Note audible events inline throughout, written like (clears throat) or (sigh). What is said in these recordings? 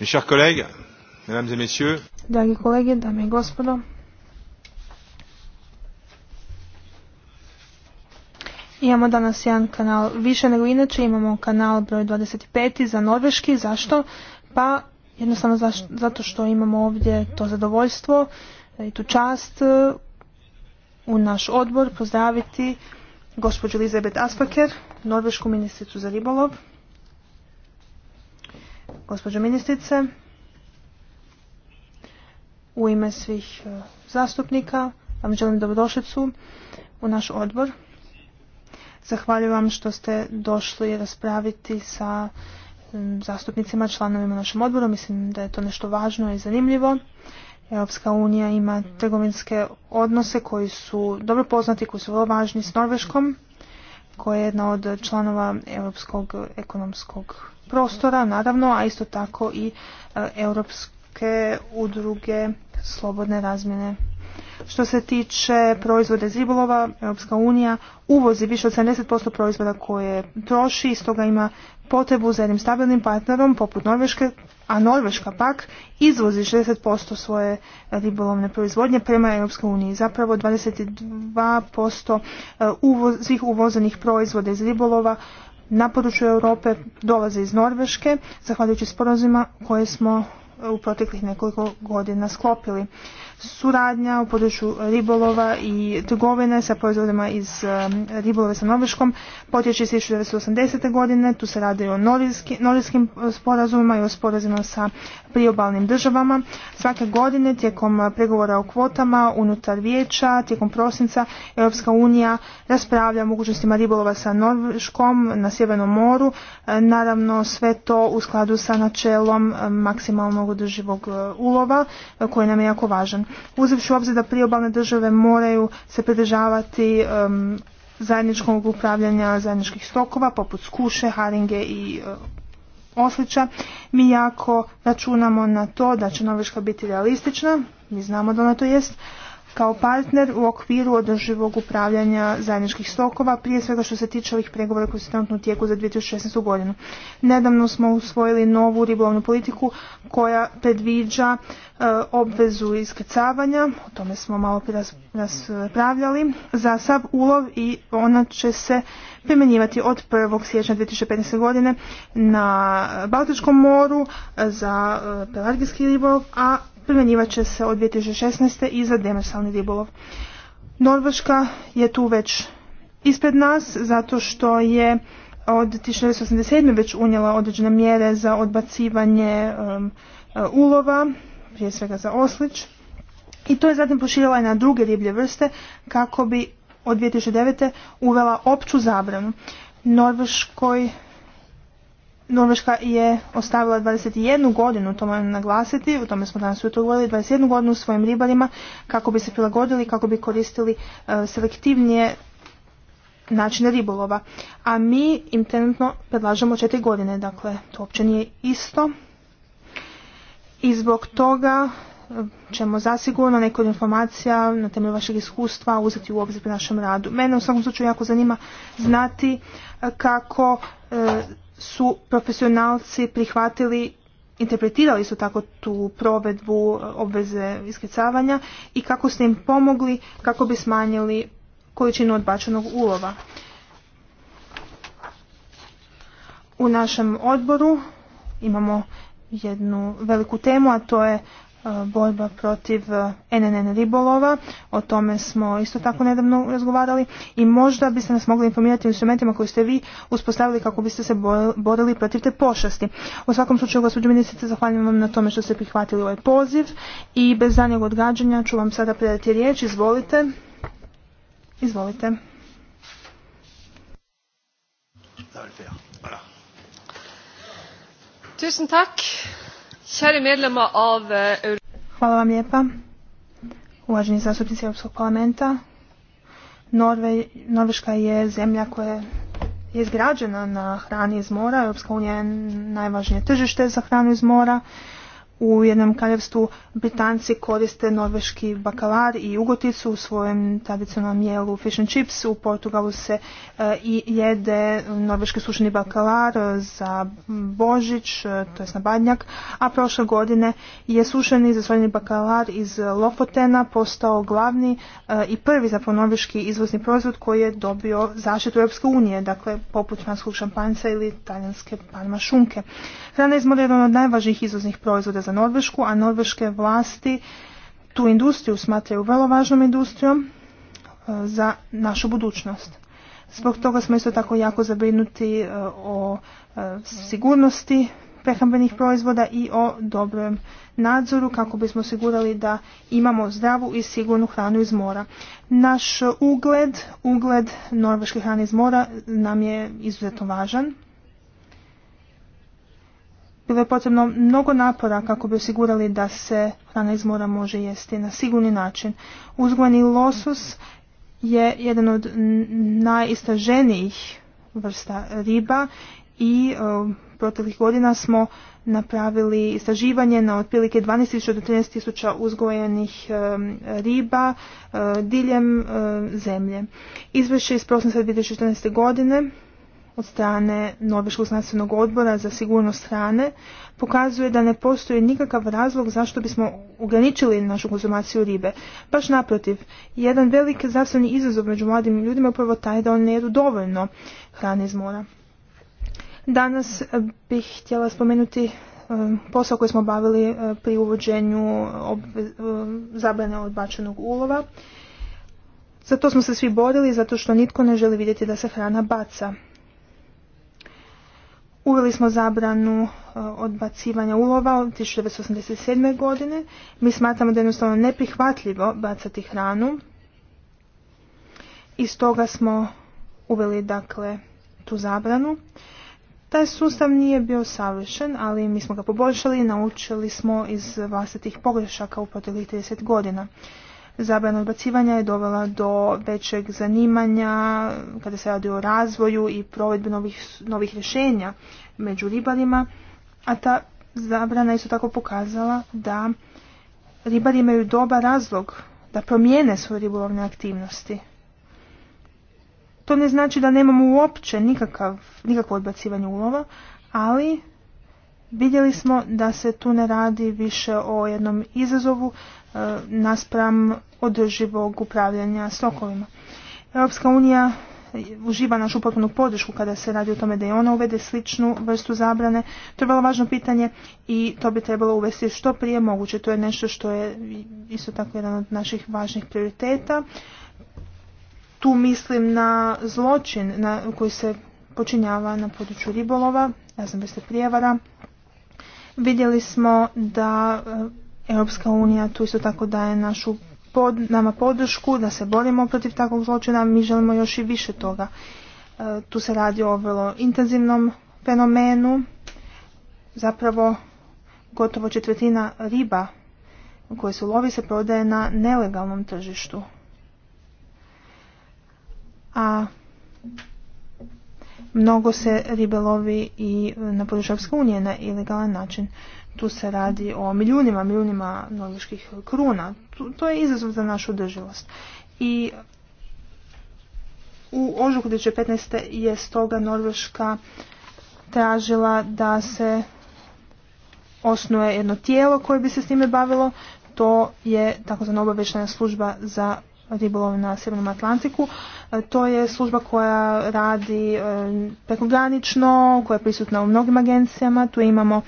Mes chers collègues, mesdames et messieurs. Dragi kolege, dame i gospodo. Imamo danas jedan kanal više nego inače, imamo kanal broj 25 za norveški. Zašto? Pa jednostavno zato što imamo ovdje to zadovoljstvo i tu čast e, u naš odbor pozdraviti gospođu Elizabeth Aspaker, norvešku ministricu za ribolov. Gospođo ministrice, u ime svih e, zastupnika vam želim dobrodošlicu u naš odbor. Zahvaljujem vam što ste došli raspraviti sa zastupnicima, članovima našem odboru. Mislim da je to nešto važno i zanimljivo. Europska unija ima trgovinske odnose koji su dobro poznati, koji su vrlo važni s Norveškom, koja je jedna od članova Europskog ekonomskog prostora, naravno, a isto tako i e, europske udruge slobodne razmjene. Što se tiče proizvode iz ribolova, Europska unija uvozi više od 70% proizvoda koje troši i stoga ima potrebu za jednim stabilnim partnerom poput Norveške, a Norveška pak izvozi 60% svoje ribolovne proizvodnje prema Europskoj uniji. Zapravo 22% e, uvoz, svih uvozenih proizvoda iz ribolova na području Europe dolaze iz Norveške, zahvaljujući sporazima koje smo e, u proteklih nekoliko godina sklopili suradnja u području ribolova i trgovine sa proizvodima iz um, ribolove sa Norveškom potječe iz 1980. godine. Tu se radi o norijskim, uh, sporazumima i o sporazumima sa priobalnim državama. Svake godine tijekom uh, pregovora o kvotama unutar vijeća, tijekom prosinca Europska unija raspravlja o mogućnostima ribolova sa Norveškom na Sjevernom moru. Uh, naravno sve to u skladu sa načelom maksimalnog održivog ulova koji nam je jako važan. Uzevši u obzir da priobalne države moraju se pridržavati um, zajedničkog upravljanja zajedničkih stokova poput skuše, haringe i uh, mi jako računamo na to da će Norveška biti realistična, mi znamo da ona to jest, kao partner u okviru održivog upravljanja zajedničkih stokova, prije svega što se tiče ovih pregovora koji su trenutno u tijeku za 2016. godinu. Nedavno smo usvojili novu ribolovnu politiku koja predviđa eh, obvezu iskrcavanja, o tome smo malo raspravljali, za sav ulov i ona će se primjenjivati od 1. siječnja 2015. godine na Baltičkom moru eh, za pelargijski eh, ribolov, a primjenjivat će se od 2016. i za demersalni ribolov. Norveška je tu već ispred nas zato što je od 1987. već unijela određene mjere za odbacivanje um, uh, ulova, prije svega za oslič. I to je zatim proširila i na druge riblje vrste kako bi od 2009. uvela opću zabranu. Norveškoj Norveška je ostavila 21 godinu, to moram naglasiti, o tome smo danas ujutro govorili, 21 godinu svojim ribarima kako bi se prilagodili, kako bi koristili e, selektivnije načine ribolova. A mi im trenutno predlažemo četiri godine, dakle to uopće nije isto. I zbog toga e, ćemo zasigurno neke od informacija na temelju vašeg iskustva uzeti u obzir pri našem radu. Mene u svakom slučaju jako zanima znati e, kako su profesionalci prihvatili interpretirali su tako tu provedbu e, obveze iskrcavanja i kako ste im pomogli kako bi smanjili količinu odbačenog ulova. U našem odboru imamo jednu veliku temu, a to je E, borba protiv NNN e, ribolova, o tome smo isto tako nedavno razgovarali i možda biste nas mogli informirati o instrumentima koje ste vi uspostavili kako biste se borili protiv te pošasti. U svakom slučaju, gospođo ministrice, zahvaljujem vam na tome što ste prihvatili ovaj poziv i bez danjeg odgađanja ću vam sada predati riječ. Izvolite. Izvolite. Tusen tak. Eh, Hvala vam lijepa. Uvaženi zastupnici Europskog parlamenta, Norveška je zemlja koja je izgrađena na hrani iz mora. Europska unija je najvažnije tržište za hranu iz mora u jednom kraljevstvu Britanci koriste norveški bakalar i ugoticu u svojem tradicionalnom jelu fish and chips. U Portugalu se eh, i jede norveški sušeni bakalar za Božić, eh, to je na badnjak, a prošle godine je sušeni zasoljeni bakalar iz Lofotena postao glavni eh, i prvi zapravo norveški izvozni proizvod koji je dobio zaštitu Europske unije, dakle poput franskog šampanjca ili talijanske parma šunke. Hrana je izmora od najvažnijih izvoznih proizvoda za Norvešku, a norveške vlasti tu industriju smatraju vrlo važnom industrijom e, za našu budućnost. Zbog toga smo isto tako jako zabrinuti e, o e, sigurnosti prehrambenih proizvoda i o dobrom nadzoru kako bismo osigurali da imamo zdravu i sigurnu hranu iz mora. Naš ugled, ugled norveške hrane iz mora nam je izuzetno važan bilo je potrebno mnogo napora kako bi osigurali da se hrana iz mora može jesti na sigurni način. Uzgojeni losos je jedan od najistraženijih vrsta riba i u proteklih godina smo napravili istraživanje na otprilike 12.000 do 13.000 uzgojenih riba e, diljem e, zemlje. Izvješće iz prosinca 2014. godine od strane Norveškog znanstvenog odbora za sigurnost hrane pokazuje da ne postoji nikakav razlog zašto bismo ograničili našu konzumaciju ribe. Baš naprotiv, jedan velik zdravstveni izazov među mladim ljudima je upravo taj da oni ne jedu dovoljno hrane iz mora. Danas eh, bih htjela spomenuti eh, posao koji smo bavili eh, pri uvođenju zabrane odbačenog ulova. Za to smo se svi borili, zato što nitko ne želi vidjeti da se hrana baca. Uveli smo zabranu e, odbacivanja ulova od 1987. godine. Mi smatramo da je jednostavno neprihvatljivo bacati hranu. I stoga smo uveli dakle tu zabranu. Taj sustav nije bio savršen, ali mi smo ga poboljšali i naučili smo iz vlastitih pogrešaka u proteklih 30 godina zabrana odbacivanja je dovela do većeg zanimanja kada se radi o razvoju i provedbi novih, rješenja među ribarima, a ta zabrana je isto tako pokazala da ribari imaju dobar razlog da promijene svoje ribolovne aktivnosti. To ne znači da nemamo uopće nikakav, nikakvo odbacivanje ulova, ali vidjeli smo da se tu ne radi više o jednom izazovu, Eh, naspram održivog upravljanja stokovima. Europska unija uživa našu potpunu podršku kada se radi o tome da je ona uvede sličnu vrstu zabrane. To je vrlo važno pitanje i to bi trebalo uvesti što prije moguće. To je nešto što je isto tako jedan od naših važnih prioriteta. Tu mislim na zločin na, koji se počinjava na području ribolova, ja znam vrste prijevara. Vidjeli smo da eh, Europska unija tu isto tako daje našu pod, nama podršku da se borimo protiv takvog zločina, mi želimo još i više toga. E, tu se radi o vrlo intenzivnom fenomenu, zapravo gotovo četvrtina riba koje se lovi se prodaje na nelegalnom tržištu. A mnogo se ribe lovi i na području Europske unije na ilegalan način. Tu se radi o milijunima, milijunima norveških kruna. to je izazov za našu održivost. I u ožuku 2015. je stoga Norveška tražila da se osnuje jedno tijelo koje bi se s time bavilo. To je takozvana obavještajna služba za ribolov na Sjevernom Atlantiku. E, to je služba koja radi e, prekogranično, koja je prisutna u mnogim agencijama. Tu imamo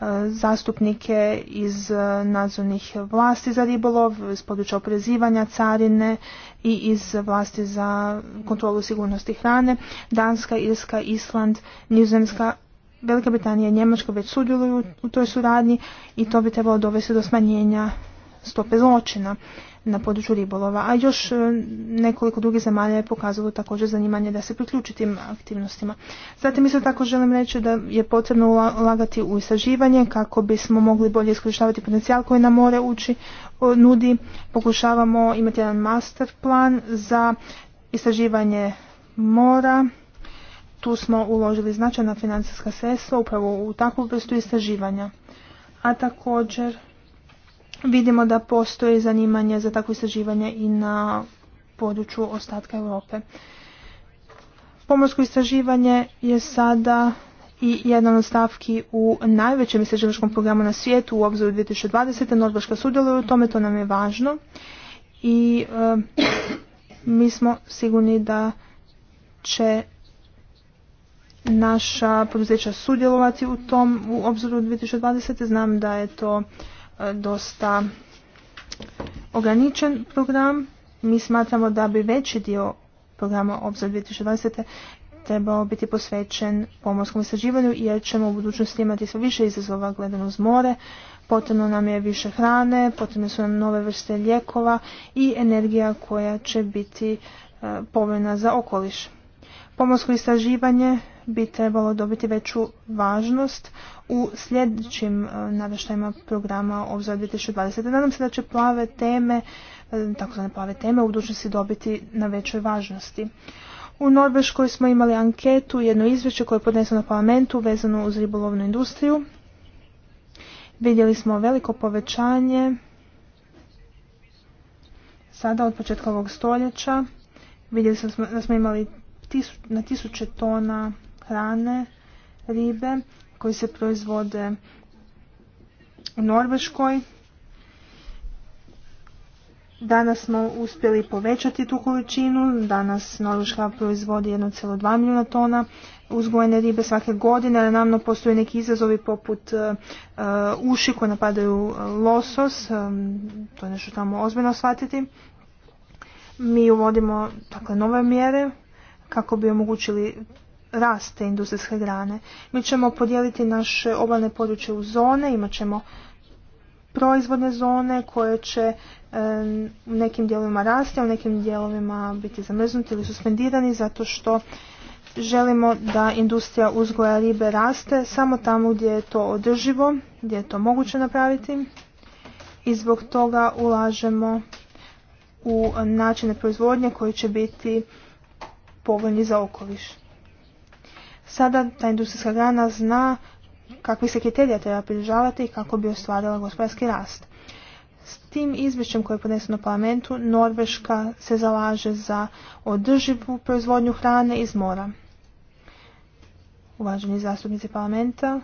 E, zastupnike iz e, nadzornih vlasti za ribolov, iz područja oprezivanja, carine i iz vlasti za kontrolu sigurnosti hrane. Danska, Irska, Island, Nizozemska, Velika Britanija i Njemačka već sudjeluju u toj suradnji i to bi trebalo dovesti do smanjenja stope zločina na području ribolova, a još e, nekoliko drugih zemalja je pokazalo također zanimanje da se priključi tim aktivnostima. Zatim isto tako želim reći da je potrebno ulagati u istraživanje kako bismo mogli bolje iskorištavati potencijal koji nam more uči nudi. Pokušavamo imati jedan master plan za istraživanje mora. Tu smo uložili značajna financijska sredstva upravo u takvu vrstu istraživanja. A također Vidimo da postoji zanimanje za takvo istraživanje i na području ostatka Europe. Pomorsko istraživanje je sada i jedan od stavki u najvećem istraživačkom programu na svijetu u obzoru 2020. Norveška sudjeluje u tome, to nam je važno i eh, mi smo sigurni da će naša poduzeća sudjelovati u tom u obzoru 2020. Znam da je to dosta ograničen program. Mi smatramo da bi veći dio programa Obzor 2020. trebao biti posvećen pomorskom istraživanju jer ćemo u budućnosti imati sve više izazova gledano uz more. Potrebno nam je više hrane, potrebne su nam nove vrste lijekova i energija koja će biti e, povoljna za okoliš. Pomorsko istraživanje bi trebalo dobiti veću važnost u sljedećim e, naveštajima programa Obzor 2020. Nadam se da će plave teme, e, takozvane plave teme u budućnosti dobiti na većoj važnosti. U Norveškoj smo imali anketu, jedno izvješće koje je podneseno na parlamentu vezano uz ribolovnu industriju. Vidjeli smo veliko povećanje sada od početka ovog stoljeća. Vidjeli smo da smo imali na tisuće tona hrane ribe koji se proizvode u Norveškoj. Danas smo uspjeli povećati tu količinu, danas Norveška proizvodi 1,2 milijuna tona uzgojene ribe svake godine, ali namno postoje neki izazovi poput e, e, uši koje napadaju e, losos, to je nešto tamo ozbiljno shvatiti. Mi uvodimo dakle, nove mjere kako bi omogućili raste industrijske grane. Mi ćemo podijeliti naše obalne područje u zone, imat ćemo proizvodne zone koje će u e, nekim dijelovima rasti, a u nekim dijelovima biti zamrznuti ili suspendirani zato što želimo da industrija uzgoja ribe raste samo tamo gdje je to održivo, gdje je to moguće napraviti i zbog toga ulažemo u načine proizvodnje koji će biti povoljni za okoliš. Sada ta industrijska grana zna kakvi se kriterija treba pridržavati i kako bi ostvarila gospodarski rast. S tim izvješćem koje je podneseno parlamentu, Norveška se zalaže za održivu proizvodnju hrane iz mora. Uvaženi zastupnici parlamenta,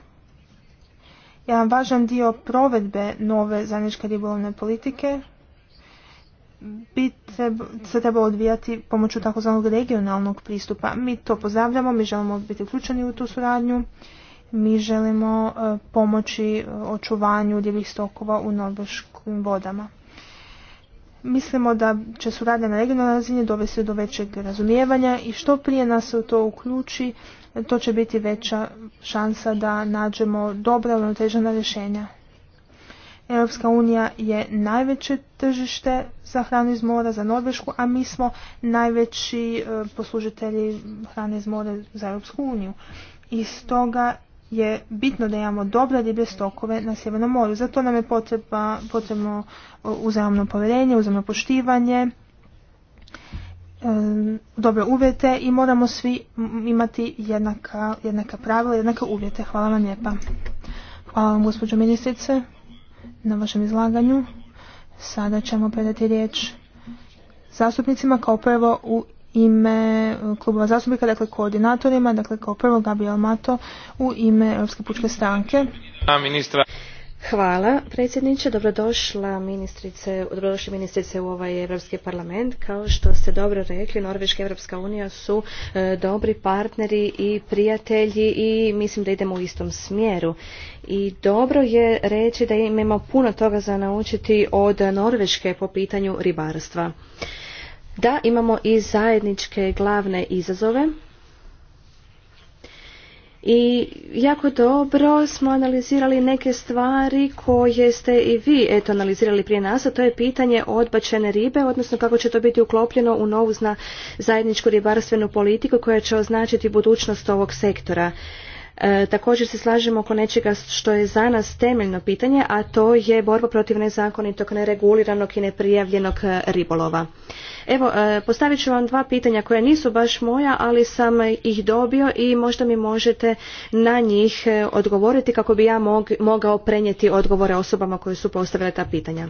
jedan važan dio provedbe nove zajedničke ribolovne politike bi treba, se trebalo odvijati pomoću takozvanog regionalnog pristupa. Mi to pozdravljamo, mi želimo biti uključeni u tu suradnju, mi želimo e, pomoći e, očuvanju divljih stokova u norveškim vodama. Mislimo da će suradnja na regionalnoj razini dovesti do većeg razumijevanja i što prije nas se u to uključi, to će biti veća šansa da nađemo dobra ravnotežena rješenja. Europska unija je najveće tržište za hranu iz mora za Norvešku, a mi smo najveći e, poslužitelji hrane iz mora za Europsku uniju. I stoga je bitno da imamo dobre riblje stokove na Sjevernom moru. Zato nam je potrebno e, uzajamno povjerenje, uzajamno poštivanje, e, dobre uvjete i moramo svi imati jednaka, jednaka pravila, jednaka uvjete. Hvala vam lijepa. Hvala vam gospođo ministrice na vašem izlaganju. Sada ćemo predati riječ zastupnicima kao prvo u ime klubova zastupnika, dakle koordinatorima, dakle kao prvo Gabriel Mato u ime Europske pučke stranke. Ministra. Hvala predsjedniče, dobrodošla ministrice, dobrodošli ministrice u ovaj Europski parlament. Kao što ste dobro rekli, Norveška i Europska unija su e, dobri partneri i prijatelji i mislim da idemo u istom smjeru. I dobro je reći da imamo puno toga za naučiti od Norveške po pitanju ribarstva. Da, imamo i zajedničke glavne izazove i jako dobro smo analizirali neke stvari koje ste i vi eto analizirali prije nas, a to je pitanje odbačene ribe, odnosno kako će to biti uklopljeno u novu zajedničku ribarstvenu politiku koja će označiti budućnost ovog sektora. E, također se slažemo oko nečega što je za nas temeljno pitanje, a to je borba protiv nezakonitog, nereguliranog i neprijavljenog ribolova. Evo, e, postavit ću vam dva pitanja koja nisu baš moja, ali sam ih dobio i možda mi možete na njih e, odgovoriti kako bi ja mogao prenijeti odgovore osobama koje su postavile ta pitanja.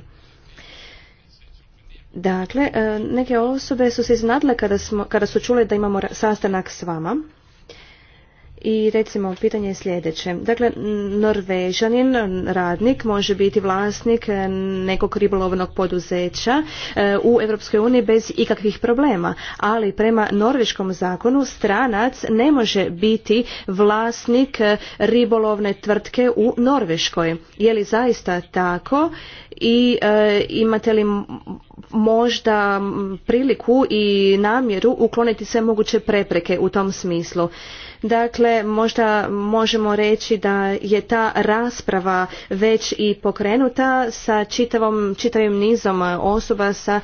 Dakle, neke osobe su se iznadle kada, kada su čule da imamo sastanak s vama i recimo pitanje je sljedeće. Dakle, norvežanin, radnik, može biti vlasnik eh, nekog ribolovnog poduzeća eh, u Europskoj uniji bez ikakvih problema, ali prema norveškom zakonu stranac ne može biti vlasnik eh, ribolovne tvrtke u Norveškoj. Je li zaista tako i imate li možda priliku i namjeru ukloniti sve moguće prepreke u tom smislu? Dakle, možda možemo reći da je ta rasprava već i pokrenuta sa čitavom, čitavim nizom osoba sa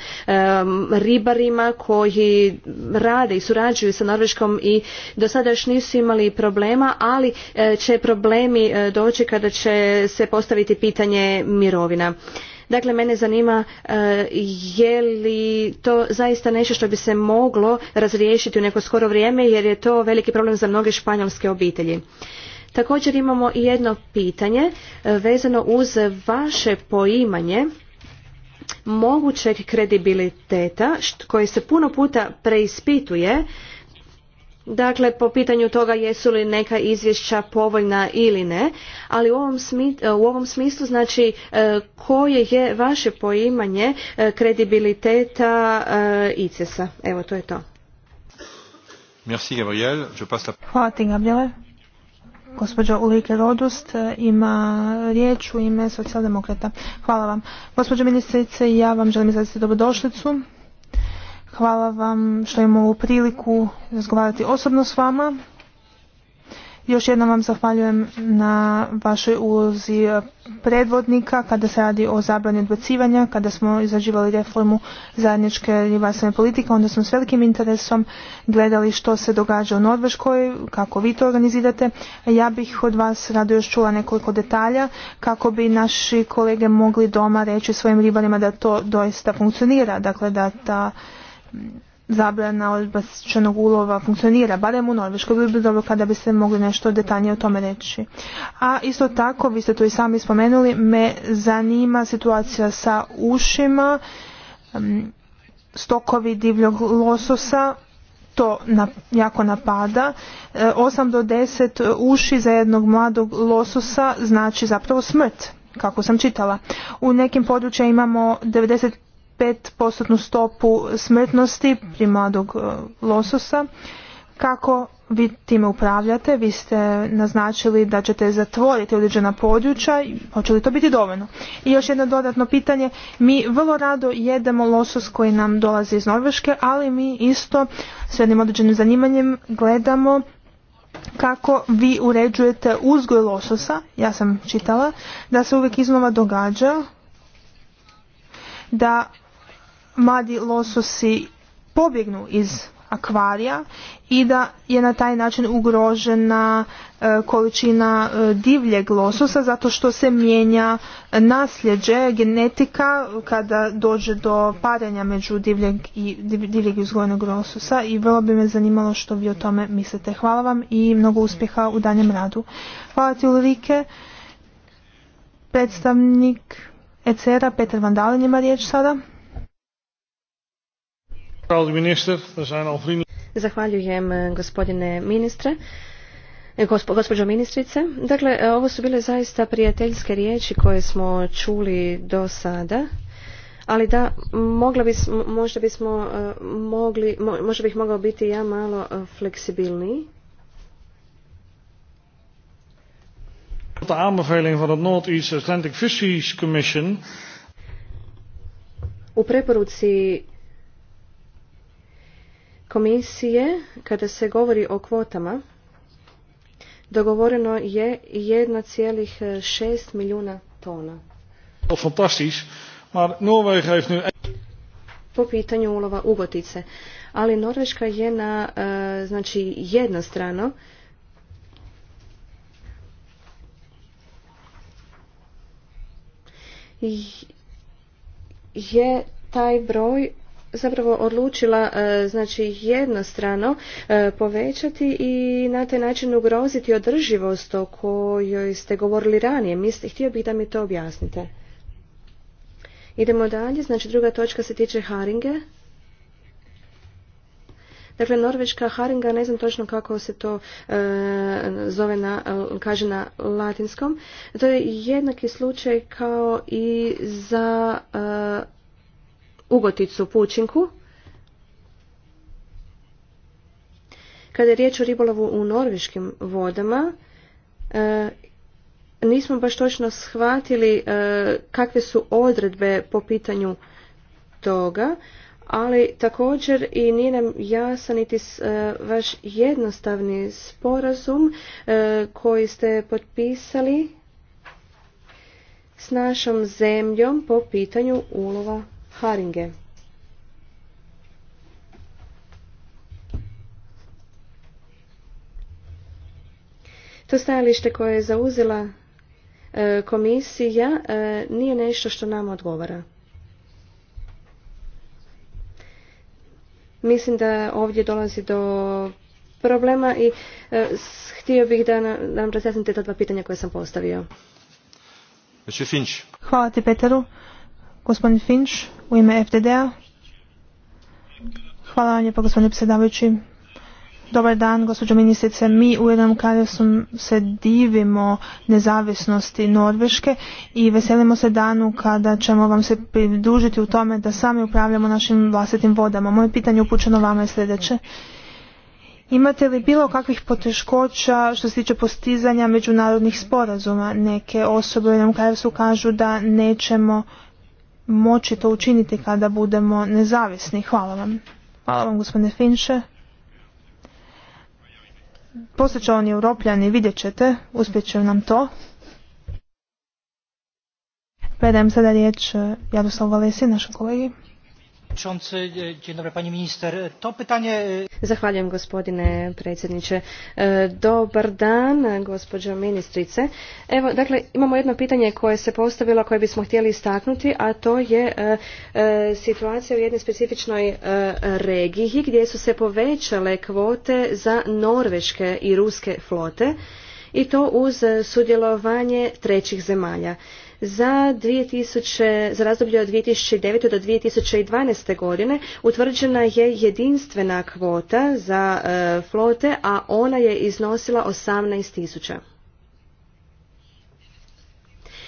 ribarima koji rade i surađuju sa Norveškom i do sada još nisu imali problema, ali e, će problemi e, doći kada će se postaviti pitanje mirovina. Dakle, mene zanima e, je li to zaista nešto što bi se moglo razriješiti u neko skoro vrijeme jer je to veliki problem za mnoge španjolske obitelji. Također imamo i jedno pitanje e, vezano uz vaše poimanje mogućeg kredibiliteta koje se puno puta preispituje Dakle, po pitanju toga jesu li neka izvješća povoljna ili ne, ali u ovom, e, smislu znači e, koje je vaše poimanje e, kredibiliteta ICES-a? Evo, to je to. Merci Gabriel. Je Gospođa Ulrike Rodust ima riječ u ime socijaldemokrata. Hvala vam. Gospođo ministrice, ja vam želim izraziti dobrodošlicu. Hvala vam što imamo ovu priliku razgovarati osobno s vama. Još jednom vam zahvaljujem na vašoj ulozi eh, predvodnika kada se radi o zabrani odbacivanja, kada smo izrađivali reformu zajedničke ribarstvene politike, onda smo s velikim interesom gledali što se događa u Norveškoj, kako vi to organizirate. Ja bih od vas rado još čula nekoliko detalja kako bi naši kolege mogli doma reći svojim ribarima da to doista funkcionira, dakle da ta zabrana odbačenog ulova funkcionira, barem u Norveškoj bi dobro kada biste mogli nešto detaljnije o tome reći. A isto tako, vi ste to i sami spomenuli, me zanima situacija sa ušima, stokovi divljog lososa, to jako napada. 8 e, do 10 uši za jednog mladog lososa znači zapravo smrt, kako sam čitala. U nekim područjima imamo 90 5% stopu smrtnosti pri mladog e, lososa. Kako vi time upravljate? Vi ste naznačili da ćete zatvoriti određena područja. Hoće li to biti dovoljno? I još jedno dodatno pitanje. Mi vrlo rado jedemo losos koji nam dolazi iz Norveške, ali mi isto s jednim određenim zanimanjem gledamo kako vi uređujete uzgoj lososa. Ja sam čitala da se uvijek iznova događa da mladi lososi pobjegnu iz akvarija i da je na taj način ugrožena e, količina e, divljeg lososa zato što se mijenja nasljeđe, genetika kada dođe do paranja među divljeg i divljeg uzgojenog lososa i vrlo bi me zanimalo što vi o tome mislite. Hvala vam i mnogo uspjeha u danjem radu. Hvala ti Ulrike. Predstavnik ECR-a Petar Vandalin ima riječ sada. Zahvaljujem eh, gospodine ministre. Eh, gospođo ministrice, dakle, eh, ovo su bile zaista prijateljske riječi koje smo čuli do sada, ali da, mogla bi, možda bismo mogli, možda bih mogao biti ja malo fleksibilniji. U preporuci komisije kada se govori o kvotama dogovoreno je 1,6 milijuna tona. Fantastisch, maar Noorwegen nu po pitanju ulova ugotice. Ali Norveška je na e, znači jednostrano je taj broj zapravo odlučila e, znači jednostrano e, povećati i na taj način ugroziti održivost o kojoj ste govorili ranije. Htio bih da mi to objasnite. Idemo dalje, znači druga točka se tiče Haringe. Dakle, norveška haringa, ne znam točno kako se to e, zove na, kaže na latinskom. To je jednaki slučaj kao i za ugoticu pučinku. Kada je riječ o ribolovu u norviškim vodama, e, nismo baš točno shvatili e, kakve su odredbe po pitanju toga, ali također i nije nam jasan niti e, vaš jednostavni sporazum koji ste potpisali s našom zemljom po pitanju ulova Haringe. To stajalište koje je zauzela e, komisija e, nije nešto što nam odgovara. Mislim da ovdje dolazi do problema i e, htio bih da nam razjasnite ta dva pitanja koje sam postavio. Hvala ti Peteru. Gospodin Finch, u ime FDD-a. Hvala vam lijepo gospodine predsjedavajući. Dobar dan, gospođo ministrice. Mi u jednom kraljevstvu se divimo nezavisnosti Norveške i veselimo se danu kada ćemo vam se pridružiti u tome da sami upravljamo našim vlastitim vodama. Moje pitanje upućeno vama je sljedeće. Imate li bilo kakvih poteškoća što se tiče postizanja međunarodnih sporazuma? Neke osobe u jednom kraljevstvu kažu da nećemo moći to učiniti kada budemo nezavisni. Hvala vam. Hvala vam gospodine Finše. će oni europljani, vidjet ćete, uspjet će nam to. Predajem sada riječ eh, Jaroslavu Valesi, našem kolegi. E, e, Zahvaljujem gospodine predsjedniče. E, dobar dan, gospođo ministrice. Evo, dakle, imamo jedno pitanje koje se postavilo, koje bismo htjeli istaknuti, a to je situacija u jednoj specifičnoj regiji gdje su se povećale kvote za norveške i ruske flote i to uz sudjelovanje trećih zemalja. Za, 2000, za razdoblje od 2009. do 2012. godine utvrđena je jedinstvena kvota za e, flote, a ona je iznosila 18.000.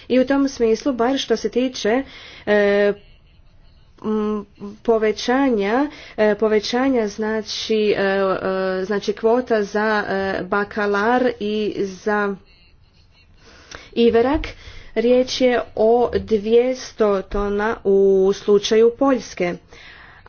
I u tom smislu, bar što se tiče e, povećanja e, povećanja znači znači kvota za bakalar i za Iverak Riječ je o 200 tona u slučaju Poljske.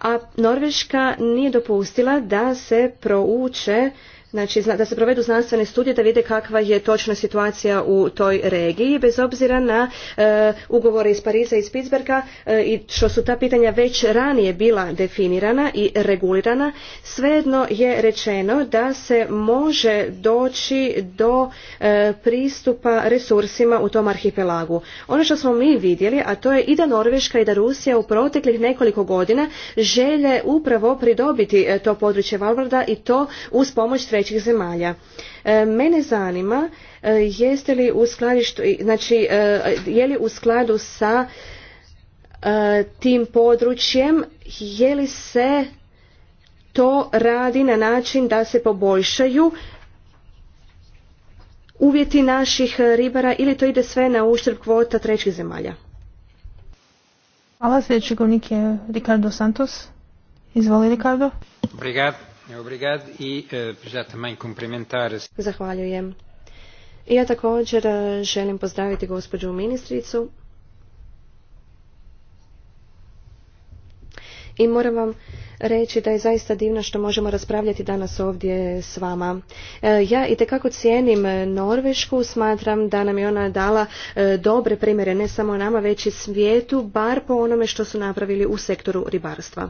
A Norveška nije dopustila da se prouče znači da se provedu znanstvene studije da vide kakva je točna situacija u toj regiji bez obzira na e, ugovore iz Pariza i Spitsberga e, i što su ta pitanja već ranije bila definirana i regulirana svejedno je rečeno da se može doći do e, pristupa resursima u tom arhipelagu ono što smo mi vidjeli a to je i da Norveška i da Rusija u proteklih nekoliko godina žele upravo pridobiti to područje Valvarda i to uz pomoć trećih zemalja. E, mene zanima e, jeste li u skladištu, znači e, je li u skladu sa tim područjem, je li se to radi na način da se poboljšaju uvjeti naših ribara ili to ide sve na uštrb kvota trećih zemalja? Hvala, sljedeći govnik je Ricardo Santos. Izvoli Ricardo. Obrigado. E, eh, Zahvaljujem. ja također eh, želim pozdraviti gospođu ministricu. I moram vam reći da je zaista divno što možemo raspravljati danas ovdje s vama. Eh, ja i cijenim Norvešku, smatram da nam je ona dala dobre primjere ne samo nama već i svijetu, bar po onome što su napravili u sektoru ribarstva.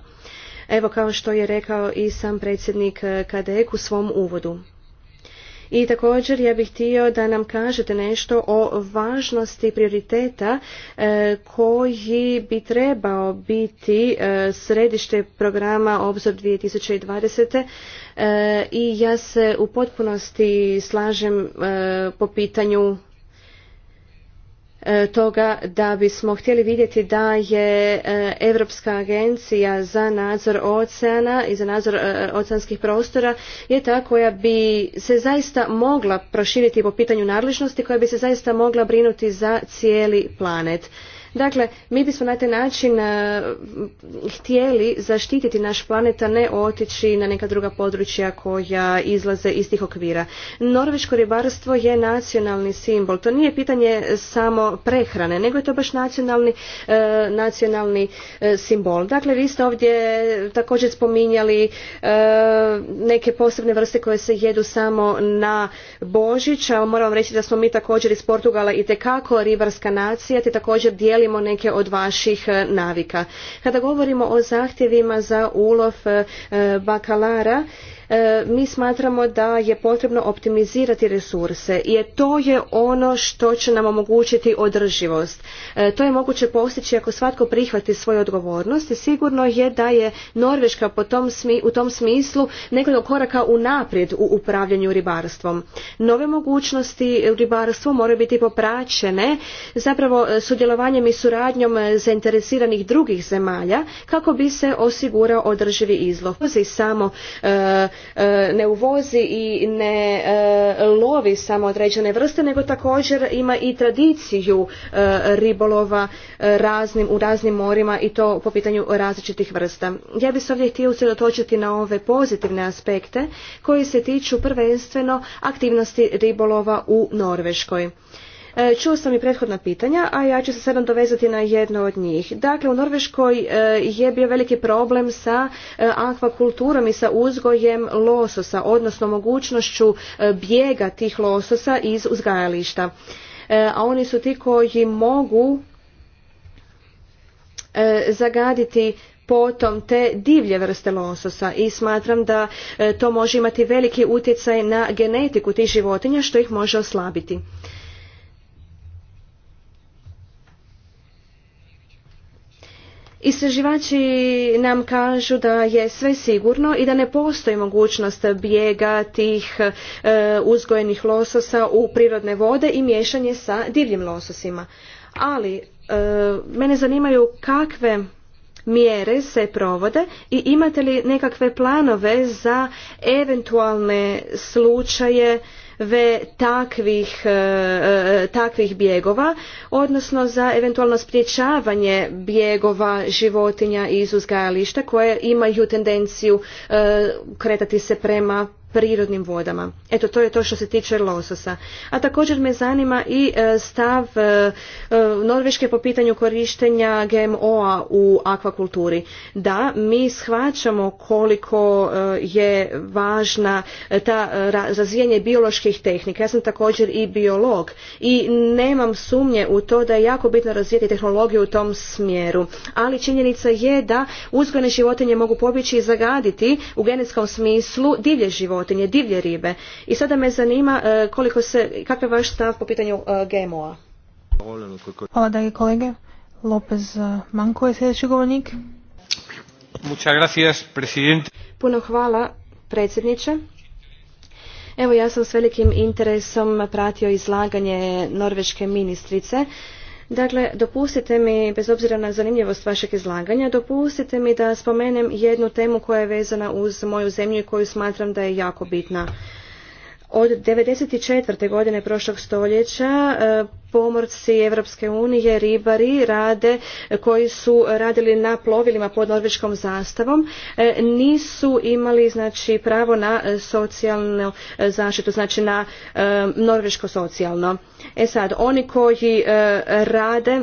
Evo kao što je rekao i sam predsjednik eh, KDEK u svom uvodu. I također ja bih htio da nam kažete nešto o važnosti prioriteta eh, koji bi trebao biti eh, središte programa Obzor 2020. I ja se u potpunosti slažem po pitanju E, toga da bismo htjeli vidjeti da je Europska agencija za nadzor oceana i za nadzor e, oceanskih prostora je ta koja bi se zaista mogla proširiti po pitanju nadležnosti, koja bi se zaista mogla brinuti za cijeli planet. Dakle, mi bismo na taj način e, htjeli zaštititi naš planet, a ne otići na neka druga područja koja izlaze iz tih okvira. Norveško ribarstvo je nacionalni simbol. To nije pitanje samo prehrane, nego je to baš nacionalni, e, nacionalni e, simbol. Dakle, vi ste ovdje također spominjali neke posebne vrste koje se jedu samo na Božić, a moram reći da smo mi također iz Portugala i tekako ribarska nacija, te također dijeli promijenimo neke od vaših e, navika. Kada govorimo o zahtjevima za ulov e, e, bakalara, E, mi smatramo da je potrebno optimizirati resurse jer to je ono što će nam omogućiti održivost. E, to je moguće postići ako svatko prihvati svoju odgovornost i sigurno je da je Norveška u tom smislu nekoliko koraka unaprijed u upravljanju ribarstvom. Nove mogućnosti u ribarstvu moraju biti popraćene zapravo e, sudjelovanjem i suradnjom zainteresiranih drugih zemalja kako bi se osigurao održivi izlov. Samo E, ne uvozi i ne e, lovi samo određene vrste nego također ima i tradiciju e, ribolova raznim, u raznim morima i to po pitanju različitih vrsta. Ja bih se ovdje htio usredotočiti na ove pozitivne aspekte koji se tiču prvenstveno aktivnosti ribolova u Norveškoj. E, čuo sam i prethodna pitanja, a ja ću se sada dovezati na jedno od njih. Dakle, u Norveškoj e, je bio veliki problem sa e, akvakulturom i sa uzgojem lososa, odnosno mogućnošću bijega tih lososa iz uzgajališta. A oni su ti koji mogu zagaditi potom te divlje vrste lososa i smatram da to može imati veliki utjecaj na genetiku tih životinja što ih može oslabiti. Istraživači nam kažu da je sve sigurno i da ne postoji mogućnost bijega tih e, uzgojenih lososa u prirodne vode i miješanje sa divljim lososima. Ali e, mene zanimaju kakve mjere se provode i imate li nekakve planove za eventualne slučaje takvih, e, e, takvih bjegova, odnosno za eventualno sprječavanje bjegova životinja iz uzgajališta koje imaju tendenciju e, kretati se prema prirodnim vodama. Eto, to je to što se tiče lososa. A također me zanima i e, stav e, e, Norveške po pitanju korištenja GMO-a u akvakulturi. Da, mi shvaćamo koliko je važna ta razvijenje bioloških tehnika. Ja sam također i biolog i nemam sumnje u to da je jako bitno razvijeti tehnologiju u tom smjeru. Ali činjenica je da uzgojne životinje mogu pobjeći i zagaditi u genetskom smislu divlje životinje životinje, divlje ribe. I sada me zanima e, koliko se, kakav je vaš stav po pitanju e, GMO-a? Hvala dragi kolege. Lopez e, Manko je sljedeći govornik. Gracias, presidente. Puno hvala predsjedniče. Evo ja sam s velikim interesom pratio izlaganje norveške ministrice Dakle, dopustite mi, bez obzira na zanimljivost vašeg izlaganja, dopustite mi da spomenem jednu temu koja je vezana uz moju zemlju i koju smatram da je jako bitna. Od 1994. godine prošlog stoljeća e, pomorci Evropske unije, ribari rade, e, koji su radili na plovilima pod norveškom zastavom, e, nisu imali znači, pravo na socijalnu zaštitu, znači na norveško socijalno. E sad, oni koji e, rade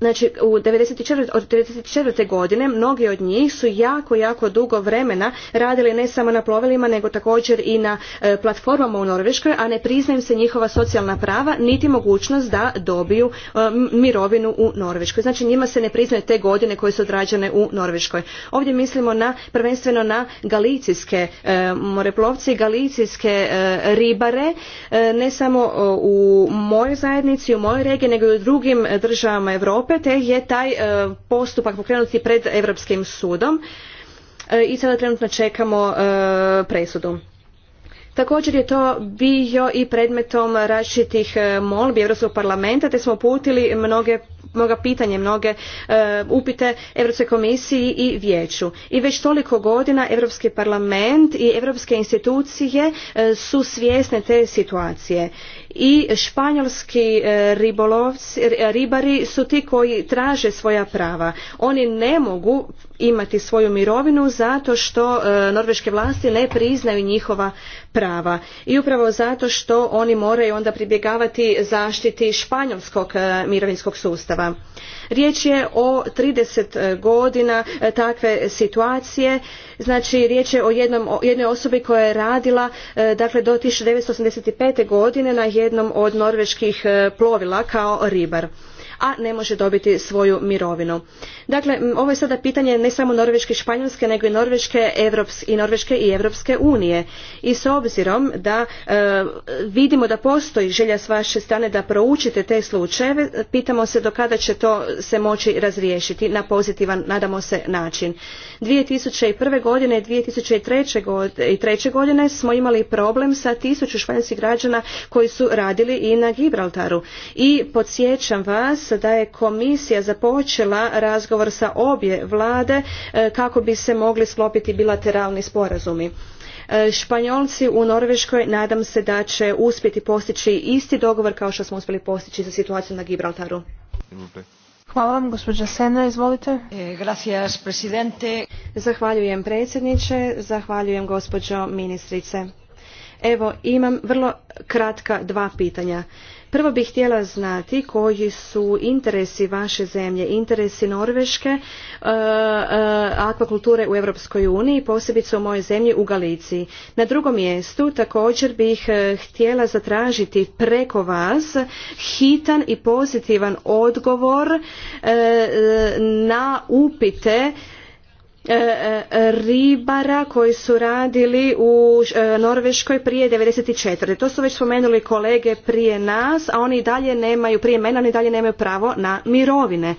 Znači, u 94, od 1994. godine mnogi od njih su jako, jako dugo vremena radili ne samo na plovilima, nego također i na e, platformama u Norveškoj, a ne priznaju se njihova socijalna prava, niti mogućnost da dobiju e, mirovinu u Norveškoj. Znači, njima se ne priznaju te godine koje su odrađene u Norveškoj. Ovdje mislimo na, prvenstveno na galicijske moreplovci, moreplovce i galicijske e, ribare, ne samo u mojoj zajednici, u mojoj regiji, nego i u drugim državama Evrope Europe te je taj e, postupak pokrenut i pred Europskim sudom e, i sada trenutno čekamo e, presudu. Također je to bio i predmetom različitih molbi Europskog parlamenta te smo uputili mnoge mnoga pitanja, mnoge upite Europskoj komisiji i vijeću. I već toliko godina Europski parlament i europske institucije su svjesne te situacije i španjolski e, ribolovci, e, ribari su ti koji traže svoja prava. Oni ne mogu imati svoju mirovinu zato što e, norveške vlasti ne priznaju njihova prava i upravo zato što oni moraju onda pribjegavati zaštiti španjolskog mirovinskog sustava. Riječ je o 30 godina takve situacije znači riječ je o jednom, jednoj osobi koja je radila e, dakle do 1985. godine na jednom od norveških e, plovila kao ribar a ne može dobiti svoju mirovinu. Dakle, ovo je sada pitanje ne samo Norveške i Španjolske, nego i Norveške i Norveške i Evropske unije. I s obzirom da e, vidimo da postoji želja s vaše strane da proučite te slučajeve, pitamo se do kada će to se moći razriješiti na pozitivan, nadamo se, način. 2001. godine i 2003. godine, i 2003. godine smo imali problem sa tisuću španjolskih građana koji su radili i na Gibraltaru. I podsjećam vas da je komisija započela razgovor sa obje vlade e, kako bi se mogli sklopiti bilateralni sporazumi. E, Španjolci u Norveškoj nadam se da će uspjeti postići isti dogovor kao što smo uspjeli postići za situaciju na Gibraltaru. Hvala vam, gospođa Sena, izvolite. E, gracias, presidente. Zahvaljujem predsjedniče, zahvaljujem gospođo ministrice. Evo, imam vrlo kratka dva pitanja. Prvo bih htjela znati koji su interesi vaše zemlje, interesi Norveške, e, e, akvakulture u Europskoj uniji, posebice u mojoj zemlji u Galiciji. Na drugom mjestu također bih e, htjela zatražiti preko vas hitan i pozitivan odgovor na upite E, e, ribara koji su radili u e, Norveškoj prije četiri To su već spomenuli kolege prije nas, a oni dalje nemaju, prije mene, oni dalje nemaju pravo na mirovine.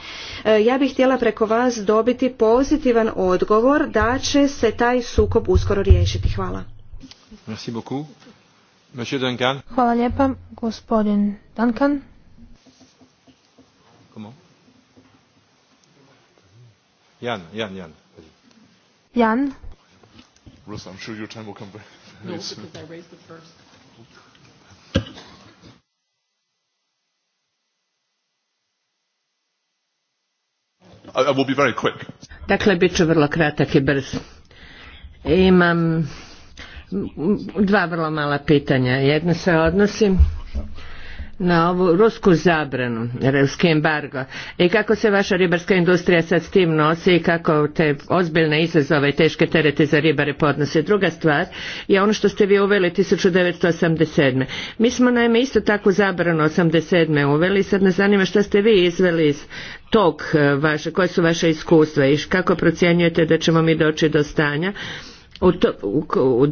Ja bih htjela preko vas dobiti pozitivan odgovor da će se taj sukob uskoro riješiti. Hvala. Hvala lijepa, gospodin Duncan. Jan, Jan, Jan. Jan? Russ, I'm sure your time will come back. no, because I raised it first. I will be very quick. Dakle, bit ću vrlo kratak i brz. Imam dva vrlo mala pitanja. Jedno se odnosi na ovu rusku zabranu, ruski embargo i kako se vaša ribarska industrija sad s tim nosi i kako te ozbiljne izazove i teške terete za ribare podnose. Druga stvar je ono što ste vi uveli 1987. Mi smo naime isto tako zabranu 1987. uveli i sad nas zanima što ste vi izveli iz tog e, vaše, koje su vaše iskustva i kako procjenjujete da ćemo mi doći do stanja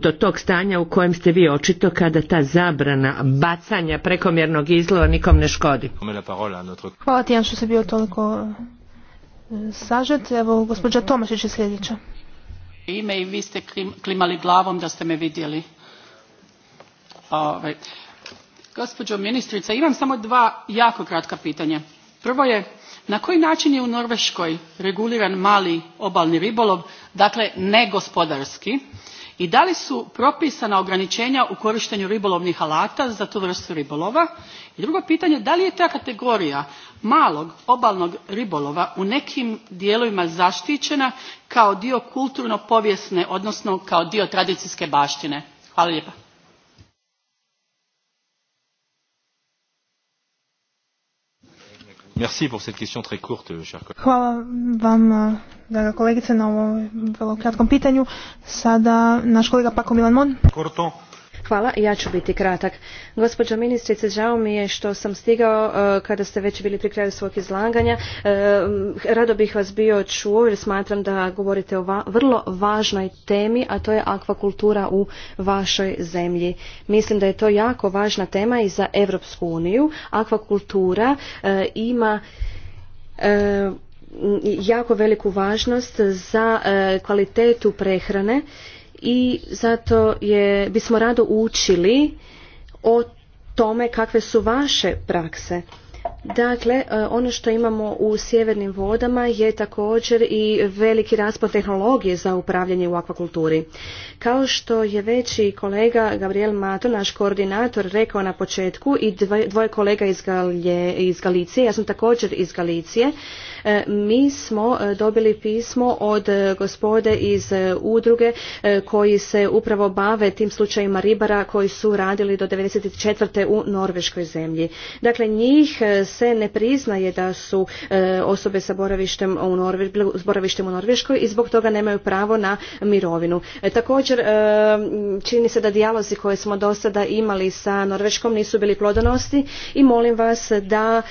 do tog stanja u kojem ste vi očito kada ta zabrana bacanja prekomjernog izlova nikom ne škodi. Hvala ti Jan što se bio toliko e, sažet. Evo gospođa Tomašić je sljedeća. Ime i vi ste klimali glavom da ste me vidjeli. Gospođo ministrice, imam samo dva jako kratka pitanja. Prvo je, na koji način je u norveškoj reguliran mali obalni ribolov dakle negospodarski i da li su propisana ograničenja u korištenju ribolovnih alata za tu vrstu ribolova i drugo pitanje da li je ta kategorija malog obalnog ribolova u nekim dijelovima zaštićena kao dio kulturno povijesne odnosno kao dio tradicijske baštine hvala lijepa Merci pour cette question très courte, euh, cher collègue. Hvala vam, uh, draga kolegice, na ovom vrlo kratkom pitanju. Sada naš kolega Paco Milan Mon. Korto. Hvala, ja ću biti kratak. Gospođo ministrice, žao mi je što sam stigao e, kada ste već bili pri kraju svog izlaganja. E, rado bih vas bio čuo jer smatram da govorite o vrlo važnoj temi, a to je akvakultura u vašoj zemlji. Mislim da je to jako važna tema i za Europsku uniju. Akvakultura e, ima jako veliku važnost za kvalitetu prehrane i zato je, bismo rado učili o tome kakve su vaše prakse. Dakle, e, ono što imamo u sjevernim vodama je također i veliki raspon tehnologije za upravljanje u akvakulturi. Kao što je već i kolega Gabriel Mato, naš koordinator, rekao na početku i dvoje kolega iz, Galje, iz Galicije, ja sam također iz Galicije, E, mi smo e, dobili pismo od e, gospode iz udruge koji se upravo bave tim slučajima ribara koji su radili do 94. u Norveškoj zemlji. Dakle, njih se ne priznaje da su osobe sa boravištem u, Norveškoj i zbog toga nemaju pravo na mirovinu. Također, čini se da dijalozi koje smo do sada imali sa Norveškom nisu bili plodonosni i molim vas da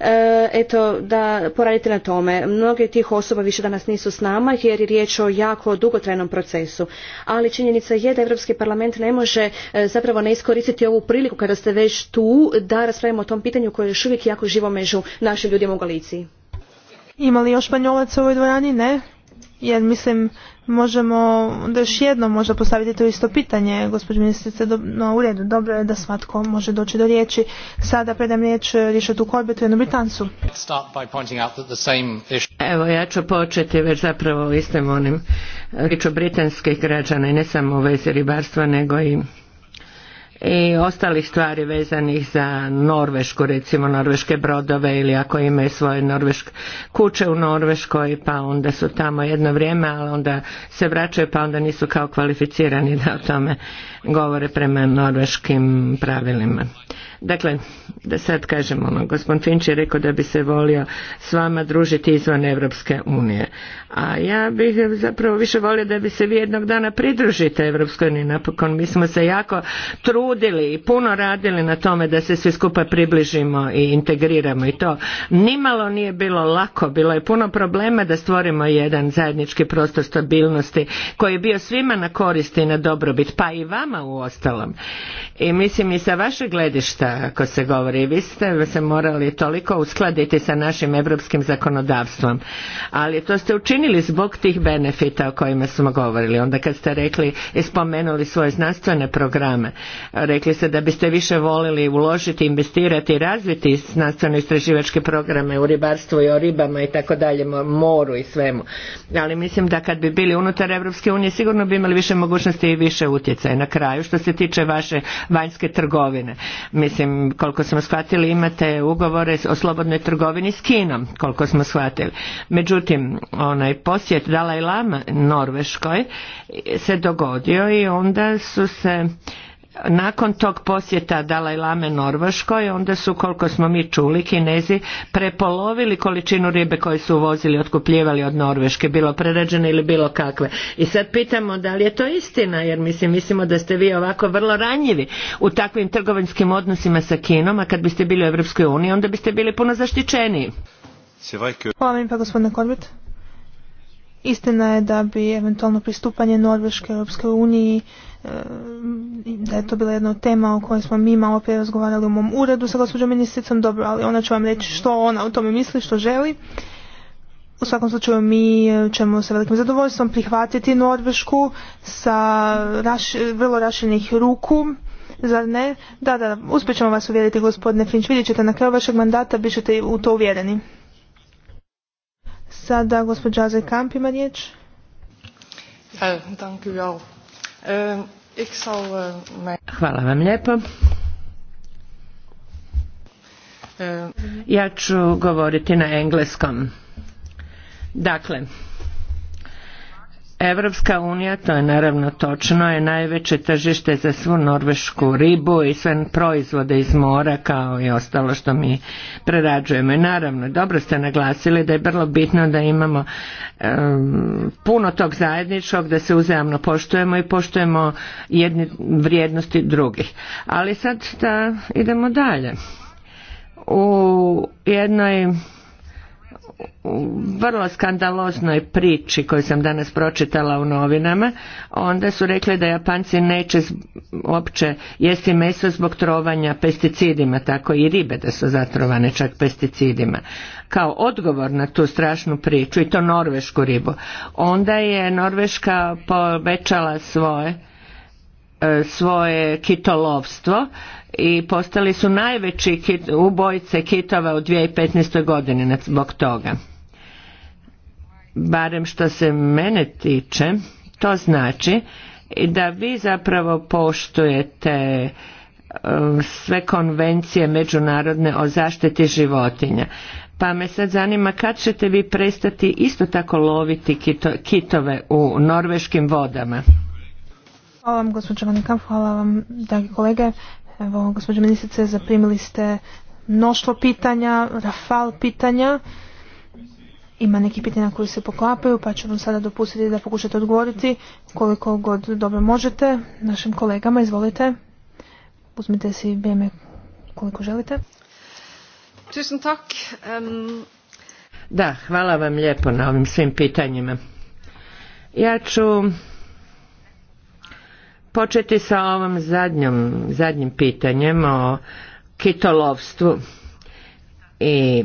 E, eto da poradite na tome. Mnoge tih osoba više danas nisu s nama jer je riječ o jako dugotrajnom procesu. Ali činjenica je da Europski parlament ne može e, zapravo ne iskoristiti ovu priliku kada ste već tu da raspravimo o tom pitanju koje još uvijek jako živo među našim ljudima u Galiciji. Ima još Španjolaca u ovoj Ne. Jer mislim možemo da još jednom možda postaviti to isto pitanje, gospođo ministrice, no u redu, dobro je da svatko može doći do riječi. Sada predam riječ tu Korbetu, jednu Britancu. Evo, ja ću početi već zapravo istim onim e, riječ britanskih građana i ne samo u vezi ribarstva, nego i i ostalih stvari vezanih za Norvešku, recimo norveške brodove ili ako imaju svoje norveške kuće u Norveškoj pa onda su tamo jedno vrijeme, ali onda se vraćaju pa onda nisu kao kvalificirani da o tome govore prema norveškim pravilima. Dakle, da sad kažem ono, gospodin Finč je rekao da bi se volio s vama družiti izvan Evropske unije. A ja bih zapravo više volio da bi se vi jednog dana pridružite Evropskoj uniji. Napokon mi smo se jako trudili i puno radili na tome da se svi skupa približimo i integriramo i to. Nimalo nije bilo lako, bilo je puno problema da stvorimo jedan zajednički prostor stabilnosti koji je bio svima na koristi i na dobrobit, pa i vama u ostalom. I mislim i sa vašeg gledišta ako se govori. Vi ste se morali toliko uskladiti sa našim europskim zakonodavstvom, ali to ste učinili zbog tih benefita o kojima smo govorili. Onda kad ste rekli i spomenuli svoje znanstvene programe, rekli ste da biste više volili uložiti, investirati i razviti znanstveno istraživačke programe u ribarstvu i o ribama i tako dalje, moru i svemu. Ali mislim da kad bi bili unutar Europske unije sigurno bi imali više mogućnosti i više utjecaja. Na kraju što se tiče vaše vanjske trgovine, mislim Mislim, koliko smo shvatili, imate ugovore o slobodnoj trgovini s Kinom, koliko smo shvatili. Međutim, onaj posjet Dalaj Lama Norveškoj se dogodio i onda su se nakon tog posjeta Dalaj Lame Norveškoj onda su koliko smo mi čuli Kinezi prepolovili količinu ribe koje su uvozili, otkupljivali od Norveške bilo prerađene ili bilo kakve i sad pitamo da li je to istina jer mislim, mislimo da ste vi ovako vrlo ranjivi u takvim trgovinskim odnosima sa Kinom a kad biste bili u Europskoj uniji onda biste bili puno zaštićeniji Hvala mi pa gospodine Korbit Istina je da bi eventualno pristupanje Norveške Europskoj uniji Ehm, da je to bila jedna tema o kojoj smo mi malo prije razgovarali u mom uredu sa gospođom ministricom, dobro, ali ona će vam reći mhm. što ona o tome misli, što želi. U svakom slučaju mi e, ćemo sa velikim zadovoljstvom prihvatiti Norvešku sa vrlo rašenih ruku. Zar ne? Da, da, uspjet ćemo vas uvjeriti gospodine Finč, vidjet ćete na kraju vašeg mandata, bit ćete u to uvjereni. Sada gospođa Azekamp ima riječ. Ja, Eh, eh, Hvala vam lijepo. Eh, ja ću govoriti na engleskom. Dakle, Evropska unija, to je naravno točno, je najveće tržište za svu norvešku ribu i sve proizvode iz mora kao i ostalo što mi prerađujemo. I naravno, dobro ste naglasili da je vrlo bitno da imamo puno tog zajedničkog, da se uzajamno poštujemo i poštujemo jedne vrijednosti drugih. Ali sad da idemo dalje. U jednoj u vrlo skandaloznoj priči koju sam danas pročitala u novinama, onda su rekli da Japanci neće uopće jesti meso zbog trovanja pesticidima, tako i ribe da su zatrovane čak pesticidima. Kao odgovor na tu strašnu priču i to norvešku ribu, onda je Norveška povećala svoje e, svoje kitolovstvo i postali su najveći ubojice kitova u 2015. godini zbog toga. Barem što se mene tiče, to znači da vi zapravo poštujete um, sve konvencije međunarodne o zaštiti životinja. Pa me sad zanima kad ćete vi prestati isto tako loviti kitove u norveškim vodama? Hvala vam gospođo hvala vam dragi kolege. Evo, gospođo ministrice, zaprimili ste mnoštvo pitanja, rafal pitanja. Ima nekih pitanja koji se poklapaju, pa ću vam sada dopustiti da pokušate odgovoriti koliko god dobro možete našim kolegama. Izvolite, uzmite si vrijeme koliko želite. Tusen tak. Da, hvala vam lijepo na ovim svim pitanjima. Ja ću početi sa ovom zadnjom, zadnjim pitanjem o kitolovstvu i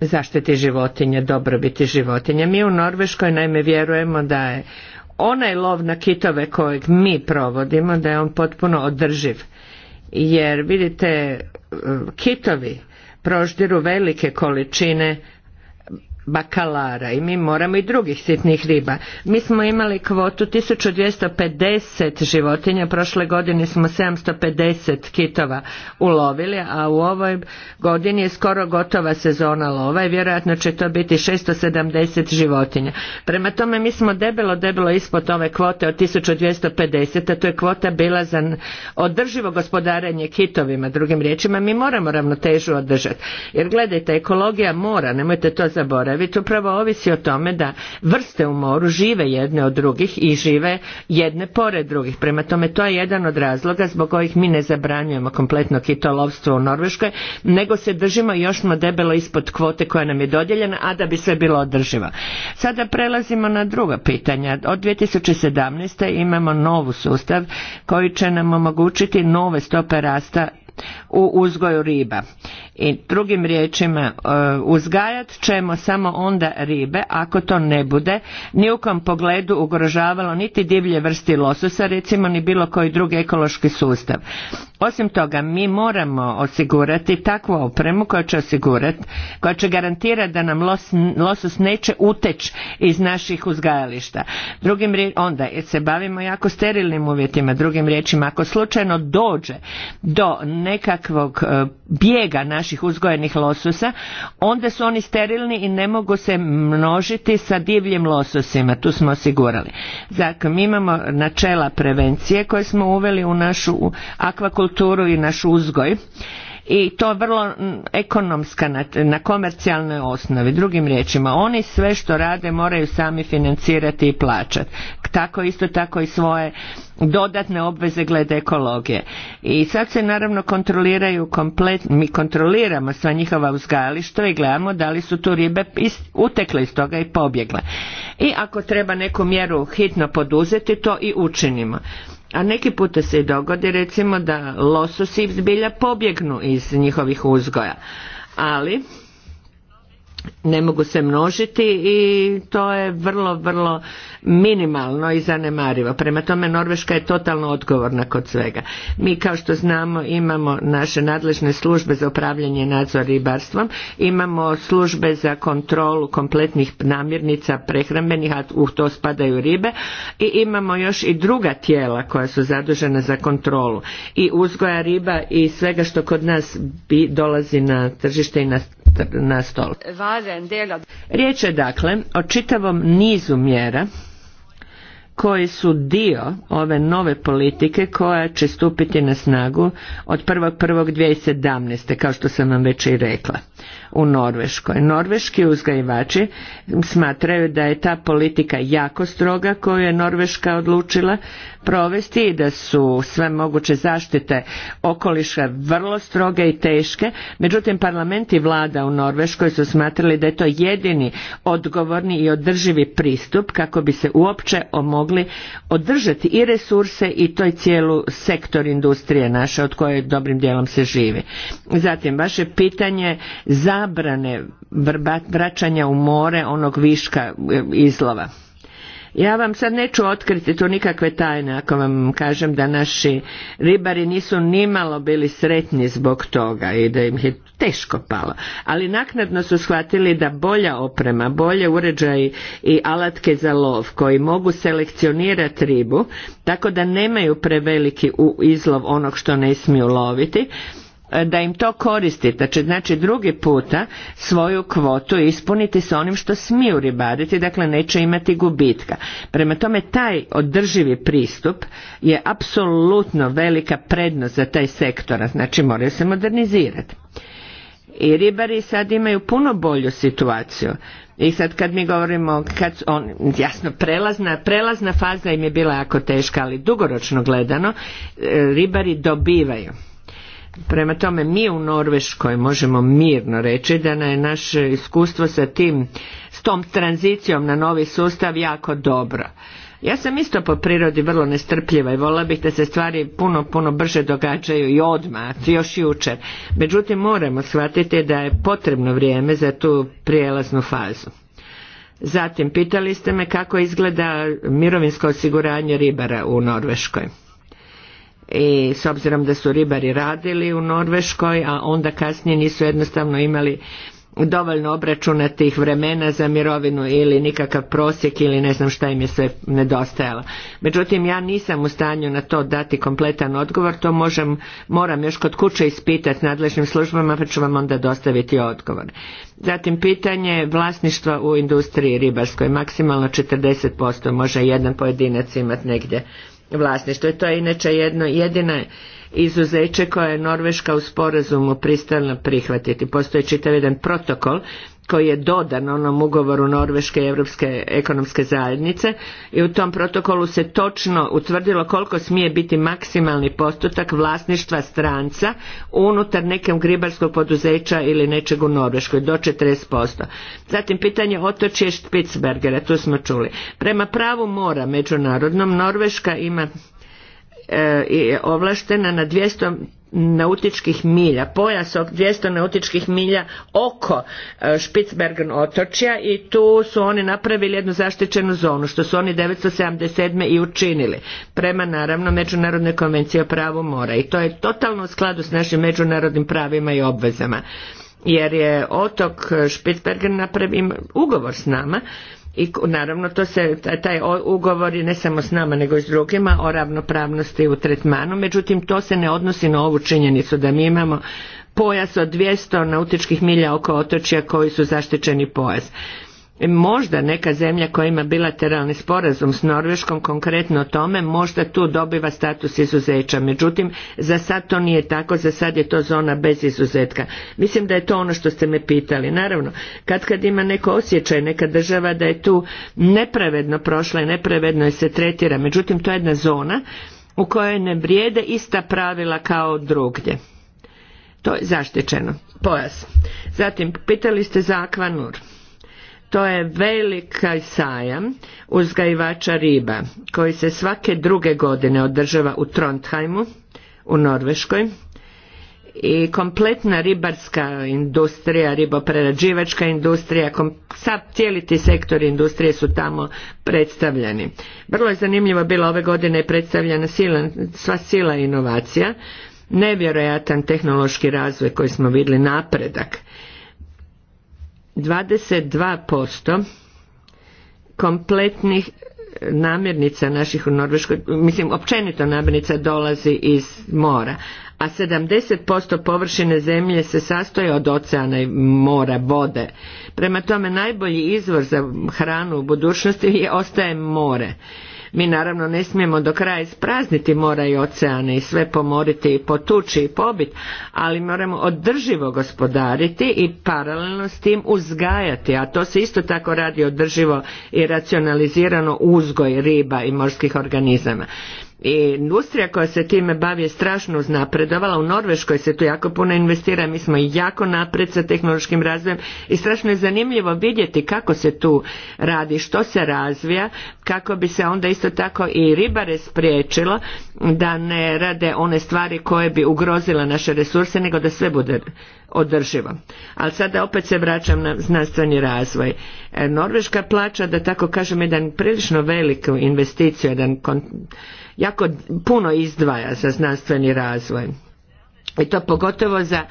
zaštiti životinja, dobrobiti životinja. Mi u Norveškoj naime vjerujemo da je onaj lov na kitove kojeg mi provodimo, da je on potpuno održiv. Jer vidite, kitovi proždiru velike količine bakalara i mi moramo i drugih sitnih riba. Mi smo imali kvotu 1250 životinja, prošle godine smo 750 kitova ulovili, a u ovoj godini je skoro gotova sezona lova i vjerojatno će to biti 670 životinja. Prema tome mi smo debelo, debelo ispod ove kvote od 1250, a to je kvota bila za održivo gospodarenje kitovima, drugim riječima mi moramo ravnotežu održati. Jer gledajte, ekologija mora, nemojte to zaboraviti to upravo ovisi o tome da vrste u moru žive jedne od drugih i žive jedne pored drugih. Prema tome to je jedan od razloga zbog kojih mi ne zabranjujemo kompletno kitolovstvo u Norveškoj, nego se držimo još smo debelo ispod kvote koja nam je dodijeljena, a da bi sve bilo održivo. Sada prelazimo na druga pitanja. Od 2017. imamo novu sustav koji će nam omogućiti nove stope rasta u uzgoju riba. I drugim riječima, e, uzgajat ćemo samo onda ribe ako to ne bude ni u kom pogledu ugrožavalo niti divlje vrsti lososa, recimo ni bilo koji drugi ekološki sustav. Osim toga, mi moramo osigurati takvu opremu koja će osigurati, koja će garantirati da nam losus losos neće uteć iz naših uzgajališta. Drugim onda se bavimo jako sterilnim uvjetima, drugim riječima, ako slučajno dođe do nekakvog e, bijega naših uzgojenih lososa, onda su oni sterilni i ne mogu se množiti sa divljim lososima, tu smo osigurali. Dakle mi imamo načela prevencije koje smo uveli u našu akvakulturu kulturu i naš uzgoj i to vrlo ekonomska na, na komercijalnoj osnovi. Drugim riječima, oni sve što rade moraju sami financirati i plaćati. Tako isto tako i svoje dodatne obveze glede ekologije. I sad se naravno kontroliraju komplet, mi kontroliramo sva njihova uzgajališta i gledamo da li su tu ribe utekle iz toga i pobjegle. I ako treba neku mjeru hitno poduzeti, to i učinimo. A neki puta se i dogodi recimo da lososi zbilja pobjegnu iz njihovih uzgoja. Ali ne mogu se množiti i to je vrlo, vrlo minimalno i zanemarivo. Prema tome Norveška je totalno odgovorna kod svega. Mi kao što znamo imamo naše nadležne službe za upravljanje nadzor ribarstvom, imamo službe za kontrolu kompletnih namirnica prehrambenih, a u to spadaju ribe i imamo još i druga tijela koja su zadužena za kontrolu i uzgoja riba i svega što kod nas bi, dolazi na tržište i na na stol. Riječ je dakle o čitavom nizu mjera koji su dio ove nove politike koja će stupiti na snagu od 1.1.2017. kao što sam vam već i rekla u Norveškoj. Norveški uzgajivači smatraju da je ta politika jako stroga koju je Norveška odlučila provesti i da su sve moguće zaštite okoliša vrlo stroge i teške. Međutim, parlament i vlada u Norveškoj su smatrali da je to jedini odgovorni i održivi pristup kako bi se uopće mogli održati i resurse i toj cijelu sektor industrije naše od koje dobrim dijelom se živi. Zatim, vaše pitanje zabrane vraćanja u more onog viška e, izlova. Ja vam sad neću otkriti tu nikakve tajne ako vam kažem da naši ribari nisu nimalo bili sretni zbog toga i da im je teško palo. Ali naknadno su shvatili da bolja oprema, bolje uređaji i alatke za lov koji mogu selekcionirati ribu tako da nemaju preveliki izlov onog što ne smiju loviti E, da im to koristi, da će znači drugi puta svoju kvotu ispuniti sa onim što smiju ribariti, dakle neće imati gubitka. Prema tome taj održivi pristup je apsolutno velika prednost za taj sektor, znači moraju se modernizirati. I ribari sad imaju puno bolju situaciju. I sad kad mi govorimo, kad on, jasno, prelazna, prelazna faza im je bila jako teška, ali dugoročno gledano, e, ribari dobivaju Prema tome mi u Norveškoj možemo mirno reći da je naše iskustvo sa tim, s tom tranzicijom na novi sustav jako dobro. Ja sam isto po prirodi vrlo nestrpljiva i volila bih da se stvari puno, puno brže događaju i odmah, još jučer. Međutim, moramo shvatiti da je potrebno vrijeme za tu prijelaznu fazu. Zatim, pitali ste me kako izgleda mirovinsko osiguranje ribara u Norveškoj i s obzirom da su ribari radili u Norveškoj, a onda kasnije nisu jednostavno imali dovoljno obračuna tih vremena za mirovinu ili nikakav prosjek ili ne znam šta im je sve nedostajalo. Međutim, ja nisam u stanju na to dati kompletan odgovor, to možem, moram još kod kuće ispitati nadležnim službama pa ću vam onda dostaviti odgovor. Zatim pitanje vlasništva u industriji ribarskoj, maksimalno 40% može jedan pojedinac imati negdje vlasništvo. to je inače jedno jedina izuzeće koje je Norveška u sporazumu pristala prihvatiti. Postoji čitav jedan protokol koji je dodan onom ugovoru Norveške i Europske ekonomske zajednice i u tom protokolu se točno utvrdilo koliko smije biti maksimalni postotak vlasništva stranca unutar nekog gribarskog poduzeća ili nečeg u Norveškoj do 40%. Zatim pitanje otočje Spitsbergera, tu smo čuli. Prema pravu mora međunarodnom Norveška ima e, je ovlaštena na 200 nautičkih milja, pojas od 200 nautičkih milja oko e, Špitsbergen otočja i tu su oni napravili jednu zaštićenu zonu, što su oni 1977. i učinili, prema naravno Međunarodnoj konvenciji o pravu mora i to je totalno u skladu s našim međunarodnim pravima i obvezama jer je otok Spitsbergen napravim ugovor s nama i naravno to se, taj ugovor je ne samo s nama nego i s drugima o ravnopravnosti u tretmanu, međutim to se ne odnosi na ovu činjenicu da mi imamo pojas od 200 nautičkih milja oko otočja koji su zaštićeni pojas. E, možda neka zemlja koja ima bilateralni sporazum s Norveškom konkretno o tome možda tu dobiva status izuzeća. Međutim, za sad to nije tako, za sad je to zona bez izuzetka. Mislim da je to ono što ste me pitali. Naravno, kad kad ima neko osjećaj, neka država da je tu nepravedno prošla i nepravedno je se tretira. Međutim, to je jedna zona u kojoj ne vrijede ista pravila kao drugdje. To je zaštićeno. Pojas. Zatim, pitali ste za Akvanur. To je velika sajam uzgajivača riba koji se svake druge godine održava u Trondheimu u Norveškoj i kompletna ribarska industrija, riboprerađivačka industrija, sad cijeli ti sektori industrije su tamo predstavljeni. Vrlo je zanimljivo bilo ove godine predstavljena sila, sva sila inovacija, nevjerojatan tehnološki razvoj koji smo vidjeli napredak 22% kompletnih e, namirnica naših u Norveškoj, mislim općenito namirnica dolazi iz mora, a 70% površine zemlje se sastoje od oceana i mora, vode. Prema tome najbolji izvor za hranu u budućnosti je, ostaje more. Mi naravno ne smijemo do kraja isprazniti mora i oceane i sve pomoriti i potući i pobit, ali moramo održivo gospodariti i paralelno s tim uzgajati, a to se isto tako radi održivo i racionalizirano uzgoj riba i morskih organizama i industrija koja se time bavi je strašno napredovala. u Norveškoj se tu jako puno investira, mi smo jako napred sa tehnološkim razvojem i strašno je zanimljivo vidjeti kako se tu radi, što se razvija, kako bi se onda isto tako i ribare spriječilo da ne rade one stvari koje bi ugrozile naše resurse, nego da sve bude održivo. Ali sada opet se vraćam na znanstveni razvoj. E, Norveška plaća, da tako kažem, jedan prilično veliku investiciju, jedan kont jako puno izdvaja za znanstveni razvoj i to pogotovo za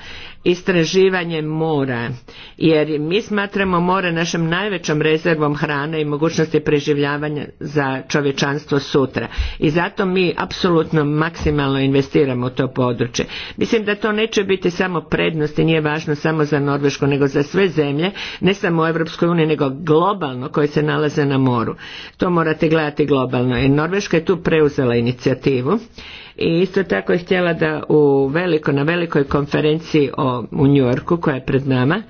istraživanje mora jer mi smatramo more našom najvećom rezervom hrane i mogućnosti preživljavanja za čovječanstvo sutra i zato mi apsolutno maksimalno investiramo u to područje. Mislim da to neće biti samo prednost i nije važno samo za Norvešku nego za sve zemlje, ne samo u EU, nego globalno koje se nalaze na moru. To morate gledati globalno. I Norveška je tu preuzela inicijativu i isto tako je htjela da u veliko, na velikoj konferenciji o, u New Yorku koja je pred nama,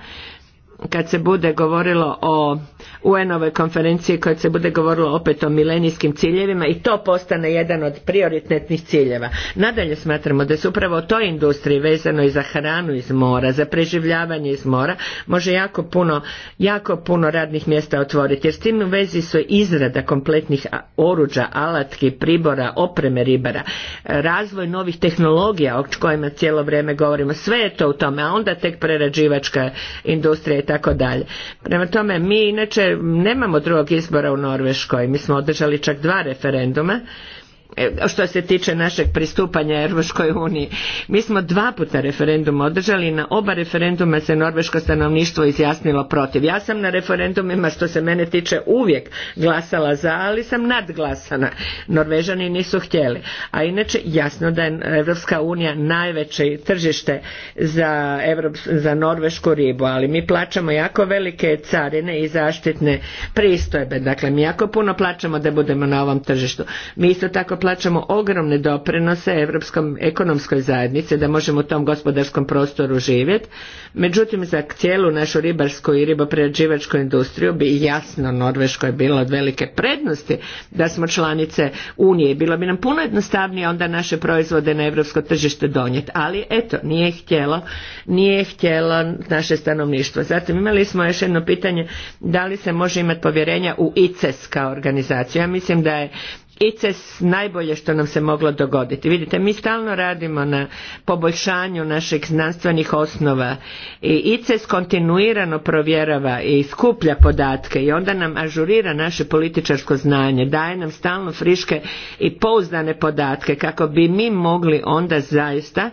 kad se bude govorilo o UN-ovoj konferenciji, kad se bude govorilo opet o milenijskim ciljevima i to postane jedan od prioritetnih ciljeva. Nadalje smatramo da se upravo o toj industriji vezano i za hranu iz mora, za preživljavanje iz mora, može jako puno, jako puno radnih mjesta otvoriti. Jer s tim u vezi su izrada kompletnih oruđa, alatki, pribora, opreme ribara, razvoj novih tehnologija o kojima cijelo vrijeme govorimo, sve je to u tome, a onda tek prerađivačka industrija tako dalje. Prema tome, mi inače nemamo drugog izbora u Norveškoj, mi smo održali čak dva referenduma E, što se tiče našeg pristupanja Europskoj uniji. Mi smo dva puta referendum održali i na oba referenduma se norveško stanovništvo izjasnilo protiv. Ja sam na referendumima što se mene tiče uvijek glasala za, ali sam nadglasana. Norvežani nisu htjeli. A inače jasno da je Europska unija najveće tržište za, za norvešku ribu, ali mi plaćamo jako velike carine i zaštitne pristojbe. Dakle, mi jako puno plaćamo da budemo na ovom tržištu. Mi isto tako plaćamo ogromne doprinose Europskom ekonomskoj zajednici da možemo u tom gospodarskom prostoru živjeti. Međutim, za cijelu našu ribarsku i riboprerađivačku industriju bi jasno Norveškoj bilo od velike prednosti da smo članice Unije. Bilo bi nam puno jednostavnije onda naše proizvode na europsko tržište donijeti. Ali eto, nije htjelo, nije htjelo naše stanovništvo. Zatim imali smo još jedno pitanje da li se može imati povjerenja u ICES kao organizaciju. Ja mislim da je ICES najbolje što nam se moglo dogoditi. Vidite, mi stalno radimo na poboljšanju naših znanstvenih osnova i ICES kontinuirano provjerava i skuplja podatke i onda nam ažurira naše političarsko znanje, daje nam stalno friške i pouzdane podatke kako bi mi mogli onda zaista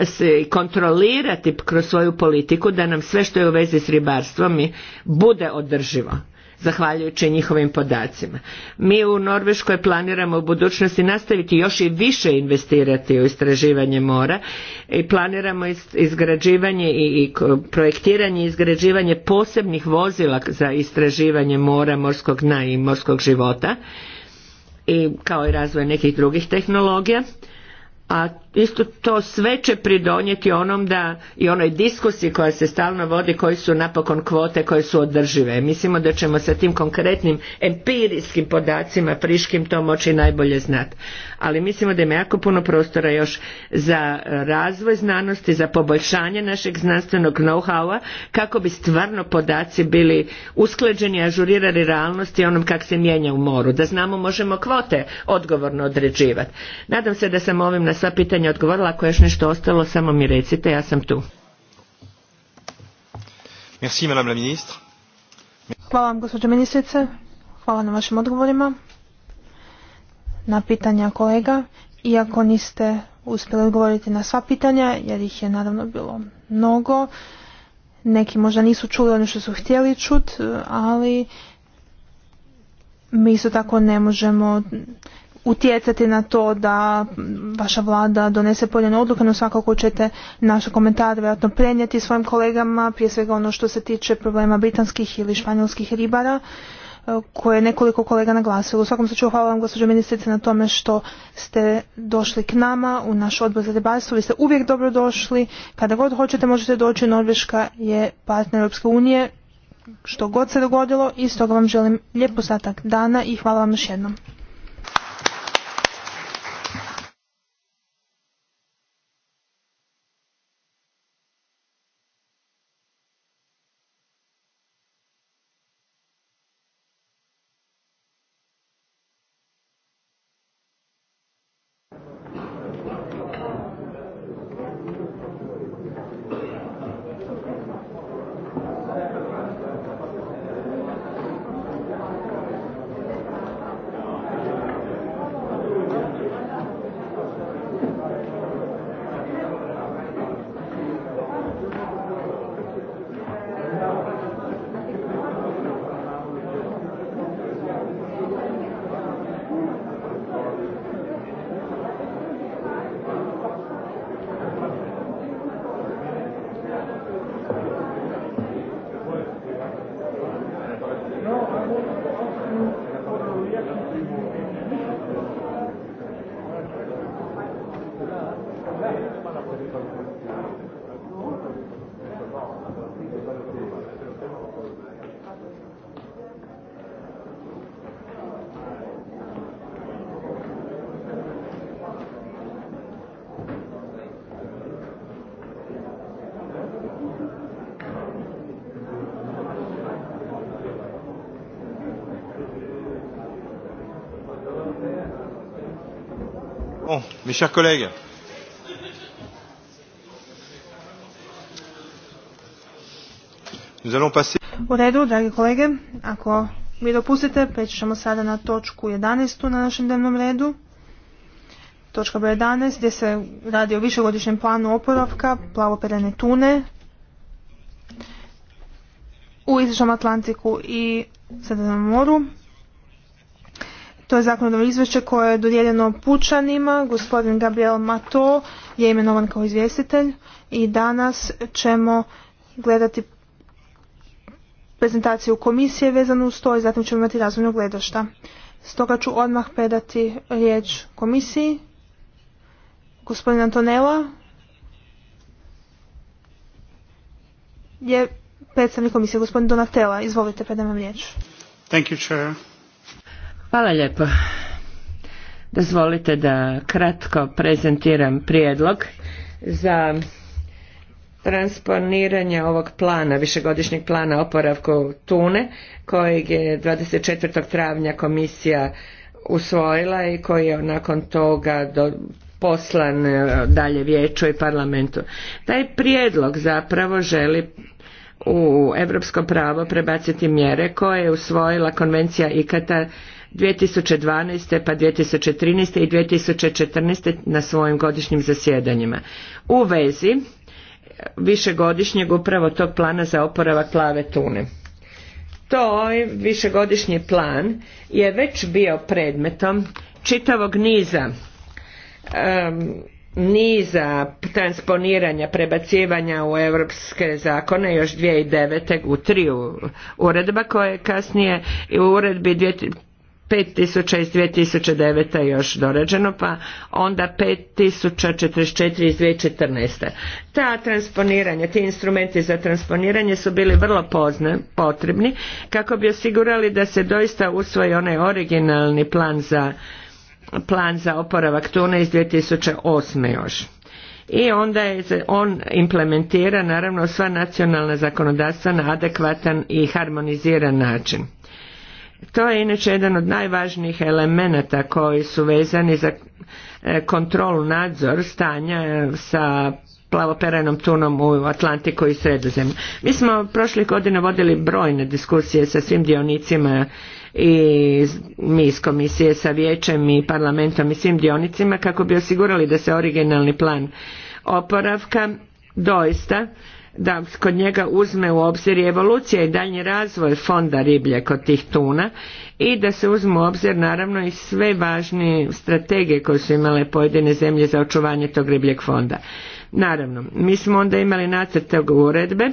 se kontrolirati kroz svoju politiku da nam sve što je u vezi s ribarstvom bude održivo zahvaljujući njihovim podacima. Mi u Norveškoj planiramo u budućnosti nastaviti još i više investirati u istraživanje mora i planiramo izgrađivanje i projektiranje i izgrađivanje posebnih vozila za istraživanje mora, morskog dna i morskog života i kao i razvoj nekih drugih tehnologija a isto to sve će pridonijeti onom da i onoj diskusiji koja se stalno vodi koji su napokon kvote koje su održive. Mislimo da ćemo sa tim konkretnim empirijskim podacima friškim to moći najbolje znati. Ali mislimo da ima jako puno prostora još za razvoj znanosti, za poboljšanje našeg znanstvenog know-howa kako bi stvarno podaci bili usklađeni, ažurirani realnosti onom kak se mijenja u moru. Da znamo možemo kvote odgovorno određivati. Nadam se da sam ovim na sva pitanja odgovorila. Ako je još nešto ostalo, samo mi recite, ja sam tu. Hvala vam, gospođo ministrice. Hvala na vašim odgovorima. Na pitanja kolega, iako niste uspjeli odgovoriti na sva pitanja, jer ih je naravno bilo mnogo, neki možda nisu čuli ono što su htjeli čuti, ali mi isto tako ne možemo utjecati na to da vaša vlada donese pojedine odluke, no svakako ćete naše komentare vjerojatno prenijeti svojim kolegama, prije svega ono što se tiče problema britanskih ili španjolskih ribara e, koje je nekoliko kolega naglasilo. U svakom slučaju hvala vam gospođo ministrice na tome što ste došli k nama u naš odbor za ribarstvo. Vi ste uvijek dobro došli. Kada god hoćete možete doći. Norveška je partner Europske unije. Što god se dogodilo i stoga vam želim lijep ostatak dana i hvala vam još jednom. Mes chers collègues, U redu, dragi kolege, ako mi dopustite, preći ćemo sada na točku 11. na našem dnevnom redu. Točka broj 11 gdje se radi o višegodišnjem planu oporavka plavoperene tune u Istočnom Atlantiku i Sredozemnom moru. To je zakonodavno izvješće koje je dodijeljeno pučanima. Gospodin Gabriel Mato je imenovan kao izvjestitelj i danas ćemo gledati prezentaciju komisije vezanu uz to i zatim ćemo imati razvojno gledašta. Stoga ću odmah predati riječ komisiji. Gospodin Antonella je predstavnik komisije. Gospodin Donatella, izvolite, predam vam riječ. Thank you, Hvala lijepo. Dozvolite da kratko prezentiram prijedlog za transponiranje ovog plana, višegodišnjeg plana oporavku tune, kojeg je 24. travnja komisija usvojila i koji je nakon toga do, poslan e, dalje vijeću i parlamentu. Taj prijedlog zapravo želi u europsko pravo prebaciti mjere koje je usvojila konvencija IKATA 2012. pa 2013. i 2014. na svojim godišnjim zasjedanjima. U vezi višegodišnjeg upravo tog plana za oporavak plave tune. To višegodišnji plan je već bio predmetom čitavog niza niza transponiranja, prebacivanja u europske zakone još 2009. u tri uredba koje je kasnije i u uredbi 5000 iz 2009. još dorađeno, pa onda 5044 iz 2014. Ta transponiranja, ti instrumenti za transponiranje su bili vrlo pozne, potrebni kako bi osigurali da se doista usvoji onaj originalni plan za, plan za oporavak tune iz 2008. još i onda je on implementira naravno sva nacionalna zakonodavstva na adekvatan i harmoniziran način. To je inače jedan od najvažnijih elemenata koji su vezani za e, kontrolu nadzor stanja e, sa plavoperenom tunom u Atlantiku i Sredozemlju. Mi smo prošlih godina vodili brojne diskusije sa svim dionicima i mi iz komisije sa vijećem i parlamentom i svim dionicima kako bi osigurali da se originalni plan oporavka doista da kod njega uzme u obzir evolucija i daljnji razvoj fonda riblje kod tih tuna i da se uzme u obzir naravno i sve važnije strategije koje su imale pojedine zemlje za očuvanje tog ribljeg fonda. Naravno, mi smo onda imali nacrt uredbe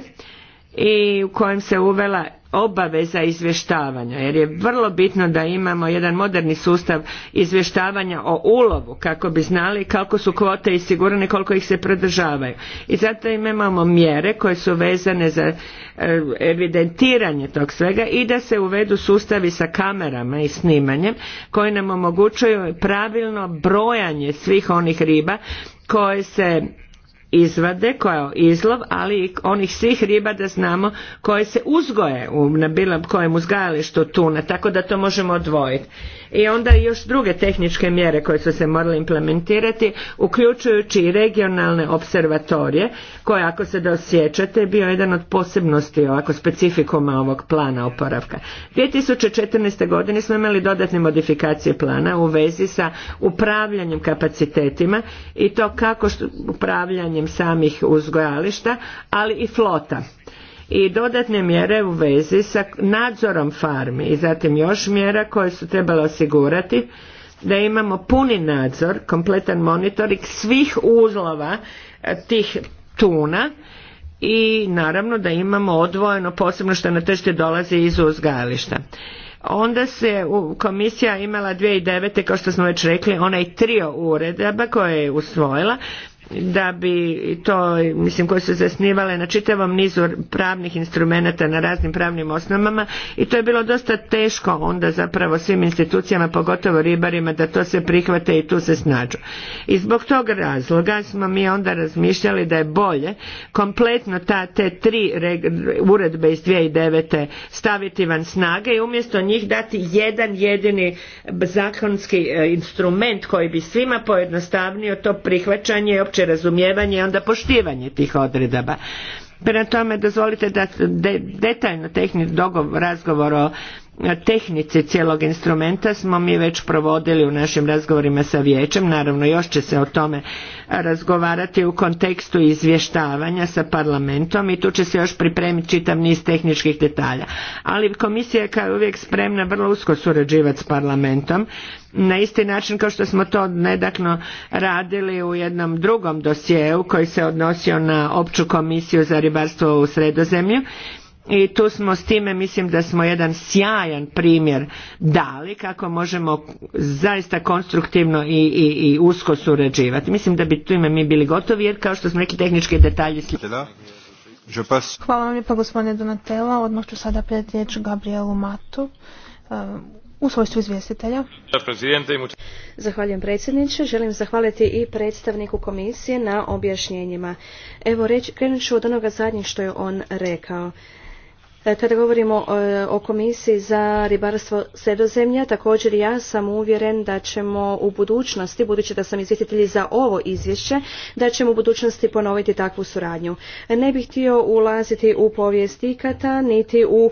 i u kojem se uvela obaveza izvještavanja jer je vrlo bitno da imamo jedan moderni sustav izvještavanja o ulovu kako bi znali kako su kvote isigurane koliko ih se pridržavaju i zato imamo mjere koje su vezane za e, evidentiranje tog svega i da se uvedu sustavi sa kamerama i snimanjem koji nam omogućuju pravilno brojanje svih onih riba koje se izvade kao izlov, ali i onih svih riba da znamo koje se uzgoje u, na bilo kojem uzgajalištu tuna, tako da to možemo odvojiti i onda još druge tehničke mjere koje su se morale implementirati uključujući i regionalne observatorije koje ako se dosjećate je bio jedan od posebnosti ovako specifikuma ovog plana oporavka. 2014. godine smo imali dodatne modifikacije plana u vezi sa upravljanjem kapacitetima i to kako upravljanjem samih uzgojališta ali i flota i dodatne mjere u vezi sa nadzorom farmi i zatim još mjera koje su trebalo osigurati da imamo puni nadzor, kompletan monitoring svih uzlova e, tih tuna i naravno da imamo odvojeno posebno što na tržište dolazi iz uzgajališta. Onda se komisija imala 2009. kao što smo već rekli onaj trio uredaba koje je usvojila da bi to, mislim, koje su zasnivale na čitavom nizu pravnih instrumenata na raznim pravnim osnovama i to je bilo dosta teško onda zapravo svim institucijama, pogotovo ribarima, da to se prihvate i tu se snađu. I zbog tog razloga smo mi onda razmišljali da je bolje kompletno ta, te tri uredbe iz 2009. staviti van snage i umjesto njih dati jedan jedini zakonski e, instrument koji bi svima pojednostavnio to prihvaćanje i opće razumijevanje i onda poštivanje tih odredaba. Prema tome, dozvolite da detaljno tehni razgovor o tehnici cijelog instrumenta smo mi već provodili u našim razgovorima sa vijećem, naravno još će se o tome razgovarati u kontekstu izvještavanja sa parlamentom i tu će se još pripremiti čitav niz tehničkih detalja. Ali komisija je kao uvijek spremna vrlo usko surađivati s parlamentom na isti način kao što smo to nedakno radili u jednom drugom dosjeu koji se odnosio na opću komisiju za ribarstvo u sredozemlju i tu smo s time mislim da smo jedan sjajan primjer dali kako možemo zaista konstruktivno i, i, i usko surađivati. Mislim da bi tu ime mi bili gotovi jer kao što smo rekli tehnički detalji Hvala vam lijepa gospodine Donatella. Odmah ću sada prijeti riječ Gabrielu Matu eh, u svojstvu izvjestitelja. Zahvaljujem predsjedniče. Želim zahvaliti i predstavniku komisije na objašnjenjima. Evo, reći, krenut ću od onoga zadnjeg što je on rekao. E, kada govorimo e, o komisiji za ribarstvo sredozemlja, također ja sam uvjeren da ćemo u budućnosti, budući da sam izvjestitelji za ovo izvješće, da ćemo u budućnosti ponoviti takvu suradnju. E, ne bih htio ulaziti u povijest ikata, niti u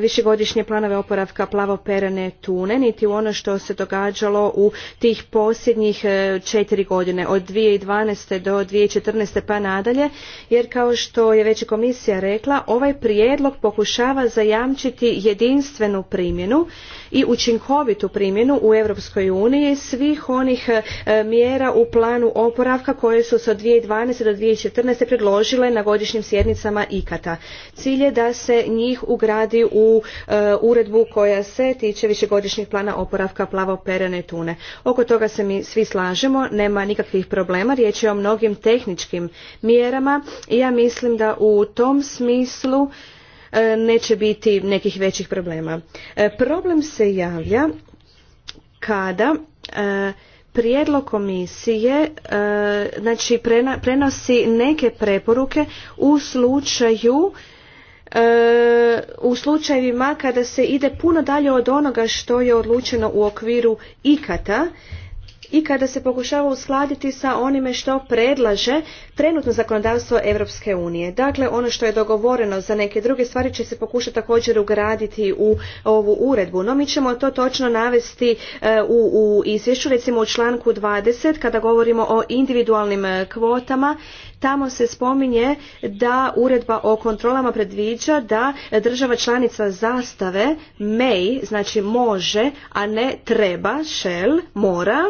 višegodišnje planove oporavka plavoperene tune, niti u ono što se događalo u tih posljednjih četiri godine, od 2012. do 2014. pa nadalje, jer kao što je već komisija rekla, ovaj prijedlog po pokušava zajamčiti jedinstvenu primjenu i učinkovitu primjenu u Europskoj uniji svih onih e, mjera u planu oporavka koje su se od 2012. do 2014. predložile na godišnjim sjednicama IKATA. Cilj je da se njih ugradi u e, uredbu koja se tiče višegodišnjeg plana oporavka plavo perene tune. Oko toga se mi svi slažemo, nema nikakvih problema, riječ je o mnogim tehničkim mjerama i ja mislim da u tom smislu E, neće biti nekih većih problema. E, problem se javlja kada e, prijedlog komisije znači prenosi neke preporuke u slučaju u slučajevima kada se ide puno dalje od onoga što je odlučeno u okviru ikata i kada se pokušava uskladiti sa onime što predlaže trenutno zakonodavstvo Europske unije. Dakle, ono što je dogovoreno za neke druge stvari će se pokušati također ugraditi u ovu uredbu. No, mi ćemo to točno navesti e, u, u izvješću, recimo u članku 20, kada govorimo o individualnim e, kvotama, tamo se spominje da uredba o kontrolama predviđa da država članica zastave may, znači može, a ne treba, shall, mora,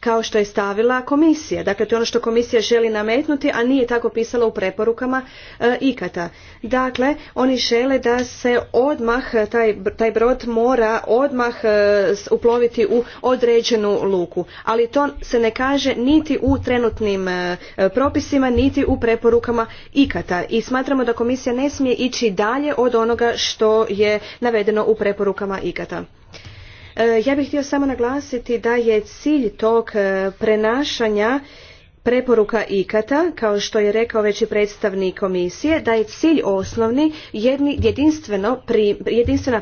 kao što je stavila komisija. Dakle, to je ono što komisija želi nametnuti, a nije tako pisala u preporukama eh, ikata. Dakle, oni žele da se odmah, eh, taj, brod mora odmah eh, uploviti u određenu luku. Ali to se ne kaže niti u trenutnim propisima, niti u preporukama ikata. I smatramo da komisija ne smije ići dalje od onoga što je navedeno u preporukama ikata. E, ja bih htio samo naglasiti da je cilj tog e, prenašanja preporuka ikata kao što je rekao već i predstavnik komisije da je cilj osnovni jedinstvena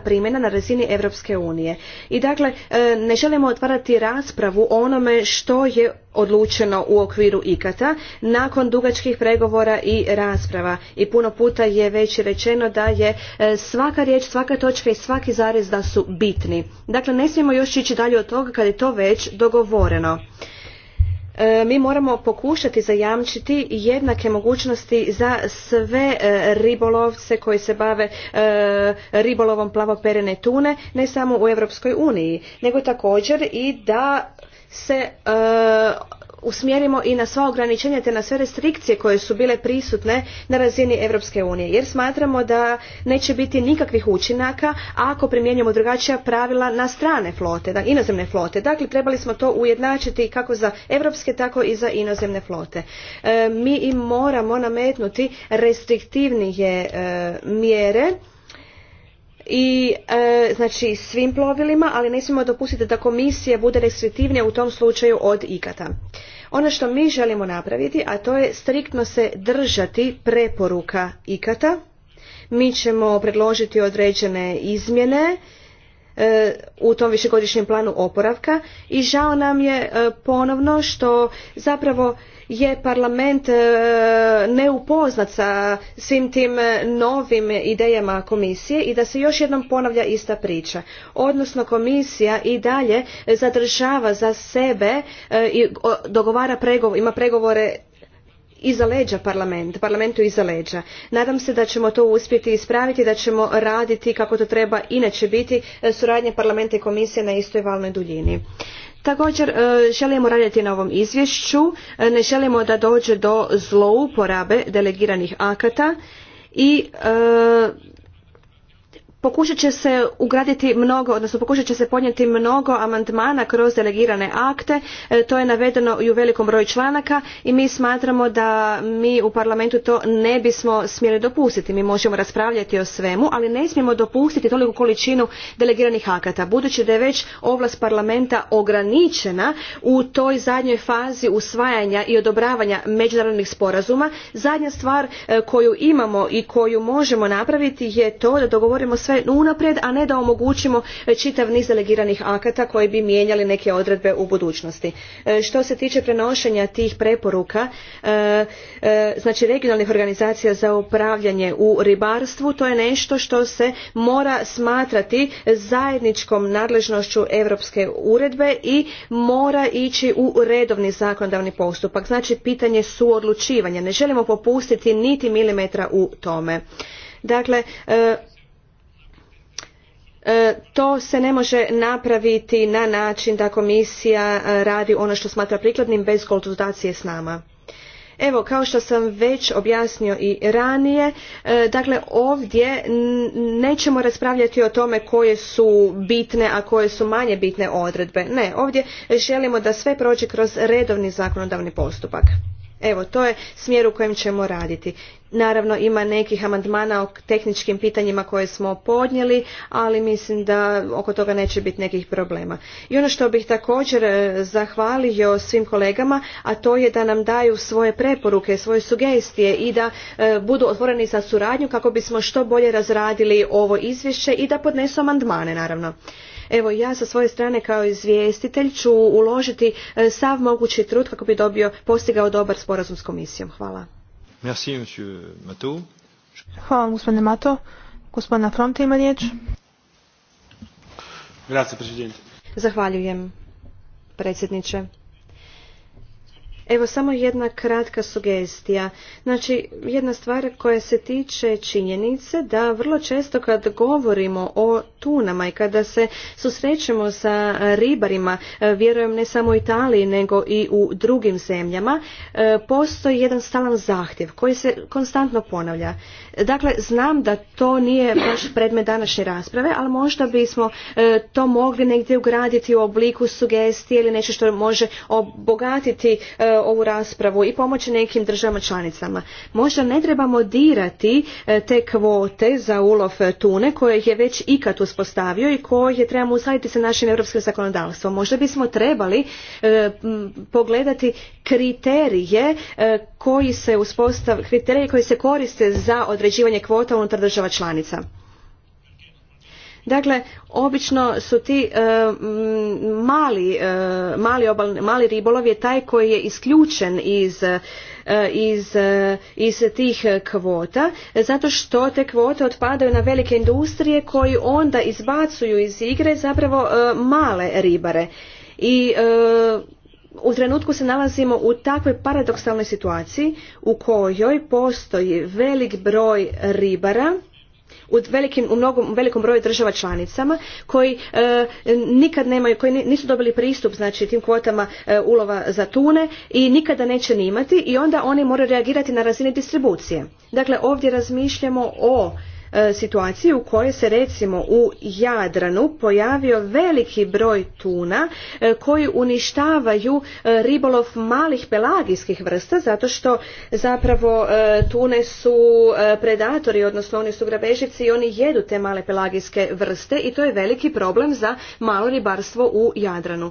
primjena na razini europske unije i dakle e, ne želimo otvarati raspravu o onome što je odlučeno u okviru ikata nakon dugačkih pregovora i rasprava i puno puta je već rečeno da je e, svaka riječ svaka točka i svaki zarez da su bitni dakle ne smijemo još ići dalje od toga kad je to već dogovoreno E, mi moramo pokušati zajamčiti jednake mogućnosti za sve e, ribolovce koji se bave e, ribolovom plavoperene tune ne samo u europskoj uniji nego također i da se usmjerimo i na sva ograničenja te na sve restrikcije koje su bile prisutne na razini Europske unije jer smatramo da neće biti nikakvih učinaka ako primjenjujemo drugačija pravila na strane flote, na inozemne flote. Dakle, trebali smo to ujednačiti kako za europske tako i za inozemne flote. E, mi im moramo nametnuti restriktivnije e, mjere i e, znači svim plovilima, ali ne smijemo dopustiti da komisija bude restriktivnija u tom slučaju od ikata. Ono što mi želimo napraviti, a to je striktno se držati preporuka ikata. Mi ćemo predložiti određene izmjene E, u tom višegodišnjem planu oporavka i žao nam je e, ponovno što zapravo je parlament e, neupoznat sa svim tim novim idejama komisije i da se još jednom ponavlja ista priča. Odnosno komisija i dalje zadržava za sebe i dogovara ima pregovore iza leđa parlament, parlamentu iza leđa. Nadam se da ćemo to uspjeti ispraviti, da ćemo raditi kako to treba inače biti e, suradnje parlamenta i komisije na istoj valnoj duljini. Također e, želimo raditi na ovom izvješću, e, ne želimo da dođe do zlouporabe delegiranih akata i pokušat će se ugraditi mnogo, odnosno pokušat će se podnijeti mnogo amandmana kroz delegirane akte, e, to je navedeno i u velikom broju članaka i mi smatramo da mi u parlamentu to ne bismo smjeli dopustiti. Mi možemo raspravljati o svemu, ali ne smijemo dopustiti toliku količinu delegiranih akata, budući da je već ovlast parlamenta ograničena u toj zadnjoj fazi usvajanja i odobravanja međunarodnih sporazuma. Zadnja stvar e, koju imamo i koju možemo napraviti je to da dogovorimo sve unaprijed, a ne da omogućimo e, čitav niz delegiranih akata koji bi mijenjali neke odredbe u budućnosti. E, što se tiče prenošenja tih preporuka, e, znači regionalnih organizacija za upravljanje u ribarstvu, to je nešto što se mora smatrati zajedničkom nadležnošću europske uredbe i mora ići u redovni zakonodavni postupak. Znači pitanje suodlučivanja. Ne želimo popustiti niti milimetra u tome. Dakle, E, to se ne može napraviti na način da komisija e, radi ono što smatra prikladnim bez konzultacije s nama. Evo, kao što sam već objasnio i ranije, e, dakle ovdje nećemo raspravljati o tome koje su bitne, a koje su manje bitne odredbe. Ne, ovdje želimo da sve prođe kroz redovni zakonodavni postupak. Evo, to je smjer u kojem ćemo raditi. Naravno, ima nekih amandmana o tehničkim pitanjima koje smo podnijeli, ali mislim da oko toga neće biti nekih problema. I ono što bih također e, zahvalio svim kolegama, a to je da nam daju svoje preporuke, svoje sugestije i da e, budu otvoreni za suradnju kako bismo što bolje razradili ovo izvješće i da podnesu amandmane, naravno. Evo ja sa svoje strane kao izvjestitelj ću uložiti e, sav mogući trud kako bi dobio postigao dobar sporazum s komisijom. Hvala. Merci, monsieur Mato. Hvala gospodine Mato. Gospodina Fronte ima riječ. Zahvaljujem, predsjedniče. Evo samo jedna kratka sugestija. Znači, jedna stvar koja se tiče činjenice da vrlo često kad govorimo o tunama i kada se susrećemo sa ribarima, e, vjerujem ne samo u Italiji nego i u drugim zemljama, e, postoji jedan stalan zahtjev koji se konstantno ponavlja. Dakle, znam da to nije baš predmet današnje rasprave, ali možda bismo e, to mogli negdje ugraditi u obliku sugestije ili nešto što može obogatiti ovu raspravu i pomoći nekim državama članicama. Možda ne trebamo dirati e, te kvote za ulov tune koje je već ikad uspostavio i koje trebamo uskladiti sa našim europskim zakonodavstvom. Možda bismo trebali e, pogledati kriterije e, koji se uspostav, kriterije koji se koriste za određivanje kvota unutar država članica. Dakle, obično su ti e, mali, e, mali, mali ribolov je taj koji je isključen iz e, iz, iz tih kvota zato što te kvote otpadaju na velike industrije koji onda izbacuju iz igre zapravo male ribare i u trenutku se nalazimo u takvoj paradoksalnoj situaciji u kojoj postoji velik broj ribara u, velikom broju država članicama koji e, nikad nemaju, koji nisu dobili pristup znači tim kvotama e, ulova za tune i nikada neće ni imati i onda oni moraju reagirati na razini distribucije. Dakle, ovdje razmišljamo o E, situacije u kojoj se recimo u Jadranu pojavio veliki broj tuna e, koji uništavaju e, ribolov malih pelagijskih vrsta zato što zapravo tune su predatori, odnosno oni su grabežici i oni jedu te male pelagijske vrste i to je veliki problem za malo ribarstvo u Jadranu.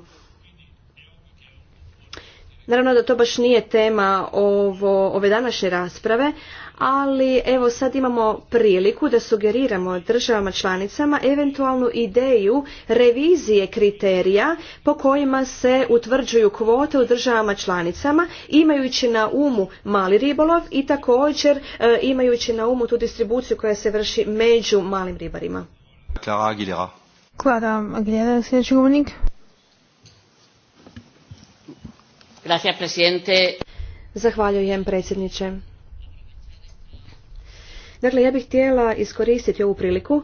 Naravno da to baš nije tema ovo, ove današnje rasprave, ali evo sad imamo priliku da sugeriramo državama članicama eventualnu ideju revizije kriterija po kojima se utvrđuju kvote u državama članicama imajući na umu mali ribolov i također e, imajući na umu tu distribuciju koja se vrši među malim ribarima. Clara Aguilera. Zahvaljujem predsjedniče. Dakle, ja bih htjela iskoristiti ovu priliku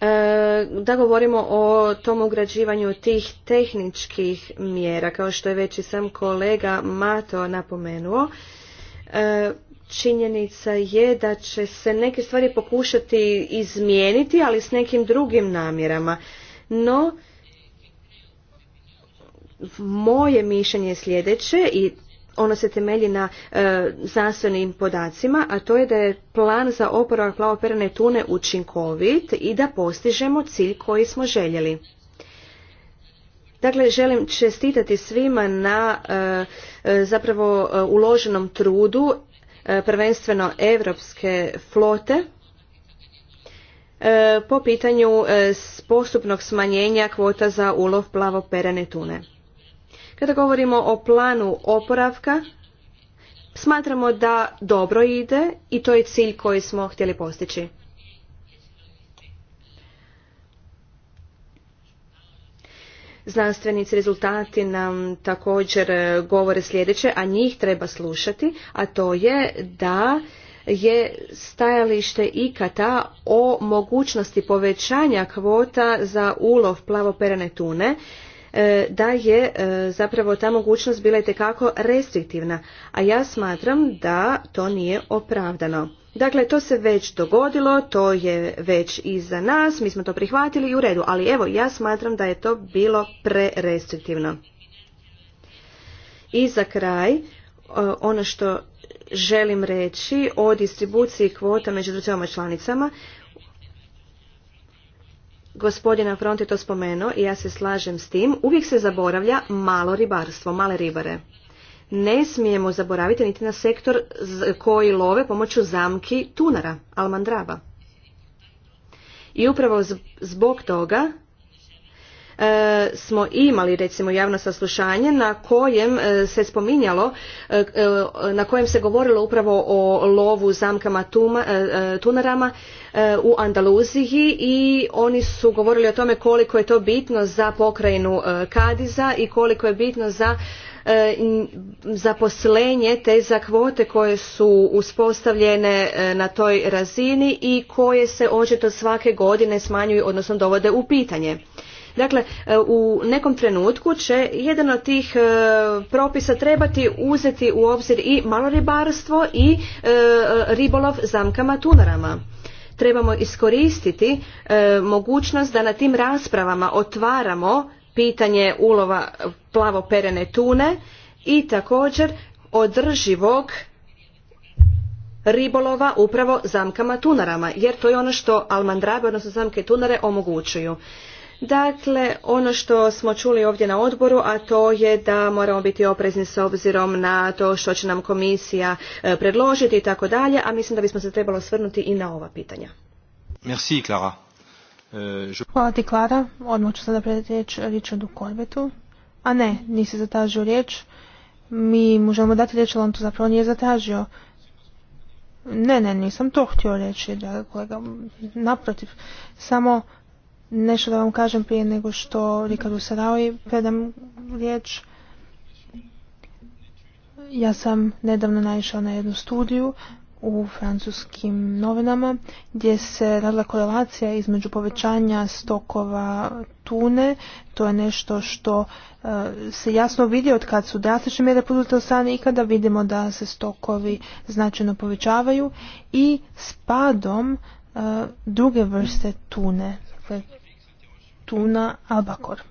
e, da govorimo o tom ugrađivanju tih tehničkih mjera, kao što je već i sam kolega Mato napomenuo. E, činjenica je da će se neke stvari pokušati izmijeniti, ali s nekim drugim namjerama. No, moje mišljenje je sljedeće i ono se temelji na e, znanstvenim podacima, a to je da je plan za oporavak plavoperane tune učinkovit i da postižemo cilj koji smo željeli. Dakle, želim čestitati svima na e, e, zapravo e, uloženom trudu E, prvenstveno europske flote e, po pitanju e, postupnog smanjenja kvota za ulov perene tune. Kada govorimo o planu oporavka, smatramo da dobro ide i to je cilj koji smo htjeli postići. Znanstvenici rezultati nam također e, govore sljedeće, a njih treba slušati, a to je da je stajalište ikata o mogućnosti povećanja kvota za ulov plavoperane tune e, da je e, zapravo ta mogućnost bila itekako restriktivna, a ja smatram da to nije opravdano. Dakle, to se već dogodilo, to je već iza nas, mi smo to prihvatili i u redu, ali evo, ja smatram da je to bilo prerestriktivno. I za kraj, e, ono što želim reći o distribuciji kvota među državama članicama, gospodina Front je to spomenuo i ja se slažem s tim, uvijek se zaboravlja malo ribarstvo, male ribare. Ne smijemo zaboraviti niti na sektor koji love pomoću zamki tunara, almandraba. I upravo zbog toga e, smo imali recimo javno saslušanje na kojem e, se spominjalo e, na kojem se govorilo upravo o lovu zamkama tunarama u Andaluziji i oni su govorili o tome koliko je to bitno za pokrajinu Kadiza i koliko je bitno za E, zaposlenje te za kvote koje su uspostavljene e, na toj razini i koje se očito svake godine smanjuju odnosno dovode u pitanje. Dakle, e, u nekom trenutku će jedan od tih propisa trebati uzeti u obzir i maloribarstvo i ribolov zamkama tunarama trebamo iskoristiti mogućnost da na tim raspravama otvaramo pitanje ulova plavoperene tune i također održivog ribolova upravo zamkama tunarama jer to je ono što almandrabe odnosno zamke tunare omogućuju. Dakle, ono što smo čuli ovdje na odboru, a to je da moramo biti oprezni s obzirom na to što će nam komisija e, predložiti i tako dalje, a mislim da bismo se trebalo svrnuti i na ova pitanja. Merci, E, Hvala ti Klara. Odmah ću sada predati riječ Richardu Korbetu. A ne, nisi zatražio riječ. Mi mu želimo dati riječ, ali on to zapravo nije zatražio. Ne, ne, nisam to htio reći, draga kolega. Naprotiv, samo nešto da vam kažem prije nego što Rikardu Sarawi predam riječ. Ja sam nedavno naišao na jednu studiju u francuskim novinama gdje se radila korelacija između povećanja stokova tune. To je nešto što e, se jasno vidi od kad su drastične mjere poduzete od strane i kada vidimo da se stokovi značajno povećavaju i s padom e, druge vrste tune. Dakle, tuna albakor.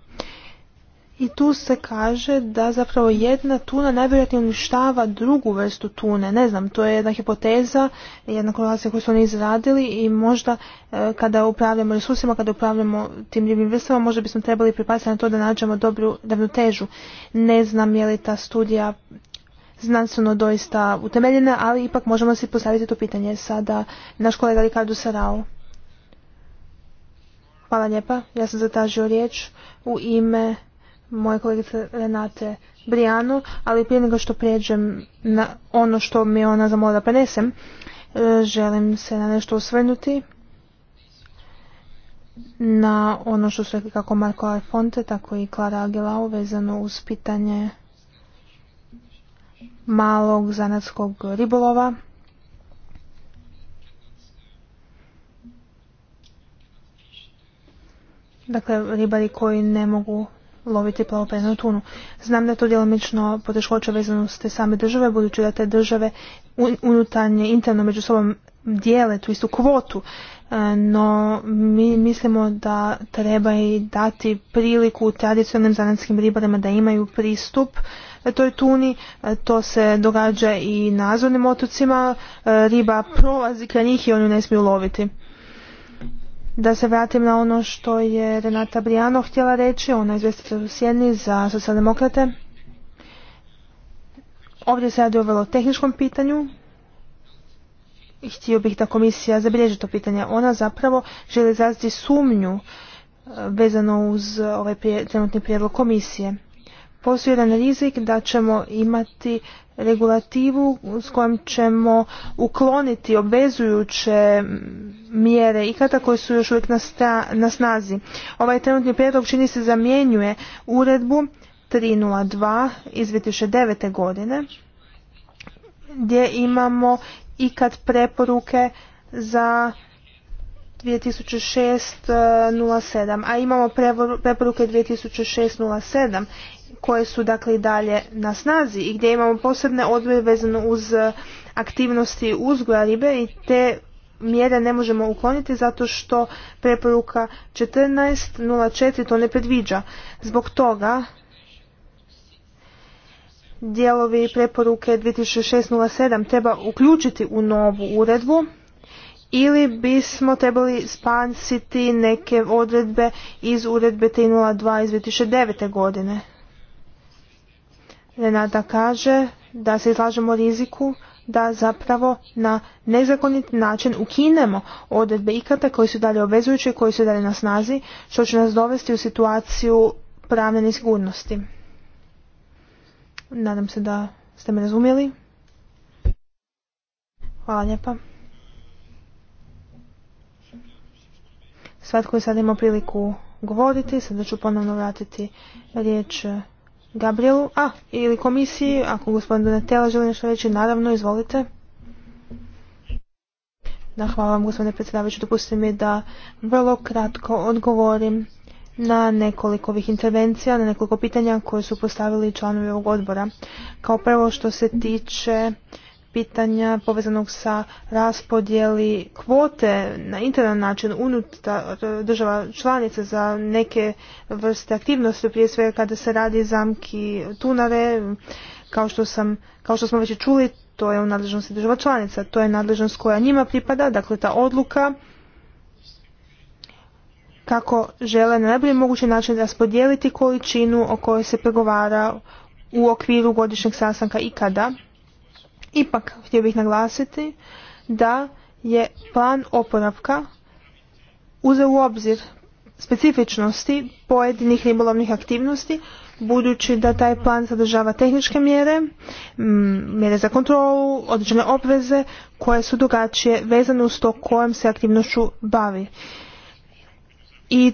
I tu se kaže da zapravo jedna tuna najvjerojatnije uništava drugu vrstu tune. Ne znam, to je jedna hipoteza, jedna korelacija koju su oni izradili i možda e, kada upravljamo resursima, kada upravljamo tim ljubim vrstama, možda bismo trebali pripasiti na to da nađemo dobru ravnotežu. Ne znam je li ta studija znanstveno doista utemeljena, ali ipak možemo si postaviti to pitanje sada naš kolega Ricardo Sarao. Hvala lijepa, ja sam zatražio riječ u ime moje kolegice Renate Brijanu, ali prije nego što prijeđem na ono što mi je ona zamola da prenesem, e, želim se na nešto osvrnuti na ono što su rekli kako Marko Arfonte, tako i Klara Aguilao vezano uz pitanje malog zanatskog ribolova. Dakle, ribari koji ne mogu loviti plavopenu tunu. Znam da je to djelomično poteškoće vezano s te same države, budući da te države unutarnje, interno među sobom dijele tu istu kvotu, e, no mi mislimo da treba i dati priliku tradicionalnim zanatskim ribarima da imaju pristup e, toj tuni. E, to se događa i na otocima. Riba prolazi kraj njih i oni ne smiju loviti da se vratim na ono što je Renata Brijano htjela reći, ona izvjestitelj u Sjedni za socijaldemokrate. Ovdje se radi o vrlo tehničkom pitanju. Htio bih da komisija zabilježi to pitanje. Ona zapravo želi izraziti sumnju e, vezano uz ovaj trenutni prijedlog komisije. Postoji jedan rizik da ćemo imati regulativu s kojom ćemo ukloniti obvezujuće mjere ikata koje su još uvijek na, snazi. Ovaj trenutni prijedlog čini se zamjenjuje uredbu 302 iz 2009. godine gdje imamo ikad preporuke za 2006.07, a imamo preporuke 2006 koje su dakle i dalje na snazi i gdje imamo posebne odredbe vezano uz e, aktivnosti uzgoja ribe i te mjere ne možemo ukloniti zato što preporuka 14.04 to ne predviđa. Zbog toga dijelovi preporuke 2607 treba uključiti u novu uredbu ili bismo trebali spansiti neke odredbe iz uredbe 302 iz 2009. godine. Renata kaže da se izlažemo riziku da zapravo na nezakonit način ukinemo odredbe ikata koji su dalje obvezujući koji su dalje na snazi, što će nas dovesti u situaciju pravne nesigurnosti. Nadam se da ste me razumjeli. Hvala lijepa. Svatko je sad imao priliku govoriti, sada ću ponovno vratiti riječ Gabrielu, a, ili komisiji, ako gospodin Donatela želi nešto reći, naravno, izvolite. Da, hvala vam gospodine predsjedavajući, dopustite mi da vrlo kratko odgovorim na nekoliko ovih intervencija, na nekoliko pitanja koje su postavili članovi ovog odbora. Kao prvo što se tiče pitanja povezanog sa raspodjeli kvote na internet način unutar e, država članica za neke vrste aktivnosti, prije svega kada se radi zamki tunare, kao što, sam, kao što smo već čuli, to je u nadležnosti država članica, to je nadležnost koja njima pripada, dakle ta odluka kako žele na najbolji mogući način raspodijeliti količinu o kojoj se pregovara u okviru godišnjeg sastanka ikada Ipak, htio bih naglasiti da je plan oporavka uzeo u obzir specifičnosti pojedinih ribolovnih aktivnosti, budući da taj plan sadržava tehničke mjere, mjere za kontrolu, određene obveze koje su drugačije vezane uz to kojom se aktivnošću bavi. I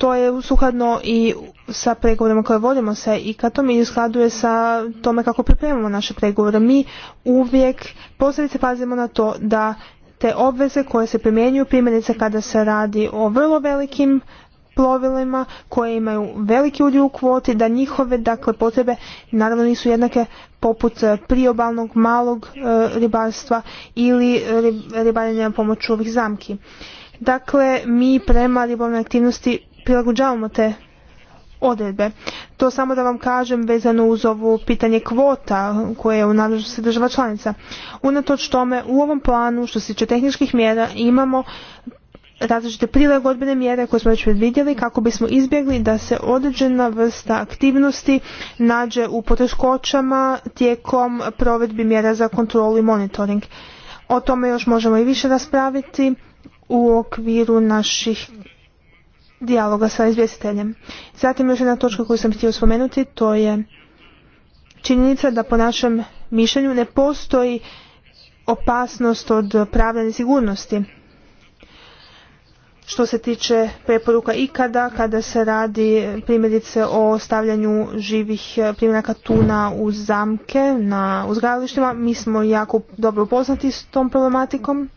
to je sukladno i sa pregovorima koje vodimo sa IKAT-om i uskladuje sa tome kako pripremamo naše pregovore. Mi uvijek posebice pazimo na to da te obveze koje se primjenjuju, primjerice kada se radi o vrlo velikim plovilima koje imaju veliki udio u kvoti, da njihove dakle, potrebe naravno nisu jednake poput e, priobalnog malog e, ribarstva ili ribarenja pomoću ovih zamki. Dakle, mi prema ribolovnoj aktivnosti prilagođavamo te odredbe. To samo da vam kažem vezano uz ovo pitanje kvota koje je u nadležnosti država članica. Unatoč tome u ovom planu što se tiče tehničkih mjera imamo različite prilagodbene mjere koje smo već predvidjeli kako bismo izbjegli da se određena vrsta aktivnosti nađe u poteškoćama tijekom provedbi mjera za kontrolu i monitoring. O tome još možemo i više raspraviti u okviru naših dijaloga sa izvjestiteljem. Zatim još jedna točka koju sam htio spomenuti, to je činjenica da po našem mišljenju ne postoji opasnost od pravne sigurnosti. Što se tiče preporuka ikada, kada se radi primjerice o stavljanju živih primjeraka tuna u zamke na uzgajalištima, mi smo jako dobro poznati s tom problematikom.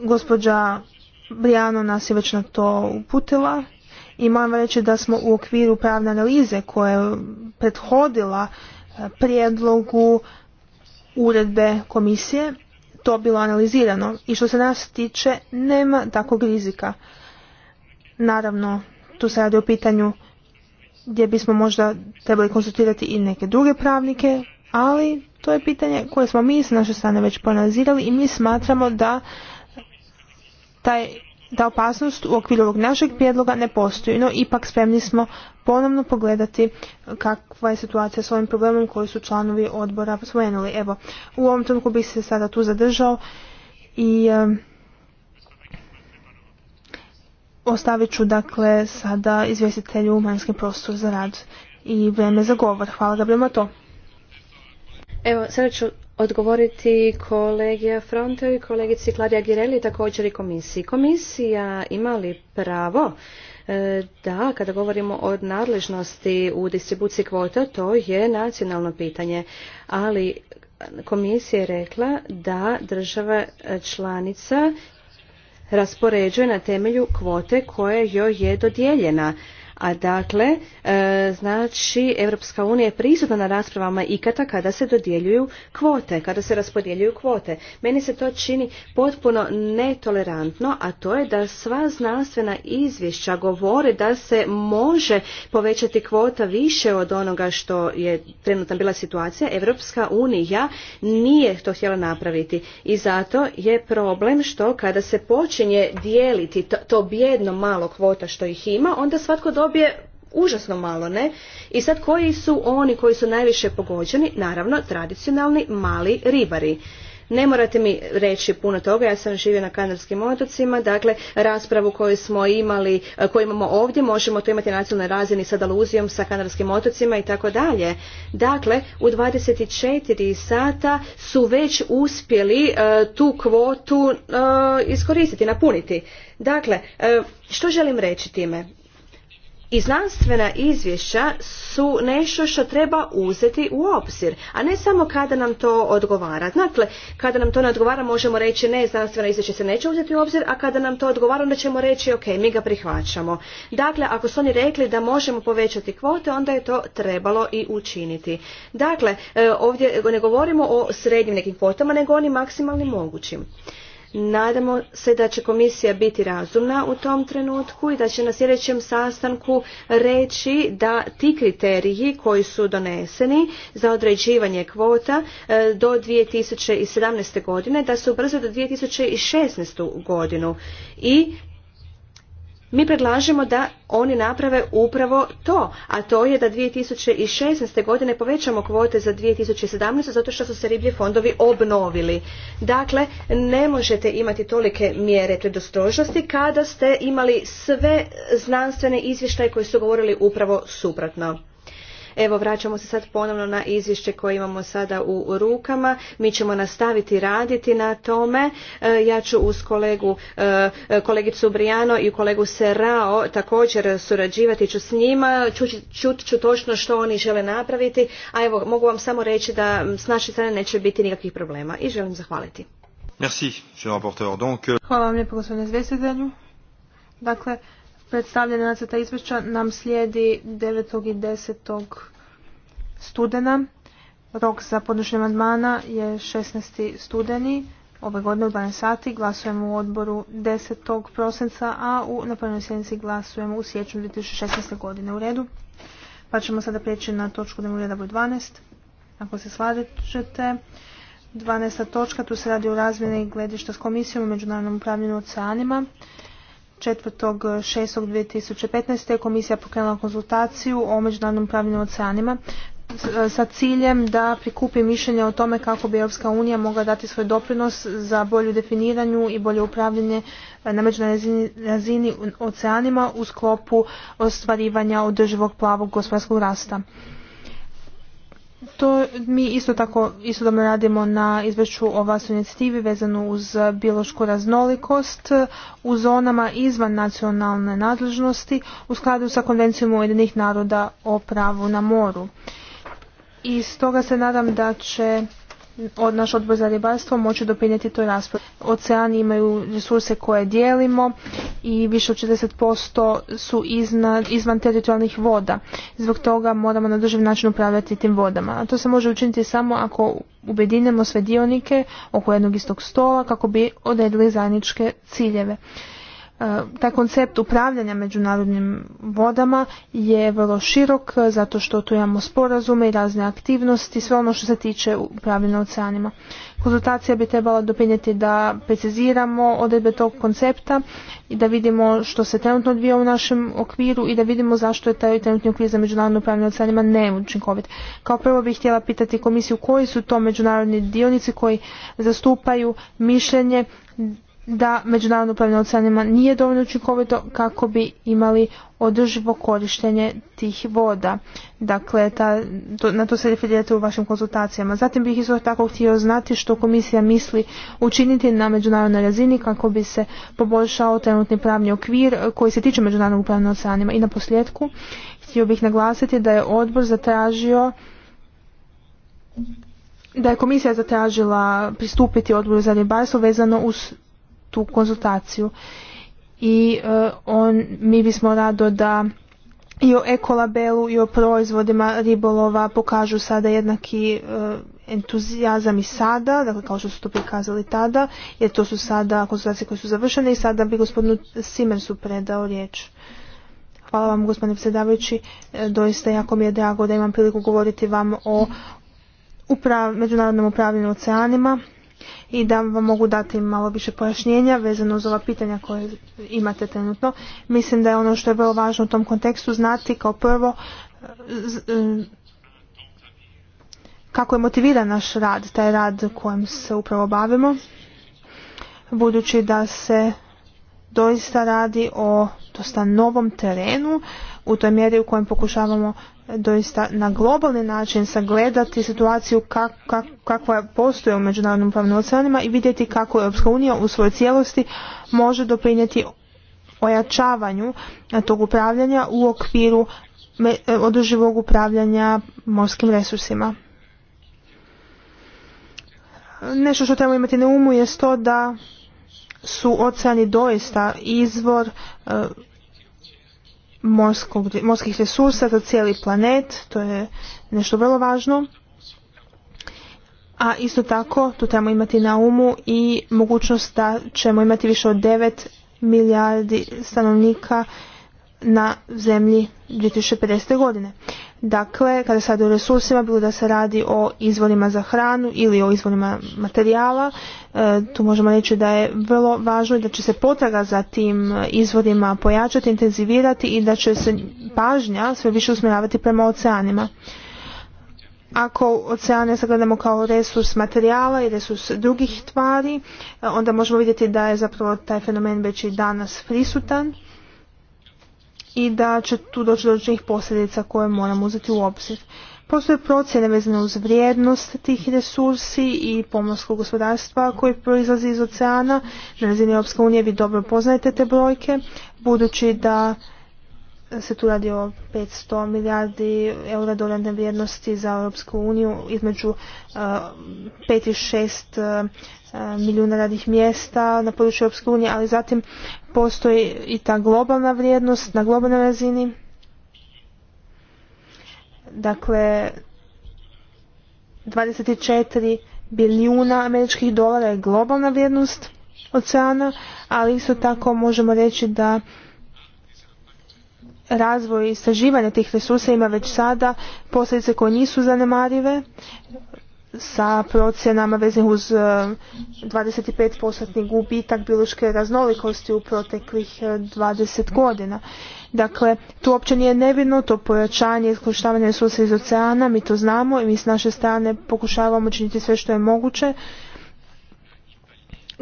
Gospođa Brijano nas je već na to uputila i moram reći da smo u okviru pravne analize koja je prethodila e, prijedlogu uredbe komisije to bilo analizirano i što se nas tiče nema takvog rizika. Naravno, tu se radi o pitanju gdje bismo možda trebali konsultirati i neke druge pravnike, ali to je pitanje koje smo mi s naše strane već poanalizirali i mi smatramo da ta opasnost u okviru ovog našeg prijedloga ne postoji, no ipak spremni smo ponovno pogledati kakva je situacija s ovim problemom koji su članovi odbora spomenuli. Evo, u ovom trenutku bih se sada tu zadržao i ostavit ću dakle sada izvjestitelju manjski prostor za rad i vrijeme za govor. Hvala Gabriel to. Evo, sada ću odgovoriti kolegija Fronteo i kolegici Klarija Girelli također i komisiji. Komisija ima li pravo e, da, kada govorimo o nadležnosti u distribuciji kvota, to je nacionalno pitanje, ali komisija je rekla da država članica raspoređuje na temelju kvote koja joj je dodijeljena. A dakle, e, znači, Evropska unija je prisutna na raspravama ikada kada se dodjeljuju kvote, kada se raspodjeljuju kvote. Meni se to čini potpuno netolerantno, a to je da sva znanstvena izvješća govore da se može povećati kvota više od onoga što je trenutno bila situacija. Evropska unija nije to htjela napraviti i zato je problem što kada se počinje dijeliti to, to bijedno malo kvota što ih ima, onda svatko je užasno malo, ne? I sad koji su oni koji su najviše pogođeni? Naravno, tradicionalni mali ribari. Ne morate mi reći puno toga, ja sam živio na Kanarskim otocima, dakle raspravu koju smo imali, e, koju imamo ovdje, možemo to imati na nacionalnoj razini sa Daluzijom, sa Kanarskim otocima i tako dalje. Dakle, u 24 sata su već uspjeli e, tu kvotu e, iskoristiti, napuniti. Dakle, što želim reći time? i znanstvena izvješća su nešto što treba uzeti u obzir, a ne samo kada nam to odgovara. Dakle, kada nam to ne odgovara možemo reći ne, znanstvena izvješća se neće uzeti u obzir, a kada nam to odgovara onda ćemo reći ok, mi ga prihvaćamo. Dakle, ako su oni rekli da možemo povećati kvote, onda je to trebalo i učiniti. Dakle, e, ovdje ne govorimo o srednjim nekim kvotama, nego onim maksimalnim mogućim. Nadamo se da će komisija biti razumna u tom trenutku i da će na sljedećem sastanku reći da ti kriteriji koji su doneseni za određivanje kvota e, do 2017. godine da se ubrze do 2016. godinu i mi predlažemo da oni naprave upravo to, a to je da 2016. godine povećamo kvote za 2017. zato što su se riblje fondovi obnovili. Dakle, ne možete imati tolike mjere predostrožnosti kada ste imali sve znanstvene izvještaje koji su govorili upravo suprotno. Evo vraćamo se sad ponovno na izvješće koje imamo sada u rukama. Mi ćemo nastaviti raditi na tome. E, ja ću uz kolegu, e, kolegicu Brijano i kolegu Serao također surađivati ću s njima. Čut, ću točno što oni žele napraviti. A evo mogu vam samo reći da s naše strane neće biti nikakvih problema i želim zahvaliti. Merci, euh, Hvala vam lijepo gospodine Dakle, predstavljanja nacrta izvješća nam slijedi 9. i 10. studena. Rok za podnošenje amandmana je 16. studeni ove godine u 12 sati. Glasujemo u odboru 10. prosinca, a u napravljenoj sjednici glasujemo u sjeću 2016. godine u redu. Pa ćemo sada prijeći na točku dnevnog reda broj 12. Ako se slažete, 12. točka, tu se radi o razmjeni gledišta s komisijom u međunarodnom upravljanju oceanima. 4.6.2015. komisija pokrenula konzultaciju o međunarodnom pravnim oceanima sa ciljem da prikupi mišljenje o tome kako bi Europska unija mogla dati svoj doprinos za bolju definiranju i bolje upravljanje na međunarodnoj razini oceanima u sklopu ostvarivanja održivog plavog gospodarskog rasta. To mi isto tako istodobno radimo na izvješću o vlastnoj inicijativi vezanu uz biološku raznolikost u zonama izvan nacionalne nadležnosti u skladu sa konvencijom Ujedinih naroda o pravu na moru. I stoga se nadam da će od naš odbor za ribarstvo moći doprinijeti toj raspravi. Oceani imaju resurse koje dijelimo i više od 40% su izvan teritorijalnih voda. Zbog toga moramo na drživ način upravljati tim vodama. A to se može učiniti samo ako ubedinemo sve dionike oko jednog istog stola kako bi odredili zajedničke ciljeve taj koncept upravljanja međunarodnim vodama je vrlo širok e, zato što tu imamo sporazume i razne aktivnosti, sve ono što se tiče upravljanja oceanima. Konzultacija bi trebala dopinjeti da preciziramo odredbe tog koncepta i da vidimo što se trenutno odvija u našem okviru i da vidimo zašto je taj trenutni okvir za međunarodno upravljanje oceanima neučinkovit. Kao prvo bih htjela pitati komisiju koji su to međunarodni dionici koji zastupaju mišljenje da međunarodno upravljanje oceanima nije dovoljno učinkovito kako bi imali održivo korištenje tih voda. Dakle, ta, na to se referirate u vašim konzultacijama. Zatim bih isto tako htio znati što komisija misli učiniti na međunarodnoj razini kako bi se poboljšao trenutni pravni okvir koji se tiče međunarodnog upravljanja oceanima. I na posljedku htio bih naglasiti da je odbor zatražio da je komisija zatražila pristupiti odboru za ribarstvo vezano uz tu konzultaciju. I e, on, mi bismo rado da i o ekolabelu i o proizvodima ribolova pokažu sada jednaki e, entuzijazam i sada, dakle kao što su to prikazali tada, jer to su sada konzultacije koje su završene i sada bi gospodinu Simersu predao riječ. Hvala vam gospodine predsjedavajući, e, doista jako mi je drago da imam priliku govoriti vam o međunarodnom upravljanju oceanima i da vam mogu dati malo više pojašnjenja vezano uz ova pitanja koje imate trenutno. Mislim da je ono što je vrlo važno u tom kontekstu znati kao prvo e, e, kako je motiviran naš rad, taj rad kojem se upravo bavimo, budući da se doista radi o dosta novom terenu, u toj mjeri u kojem pokušavamo doista na globalni način sagledati situaciju kakva postoje u međunarodnim pravnim oceanima i vidjeti kako Europska unija u svojoj cijelosti može doprinijeti ojačavanju tog upravljanja u okviru e, održivog upravljanja morskim resursima. Nešto što trebamo imati na umu je to da su oceani doista izvor e, morskog, morskih resursa za cijeli planet, to je nešto vrlo važno. A isto tako tu trebamo imati na umu i mogućnost da ćemo imati više od 9 milijardi stanovnika na zemlji 2050. godine. Dakle, kada se radi o resursima, bilo da se radi o izvorima za hranu ili o izvorima materijala, e, tu možemo reći da je vrlo važno da će se potraga za tim e, izvorima pojačati, intenzivirati i da će se pažnja sve više usmjeravati prema oceanima. Ako oceane sagledamo kao resurs materijala i resurs drugih tvari, e, onda možemo vidjeti da je zapravo taj fenomen već i danas prisutan i da će tu doći do određenih posljedica koje moramo uzeti u obzir. Postoje procjene vezane uz vrijednost tih resursi i pomorskog gospodarstva koji proizlazi iz oceana. Na razini Europske unije vi dobro poznajete te brojke, budući da se tu radi o 500 milijardi eura dolarne vrijednosti za Europsku uniju, između 5 eh, i 6 eh, milijuna radnih mjesta na području Europske unije, ali zatim postoji i ta globalna vrijednost na globalnoj razini. Dakle, 24 bilijuna američkih dolara je globalna vrijednost oceana, ali isto tako možemo reći da razvoj i istraživanje tih resursa ima već sada posljedice koje nisu zanemarive sa procjenama veznih uz 25% e, gubitak biološke raznolikosti u proteklih 20 e, godina. Dakle, tu uopće nije nevidno, to pojačanje iskorištavanje resursa iz oceana, mi to znamo i mi s naše strane pokušavamo činiti sve što je moguće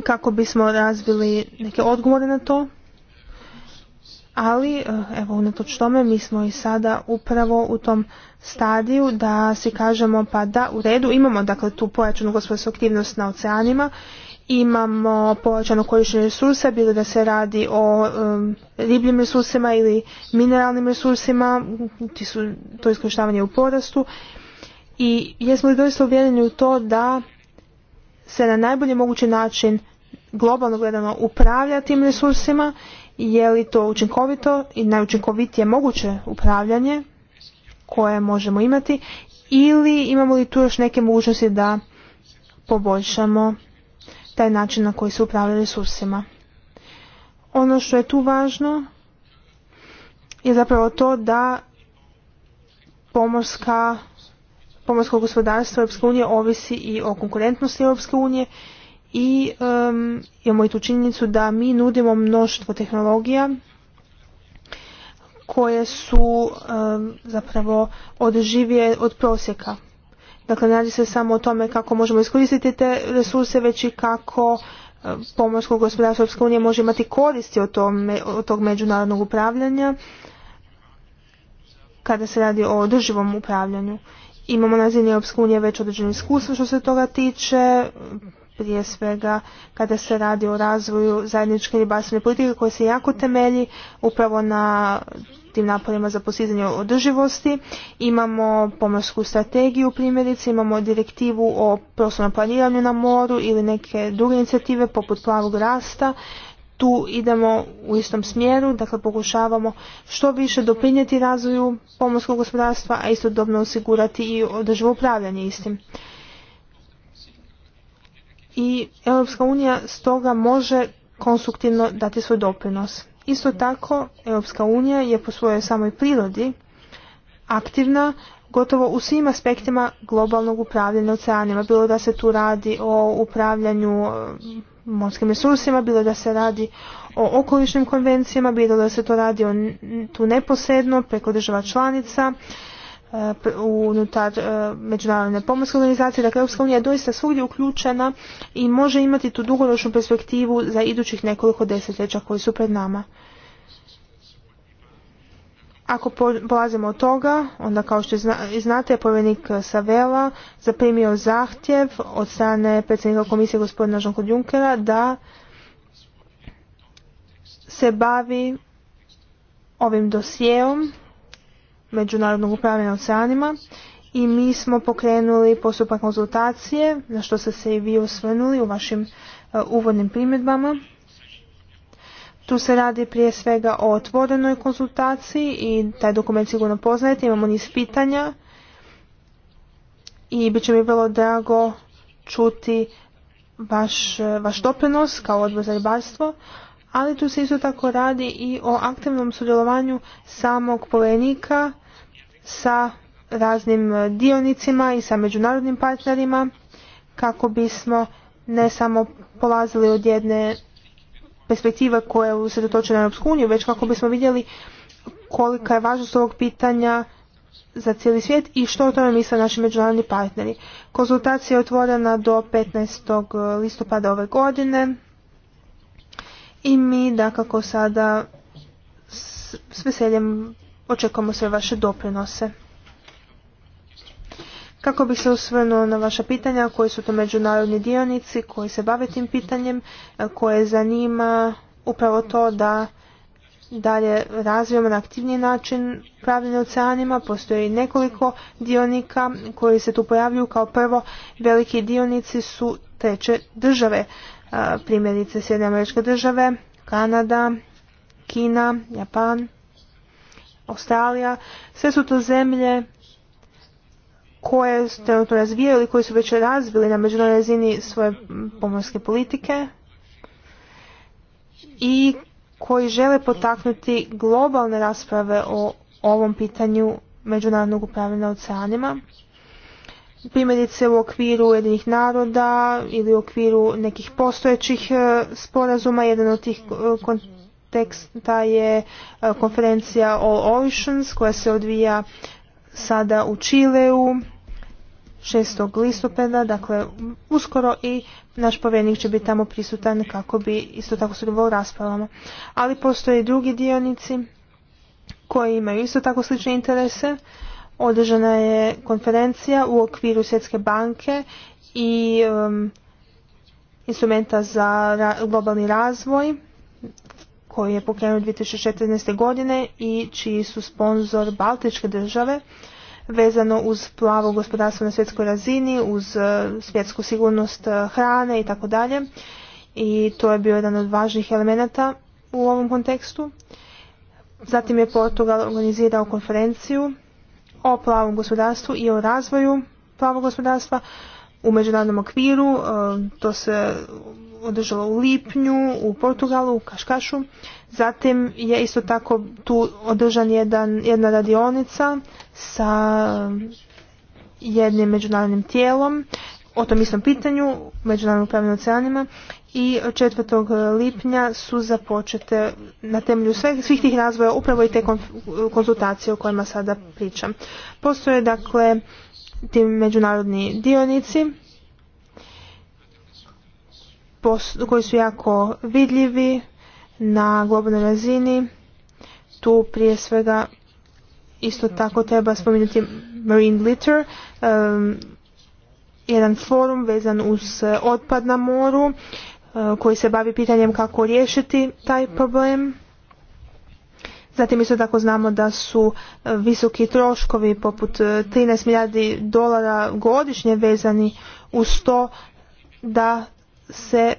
kako bismo razvili neke odgovore na to ali, eh, evo, unatoč tome, mi smo i sada upravo u tom stadiju da si kažemo pa da, u redu, imamo dakle tu pojačanu gospodarsku aktivnost na oceanima, imamo pojačano korištenje resursa, bilo da se radi o ribljim resursima ili mineralnim resursima, su, to iskorištavanje u porastu. I jesmo li doista uvjereni u to da se na najbolji mogući način globalno gledano upravlja tim resursima je li to učinkovito i najučinkovitije moguće upravljanje koje možemo imati ili imamo li tu još neke mogućnosti da poboljšamo taj način na koji se upravlja resursima. Ono što je tu važno je zapravo to da pomorska, pomorsko gospodarstvo Europske ovisi i o konkurentnosti Europske unije i um, imamo i tu činjenicu da mi nudimo mnoštvo tehnologija koje su zapravo održivije od prosjeka. Dakle, ne radi se samo o tome kako možemo iskoristiti te resurse, već i kako pomorsko gospodarstvo Europske unije može imati koristi od, tome, od tog međunarodnog upravljanja kada se radi o održivom upravljanju. Imamo na razini Europske unije već određeno iskustvo što se toga tiče, prije svega kada se radi o razvoju zajedničke ribarstvene politike koja se jako temelji upravo na tim naporima za postizanje održivosti. Imamo pomorsku strategiju primjerice, imamo direktivu o prostornom planiranju na moru ili neke druge inicijative poput plavog rasta. Tu idemo u istom smjeru, dakle pokušavamo što više doprinijeti razvoju pomorskog gospodarstva, a istodobno osigurati i održivo upravljanje istim i Europska unija stoga može konstruktivno dati svoj doprinos. Isto tako, Europska unija je po svojoj samoj prirodi aktivna gotovo u svim aspektima globalnog upravljanja oceanima. Bilo da se tu radi o upravljanju e, morskim resursima, bilo da se radi o okolišnim konvencijama, bilo da se to radi o tu neposredno preko država članica, unutar e, međunarodne pomorske organizacije. Dakle, Europska unija je doista svugdje uključena i može imati tu dugoročnu perspektivu za idućih nekoliko desetljeća koji su pred nama. Ako polazimo od toga, onda kao što znate, povjerenik Savela zaprimio zahtjev od strane predsjednika komisije gospodina Žanko da se bavi ovim dosijeom međunarodnog upravljanja oceanima i mi smo pokrenuli postupak konzultacije na što ste se i vi osvrnuli u vašim e, uvodnim primjedbama. Tu se radi prije svega o otvorenoj konzultaciji i taj dokument sigurno poznajete, imamo niz pitanja i bit će mi vrlo drago čuti vaš, e, doprinos kao odbor za ribarstvo, ali tu se isto tako radi i o aktivnom sudjelovanju samog polenika sa raznim e, dionicima i sa međunarodnim partnerima kako bismo ne samo polazili od jedne perspektive koja je usredotočena na Europsku uniju, već kako bismo vidjeli kolika je važnost ovog pitanja za cijeli svijet i što o tome misle naši međunarodni partneri. Konzultacija je otvorena do 15. E, listopada ove godine i mi dakako sada s veseljem Očekujemo sve vaše doprinose. Kako bih se osvrnuo na vaša pitanja, koji su to međunarodni dionici koji se bave tim pitanjem, koje zanima upravo to da dalje razvijamo na aktivniji način pravljenje oceanima. Postoji nekoliko dionika koji se tu pojavljuju. Kao prvo, veliki dionici su treće države, primjerice Sjedne američke države, Kanada, Kina, Japan, Australija, sve su to zemlje koje ste trenutno razvijali, koje su već razvili na međunarodnoj razini svoje pomorske politike i koji žele potaknuti globalne rasprave o ovom pitanju međunarodnog upravljanja oceanima. Primjerice u okviru jedinih naroda ili u okviru nekih postojećih e, sporazuma, jedan od tih e, teksta je e, konferencija All Oceans koja se odvija sada u Čileu 6. listopada, dakle uskoro i naš povjerenik će biti tamo prisutan kako bi isto tako sudjelovao u raspravama. Ali postoje i drugi dionici koji imaju isto tako slične interese. Održana je konferencija u okviru Svjetske banke i instrumenta za globalni razvoj koji je pokrenut 2014. godine i čiji su sponzor Baltičke države vezano uz plavo gospodarstvo na svjetskoj razini, uz e, svjetsku sigurnost e, hrane i tako dalje. I to je bio jedan od važnih elemenata u ovom kontekstu. Zatim je Portugal organizirao konferenciju o plavom gospodarstvu i o razvoju plavog gospodarstva u međunarodnom okviru. E, to se održala u Lipnju, u Portugalu, u Kaškašu. Zatim je isto tako tu održan jedan, jedna radionica sa jednim međunarodnim tijelom o tom istom pitanju, međunarodnim pravnim. oceanima i 4. lipnja su započete na temelju svih, svih tih razvoja upravo i te konzultacije o kojima sada pričam. Postoje dakle ti međunarodni dionici koji su jako vidljivi na globalnoj razini. Tu prije svega isto tako treba spomenuti Marine Litter, jedan forum vezan uz eh, otpad na moru eh, koji se bavi pitanjem kako riješiti taj problem. Zatim isto tako znamo da su eh, visoki troškovi poput 13 milijardi dolara godišnje vezani uz to da se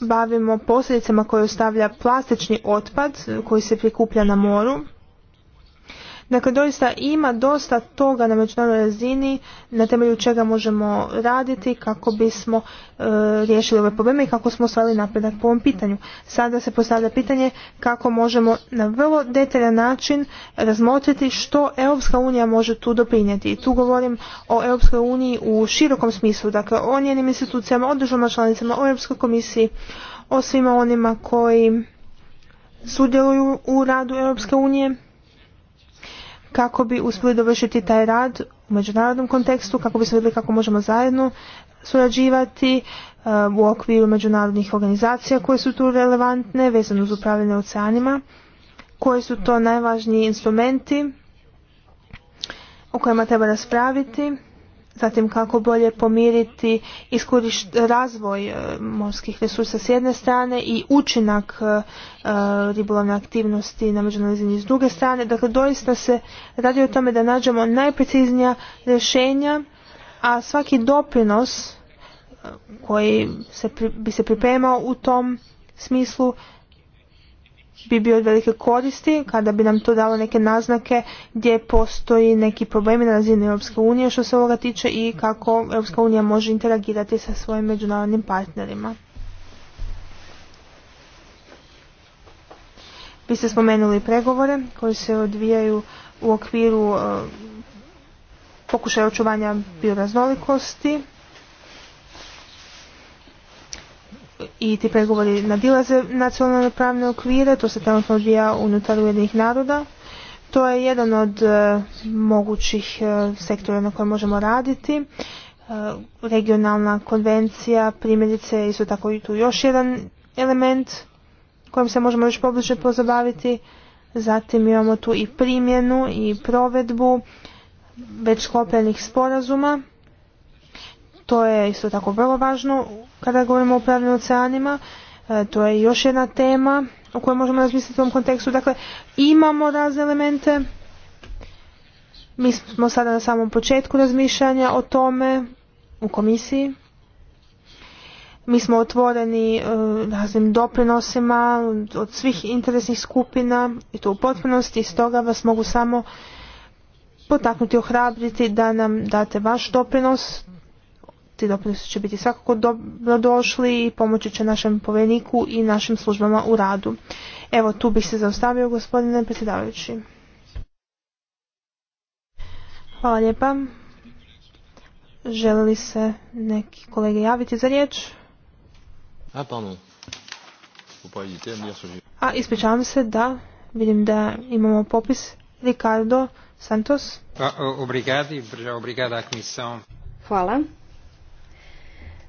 bavimo posljedicama koje ostavlja plastični otpad koji se prikuplja na moru Dakle, doista ima dosta toga na međunarodnoj razini na temelju čega možemo raditi kako bismo e, riješili ove probleme i kako smo ostvarili napredak po ovom pitanju. Sada se postavlja pitanje kako možemo na vrlo detaljan način razmotriti što Europska unija može tu doprinijeti. I tu govorim o Europskoj uniji u širokom smislu, dakle o njenim institucijama, o državama članicama, o Europskoj komisiji, o svima onima koji sudjeluju u radu Europske unije kako bi uspjeli dovršiti taj rad u međunarodnom kontekstu, kako bi se vidjeli kako možemo zajedno surađivati e, u okviru međunarodnih organizacija koje su tu relevantne, vezano uz upravljanje oceanima, koji su to najvažniji instrumenti o kojima treba raspraviti zatim kako bolje pomiriti iskorišt, razvoj e, morskih resursa s jedne strane i učinak e, e, ribolovne aktivnosti na međunarodnoj s druge strane. Dakle, doista se radi o tome da nađemo najpreciznija rješenja, a svaki doprinos koji se, bi se pripremao u tom smislu bi bio od velike koristi kada bi nam to dalo neke naznake gdje postoji neki problemi na razini Europske unije što se ovoga tiče i kako Europska unija može interagirati sa svojim međunarodnim partnerima. Vi ste spomenuli pregovore koji se odvijaju u okviru eh, pokušaja očuvanja bioraznolikosti i ti pregovori nadilaze nacionalne pravne okvire, to se trenutno odvija unutar Ujedinih naroda. To je jedan od e, mogućih e, sektora na kojem možemo raditi. E, regionalna konvencija, primjerice, isto tako i tu još jedan element kojim se možemo još pobliže pozabaviti. Zatim imamo tu i primjenu i provedbu već sklopljenih sporazuma. To je isto tako vrlo važno kada govorimo o upravljanju oceanima, e, to je još jedna tema o kojoj možemo razmisliti u ovom kontekstu. Dakle, imamo razne elemente. Mi smo sada na samom početku razmišljanja o tome u komisiji. Mi smo otvoreni e, raznim doprinosima od svih interesnih skupina i to u potpunosti. I stoga vas mogu samo potaknuti, ohrabriti da nam date vaš doprinos ti doprinosi će biti svakako dobrodošli i pomoći će našem povjereniku i našim službama u radu. Evo tu bih se zaustavio gospodine predsjedavajući. Hvala lijepa. Žele li se neki kolege javiti za riječ? A, pardon. A, ispričavam se, da. Vidim da imamo popis. Ricardo Santos. Obrigado, obrigada Hvala.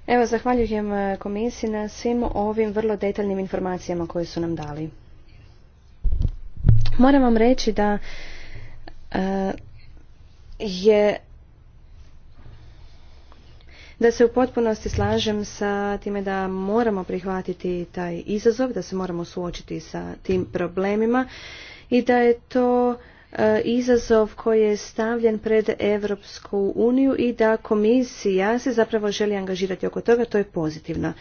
Evo, zahvaljujem e, komisiji na svim ovim vrlo detaljnim informacijama koje su nam dali. Moram vam reći da e, je da se u potpunosti slažem sa time da moramo prihvatiti taj izazov, da se moramo suočiti sa tim problemima i da je to E, izazov koji je stavljen pred Europsku uniju i da komisija se zapravo želi angažirati oko toga, to je pozitivno.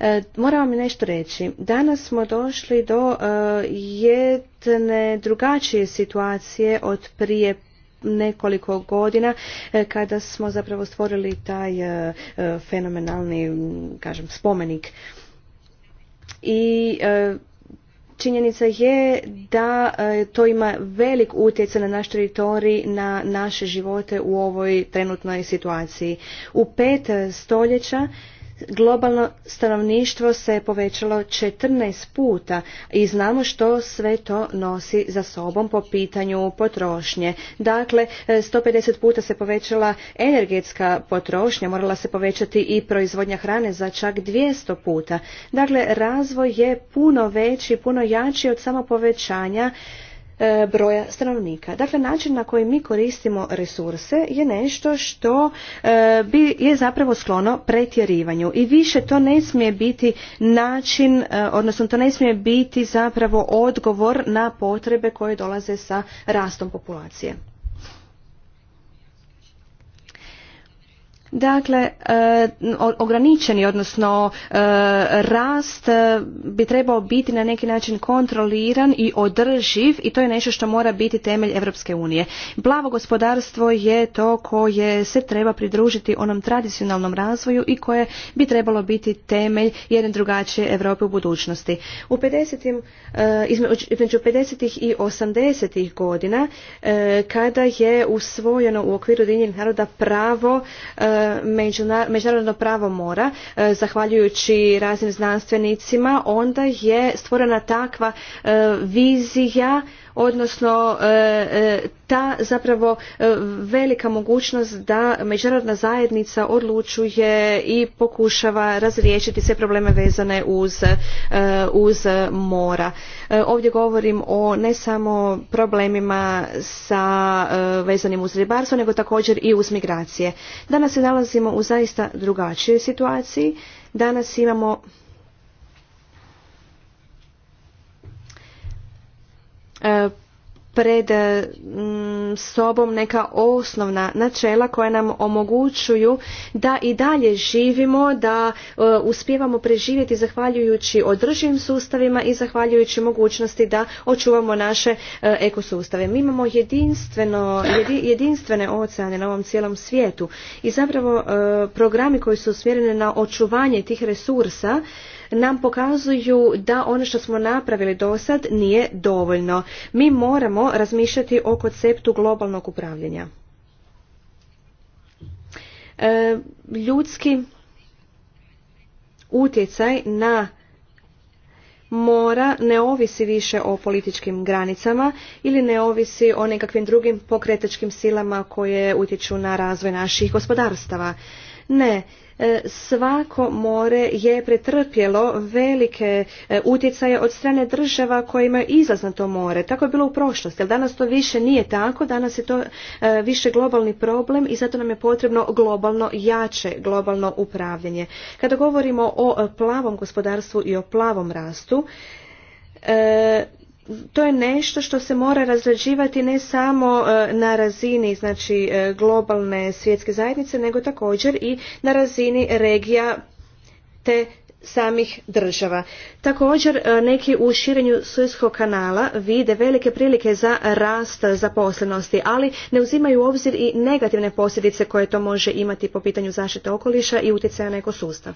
E, moram vam nešto reći. Danas smo došli do e, jedne drugačije situacije od prije nekoliko godina kada smo zapravo stvorili taj fenomenalni kažem spomenik i Činjenica je da e, to ima velik utjecaj na naš teritorij, na naše živote u ovoj trenutnoj situaciji. U pet stoljeća globalno stanovništvo se povećalo 14 puta i znamo što sve to nosi za sobom po pitanju potrošnje. Dakle, 150 puta se povećala energetska potrošnja, morala se povećati i proizvodnja hrane za čak 200 puta. Dakle, razvoj je puno veći, puno jači od samo povećanja E, broja stanovnika. Dakle, način na koji mi koristimo resurse je nešto što e, je zapravo sklono pretjerivanju i više to ne smije biti način, e, odnosno to ne smije biti zapravo odgovor na potrebe koje dolaze sa rastom populacije. Dakle, e, ograničeni, odnosno e, rast e, bi trebao biti na neki način kontroliran i održiv i to je nešto što mora biti temelj Europske unije. Plavo gospodarstvo je to koje se treba pridružiti onom tradicionalnom razvoju i koje bi trebalo biti temelj jedne drugačije Europe u budućnosti. U 50. 50. i 80. godina kada je usvojeno u okviru UNA naroda pravo međunarodno pravo mora, e, zahvaljujući raznim znanstvenicima, onda je stvorena takva e, vizija odnosno e, e, ta zapravo e, velika mogućnost da međunarodna zajednica odlučuje i pokušava razriješiti sve probleme vezane uz, uz mora. Ovdje govorim o ne samo problemima sa vezanim uz ribarstvo, nego također i uz migracije. Danas se nalazimo u zaista drugačijoj situaciji. Danas imamo E, pred e, sobom neka osnovna načela koja nam omogućuju da i dalje živimo, da e, uspijevamo preživjeti zahvaljujući održivim sustavima i zahvaljujući mogućnosti da očuvamo naše ekosustave. Mi imamo jedinstveno, jedinstvene oceane na ovom cijelom svijetu i zapravo programi koji su usmjereni na očuvanje tih resursa nam pokazuju da ono što smo napravili do sad nije dovoljno. Mi moramo razmišljati o konceptu globalnog upravljanja. E, ljudski utjecaj na mora ne ovisi više o političkim granicama ili ne ovisi o nekakvim drugim pokretačkim silama koje utječu na razvoj naših gospodarstava. Ne, e, svako more je pretrpjelo velike e, utjecaje od strane država koje imaju izlaz na to more. Tako je bilo u prošlosti, ali danas to više nije tako, danas je to e, više globalni problem i zato nam je potrebno globalno jače, globalno upravljanje. Kada govorimo o plavom gospodarstvu i o plavom rastu, to je nešto što se mora razrađivati ne samo e, na razini znači e, globalne svjetske zajednice nego također i na razini regija te samih država. Također e, neki u širenju Suezkog kanala vide velike prilike za rast zaposlenosti, ali ne uzimaju u obzir i negativne posljedice koje to može imati po pitanju zaštite okoliša i utjecaja na ekosustav.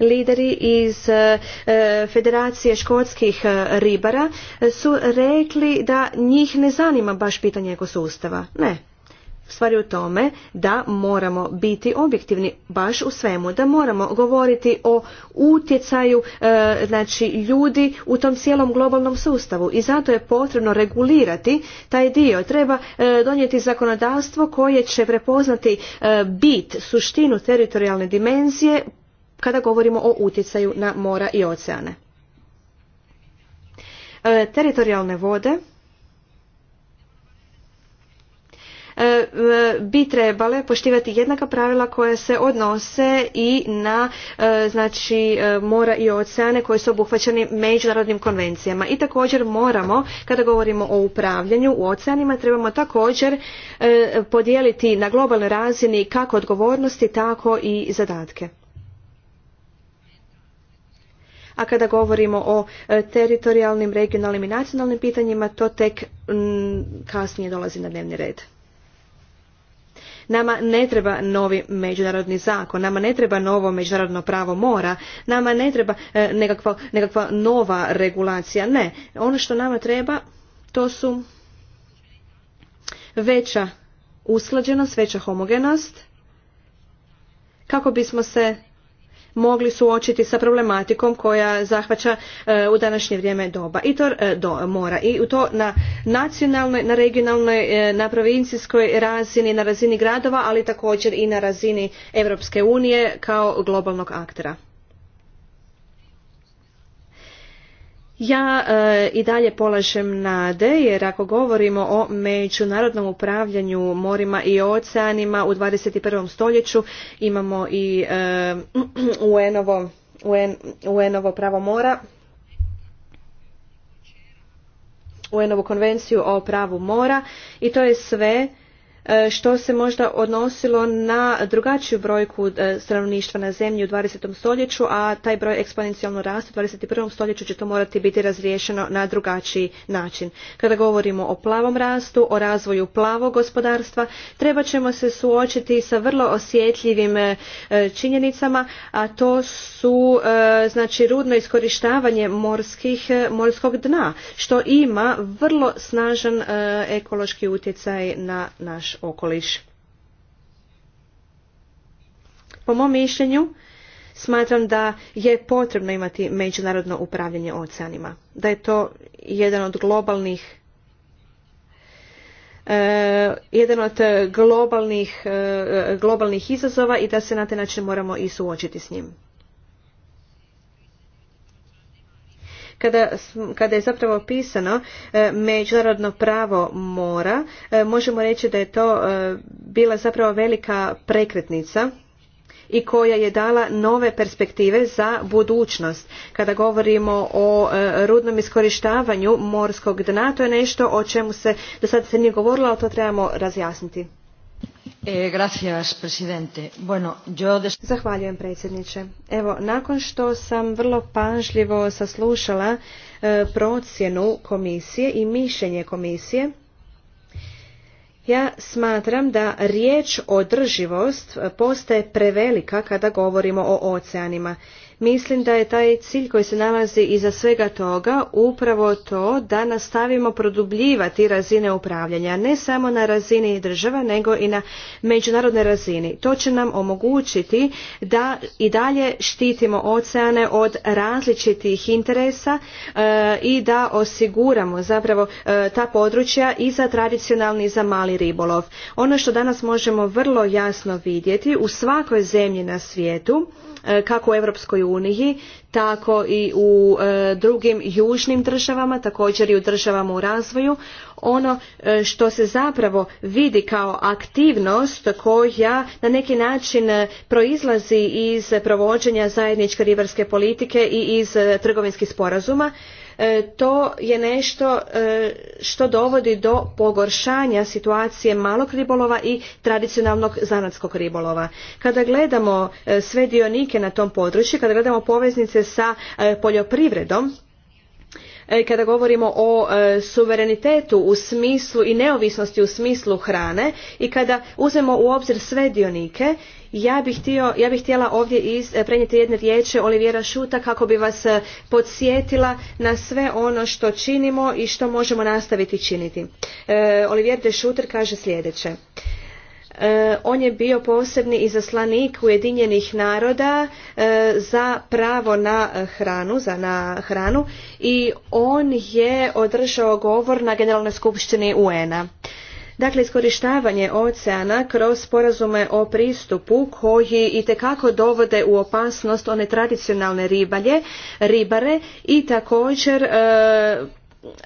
lideri iz e, e, Federacije škotskih e, ribara su rekli da njih ne zanima baš pitanje ekosustava. Ne, Stvar je u tome da moramo biti objektivni baš u svemu, da moramo govoriti o utjecaju znači, ljudi u tom cijelom globalnom sustavu i zato je potrebno regulirati taj dio. Treba donijeti zakonodavstvo koje će prepoznati bit, suštinu teritorijalne dimenzije, kada govorimo o utjecaju na mora i oceane. E, teritorijalne vode e, bi trebale poštivati jednaka pravila koja se odnose i na e, znači mora i oceane koji su obuhvaćeni međunarodnim konvencijama i također moramo kada govorimo o upravljanju u oceanima trebamo također podijeliti na globalnoj razini kako odgovornosti tako i zadatke a kada govorimo o e, teritorijalnim, regionalnim i nacionalnim pitanjima, to tek mm, kasnije dolazi na dnevni red. Nama ne treba novi međunarodni zakon, nama ne treba novo međunarodno pravo mora, nama ne treba e, nekakva, nekakva nova regulacija, ne. Ono što nama treba to su veća usklađenost, veća homogenost, kako bismo se mogli suočiti sa problematikom koja zahvaća e, u današnje vrijeme doba i to e, do mora i to na nacionalnoj, na regionalnoj, e, na provincijskoj razini, na razini gradova, ali također i na razini Europske unije kao globalnog aktera. ja eh, i dalje polažem nade jer ako govorimo o međunarodnom upravljanju morima i oceanima u 21. stoljeću imamo i e, (clears throat) UN-ovo UN, pravo mora UN-ovu konvenciju o pravu mora i to je sve E, što se možda odnosilo na drugačiju brojku e, stanovništva na zemlji u 20. stoljeću, a taj broj eksponencijalno raste. U 21. stoljeću će to morati biti razriješeno na drugačiji način. Kada govorimo o plavom rastu, o razvoju plavog gospodarstva, treba ćemo se suočiti sa vrlo osjetljivim e, činjenicama, a to su znači rudno iskorištavanje morskih, morskog dna, što ima vrlo snažan ekološki utjecaj na naš okoliš. Po mom mišljenju, smatram da je potrebno imati međunarodno upravljanje oceanima. Da je to jedan od globalnih e, jedan od globalnih, e, globalnih izazova i da se na taj način moramo i suočiti s njim. Kada, kada je zapravo pisano e, međunarodno pravo mora, e, možemo reći da je to e, bila zapravo velika prekretnica i koja je dala nove perspektive za budućnost. Kada govorimo o rudnom iskorištavanju morskog dna, to je nešto o čemu se do sada se nije govorilo, ali to trebamo razjasniti. Eh, gracias, Zahvaljujem predsjedniče. Evo, nakon što sam vrlo pažljivo saslušala eh, procjenu komisije i mišljenje komisije, ja smatram da riječ održivost eh, postaje prevelika kada govorimo o oceanima Mislim da je taj cilj koji se nalazi iza svega toga upravo to da nastavimo produbljivati razine upravljanja, ne samo na razini država, nego i na međunarodnoj razini. To će nam omogućiti da i dalje štitimo oceane od različitih interesa e, i da osiguramo zapravo e, ta područja i za tradicionalni i za mali ribolov. Ono što danas možemo vrlo jasno vidjeti u svakoj zemlji na svijetu E, kako u Europskoj uniji, tako i u e, drugim južnim državama, također i u državama u razvoju. Ono e, što se zapravo vidi kao aktivnost koja na neki način proizlazi iz provođenja zajedničke ribarske politike i iz trgovinskih sporazuma E, to je nešto e, što dovodi do pogoršanja situacije malog ribolova i tradicionalnog zanatskog ribolova. Kada gledamo e, sve dionike na tom području, kada gledamo poveznice sa poljoprivredom, E, kada govorimo o e, suverenitetu u smislu i neovisnosti u smislu hrane i kada uzmemo u obzir sve dionike ja bih, ja htjela ovdje e, prenijeti jedne riječi Oliviera Šuta kako bi vas podsjetila na sve ono što činimo i što možemo nastaviti činiti. Olivier de Šuter kaže sljedeće. E, on je bio posebni izaslanik Ujedinjenih naroda e, za pravo na hranu, za na hranu i on je održao govor na Generalnoj skupštini UN-a. Dakle, iskorištavanje oceana kroz sporazume o pristupu koji itekako dovode u opasnost one tradicionalne ribalje, ribare i također e,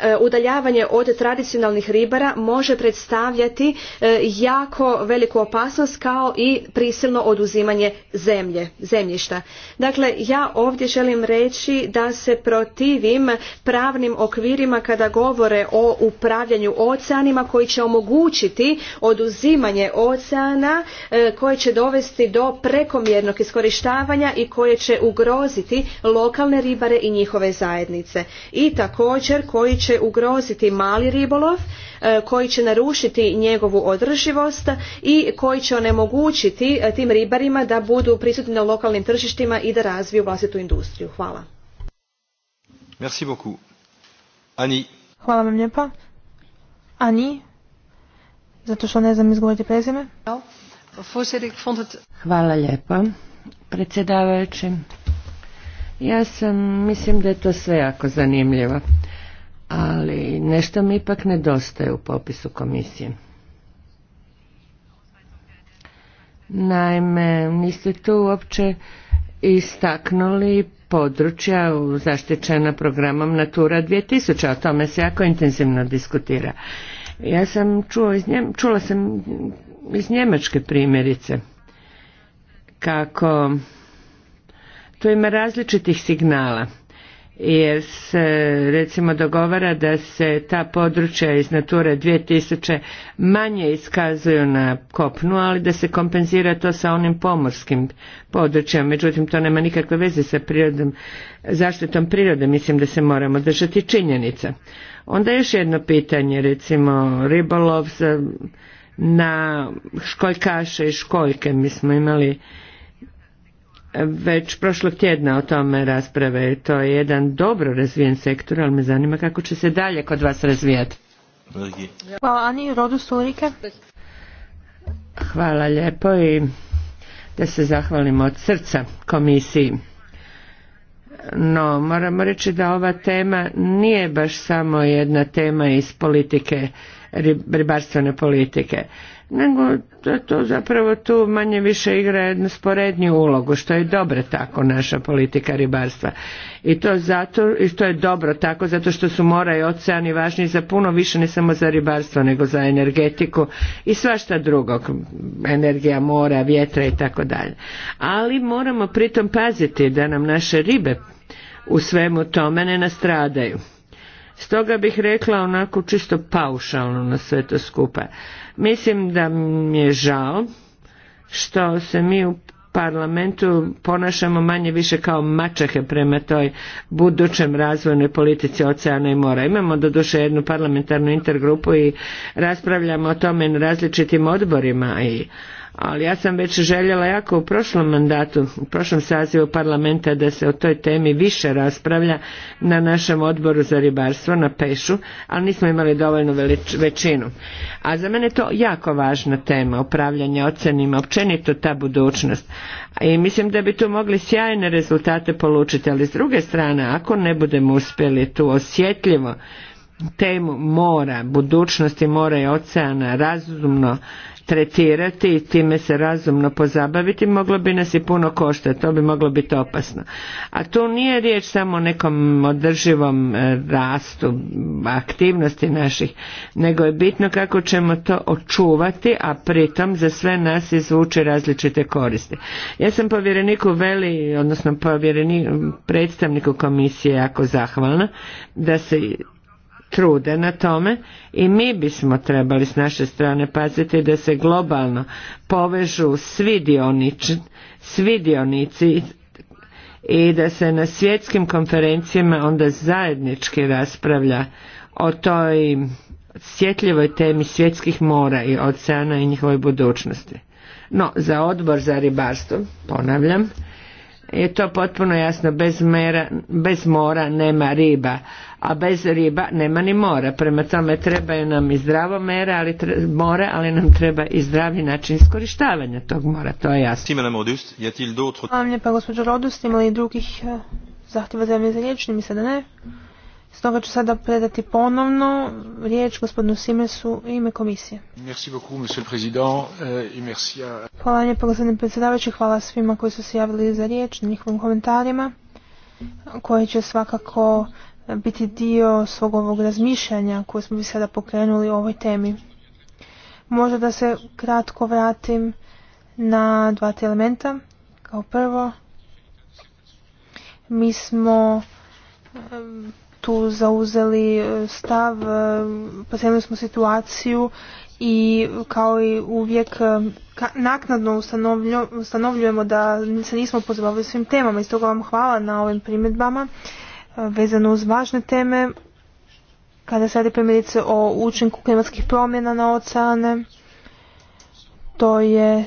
E, udaljavanje od tradicionalnih ribara može predstavljati e, jako veliku opasnost kao i prisilno oduzimanje zemlje, zemljišta. Dakle, ja ovdje želim reći da se protivim pravnim okvirima kada govore o upravljanju oceanima koji će omogućiti oduzimanje oceana e, koje će dovesti do prekomjernog iskorištavanja i koje će ugroziti lokalne ribare i njihove zajednice. I također koji koji će ugroziti mali ribolov, e, koji će narušiti njegovu održivost i koji će onemogućiti e, tim ribarima da budu prisutni na lokalnim tržištima i da razviju vlastitu industriju. Hvala. Merci beaucoup. Ani. Hvala vam lijepa. Ani, zato što ne znam izgovoriti prezime. Hvala lijepa, predsjedavajući. Ja sam, mislim da je to sve jako zanimljivo ali nešto mi ipak nedostaje u popisu komisije. Naime, niste tu uopće istaknuli područja zaštićena programom Natura 2000, o tome se jako intenzivno diskutira. Ja sam čuo iz čula sam iz Njemačke primjerice kako tu ima različitih signala jer se recimo dogovara da se ta područja iz Nature 2000 manje iskazuju na kopnu, ali da se kompenzira to sa onim pomorskim područjem. Međutim, to nema nikakve veze sa prirodom, zaštitom prirode. Mislim da se moramo držati činjenica. Onda još jedno pitanje, recimo ribolov za, na školjkaše i školjke. Mi smo imali već prošlog tjedna o tome rasprave. To je jedan dobro razvijen sektor, ali me zanima kako će se dalje kod vas razvijati. Hvala Ani, rodu Hvala lijepo i da se zahvalimo od srca komisiji. No, moramo reći da ova tema nije baš samo jedna tema iz politike ribarstvene politike. Nego to zapravo tu manje više igra jednu sporednju ulogu, što je dobro tako naša politika ribarstva. I to zato, i to je dobro tako, zato što su mora i oceani važni za puno više, ne samo za ribarstvo, nego za energetiku i svašta drugog, energija mora, vjetra i tako dalje. Ali moramo pritom paziti da nam naše ribe u svemu tome ne nastradaju. Stoga bih rekla onako čisto paušalno na sve to skupa. Mislim da mi je žao što se mi u parlamentu ponašamo manje više kao mačehe prema toj budućem razvojnoj politici oceana i mora. Imamo doduše jednu parlamentarnu intergrupu i raspravljamo o tome na različitim odborima i ali ja sam već željela jako u prošlom mandatu, u prošlom sazivu parlamenta da se o toj temi više raspravlja na našem odboru za ribarstvo, na pešu, ali nismo imali dovoljnu većinu. A za mene je to jako važna tema, upravljanje ocenima, općenito ta budućnost. I mislim da bi tu mogli sjajne rezultate polučiti, ali s druge strane, ako ne budemo uspjeli tu osjetljivo temu mora, budućnosti mora i oceana razumno tretirati i time se razumno pozabaviti moglo bi nas i puno koštati, to bi moglo biti opasno. A tu nije riječ samo o nekom održivom e, rastu aktivnosti naših, nego je bitno kako ćemo to očuvati, a pritom za sve nas izvuče različite koristi. Ja sam povjereniku Veli, odnosno povjereniku predstavniku komisije jako zahvalna da se trude na tome i mi bismo trebali s naše strane paziti da se globalno povežu svi dionici, svi dionici i da se na svjetskim konferencijama onda zajednički raspravlja o toj sjetljivoj temi svjetskih mora i oceana i njihovoj budućnosti. No, za odbor za ribarstvo, ponavljam, je to potpuno jasno, bez, mera, bez mora nema riba, a bez riba nema ni mora. Prema tome trebaju nam i zdravo mere, ali mora, more, ali nam treba i zdravi način iskorištavanja tog mora, to je jasno. Hvala vam lijepa gospođo Rodust, ima li drugih eh, zahtjeva za za riječ, mi se da ne. Stoga ću sada predati ponovno riječ gospodinu Simesu ime komisije. Merci beaucoup, monsieur le eh, gospodine predsjedavajući, hvala svima koji su se javili za riječ, na njihovim komentarima, koji će svakako biti dio svog ovog razmišljanja koje smo bi sada pokrenuli o ovoj temi. Možda da se kratko vratim na dva te elementa. Kao prvo, mi smo eh, tu zauzeli eh, stav, eh, posebili smo situaciju i kao i uvijek naknadno ustanovljujemo da se nismo pozabavili svim temama i toga vam hvala na ovim primjedbama vezano uz važne teme kada se radi primjerice o učinku klimatskih promjena na oceane. To je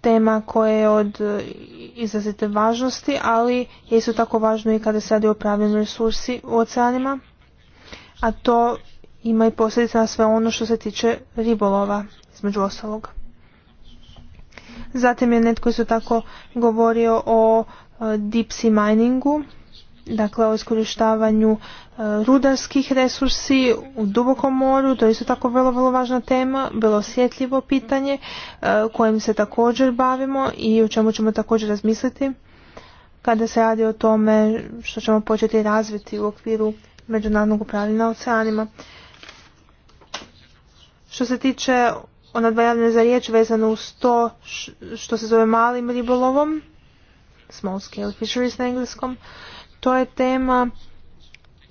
tema koja je od izrazite važnosti, ali je isto tako važno i kada se radi o upravljanju resursi u oceanima, a to ima i posljedice na sve ono što se tiče ribolova, između ostalog. Zatim je netko isto tako govorio o e, deep sea miningu, dakle o iskorištavanju e, rudarskih resursi u dubokom moru, to je isto tako vrlo, vrlo važna tema, vrlo osjetljivo pitanje e, kojim se također bavimo i o čemu ćemo također razmisliti kada se radi o tome što ćemo početi razviti u okviru međunarodnog upravljanja oceanima. Što se tiče ona dva za riječ vezano uz to što se zove malim ribolovom, small scale fisheries na engleskom, to je tema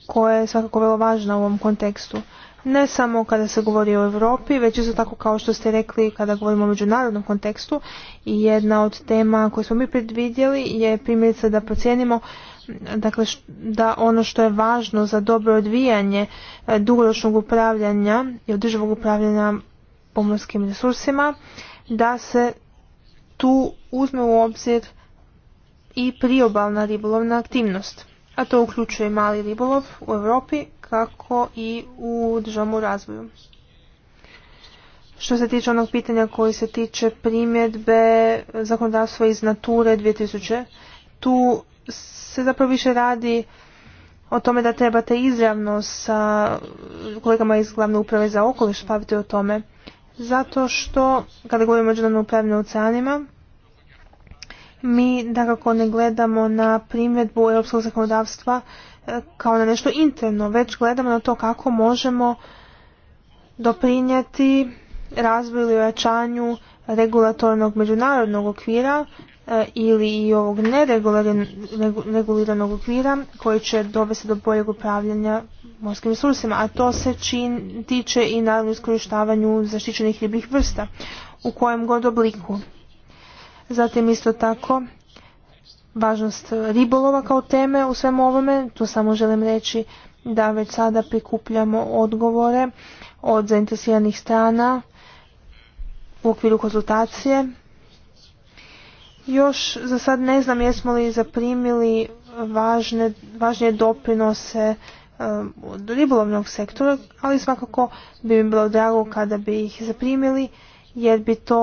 koja je svakako vrlo važna u ovom kontekstu. Ne samo kada se govori o Europi, već isto tako kao što ste rekli kada govorimo o međunarodnom kontekstu. I jedna od tema koje smo mi predvidjeli je primjerice da procijenimo dakle, da ono što je važno za dobro odvijanje e, dugoročnog upravljanja i održivog upravljanja pomorskim resursima, da se tu uzme u obzir i priobalna ribolovna aktivnost, a to uključuje mali ribolov u Europi kako i u državnom razvoju. Što se tiče onog pitanja koji se tiče primjedbe zakonodavstva iz Nature 2000, tu se zapravo više radi o tome da trebate izravno sa kolegama iz glavne uprave za okoliš spaviti o tome. Zato što, kada govorimo o međunarodnom upravljanju oceanima, mi kako ne gledamo na primjedbu europskog zakonodavstva e, kao na nešto interno, već gledamo na to kako možemo doprinijeti razvoju ili ojačanju regulatornog međunarodnog okvira e, ili i ovog nereguliranog okvira koji će dovesti do boljeg upravljanja morskim resursima, a to se čin, tiče i naravno iskorištavanju zaštićenih ribih vrsta u kojem god obliku. Zatim isto tako važnost ribolova kao teme u svem ovome. Tu samo želim reći da već sada prikupljamo odgovore od zainteresiranih strana u okviru konzultacije. Još za sad ne znam jesmo li zaprimili važne, važnije doprinose um, od ribolovnog sektora, ali svakako bi mi bilo drago kada bi ih zaprimili jer bi to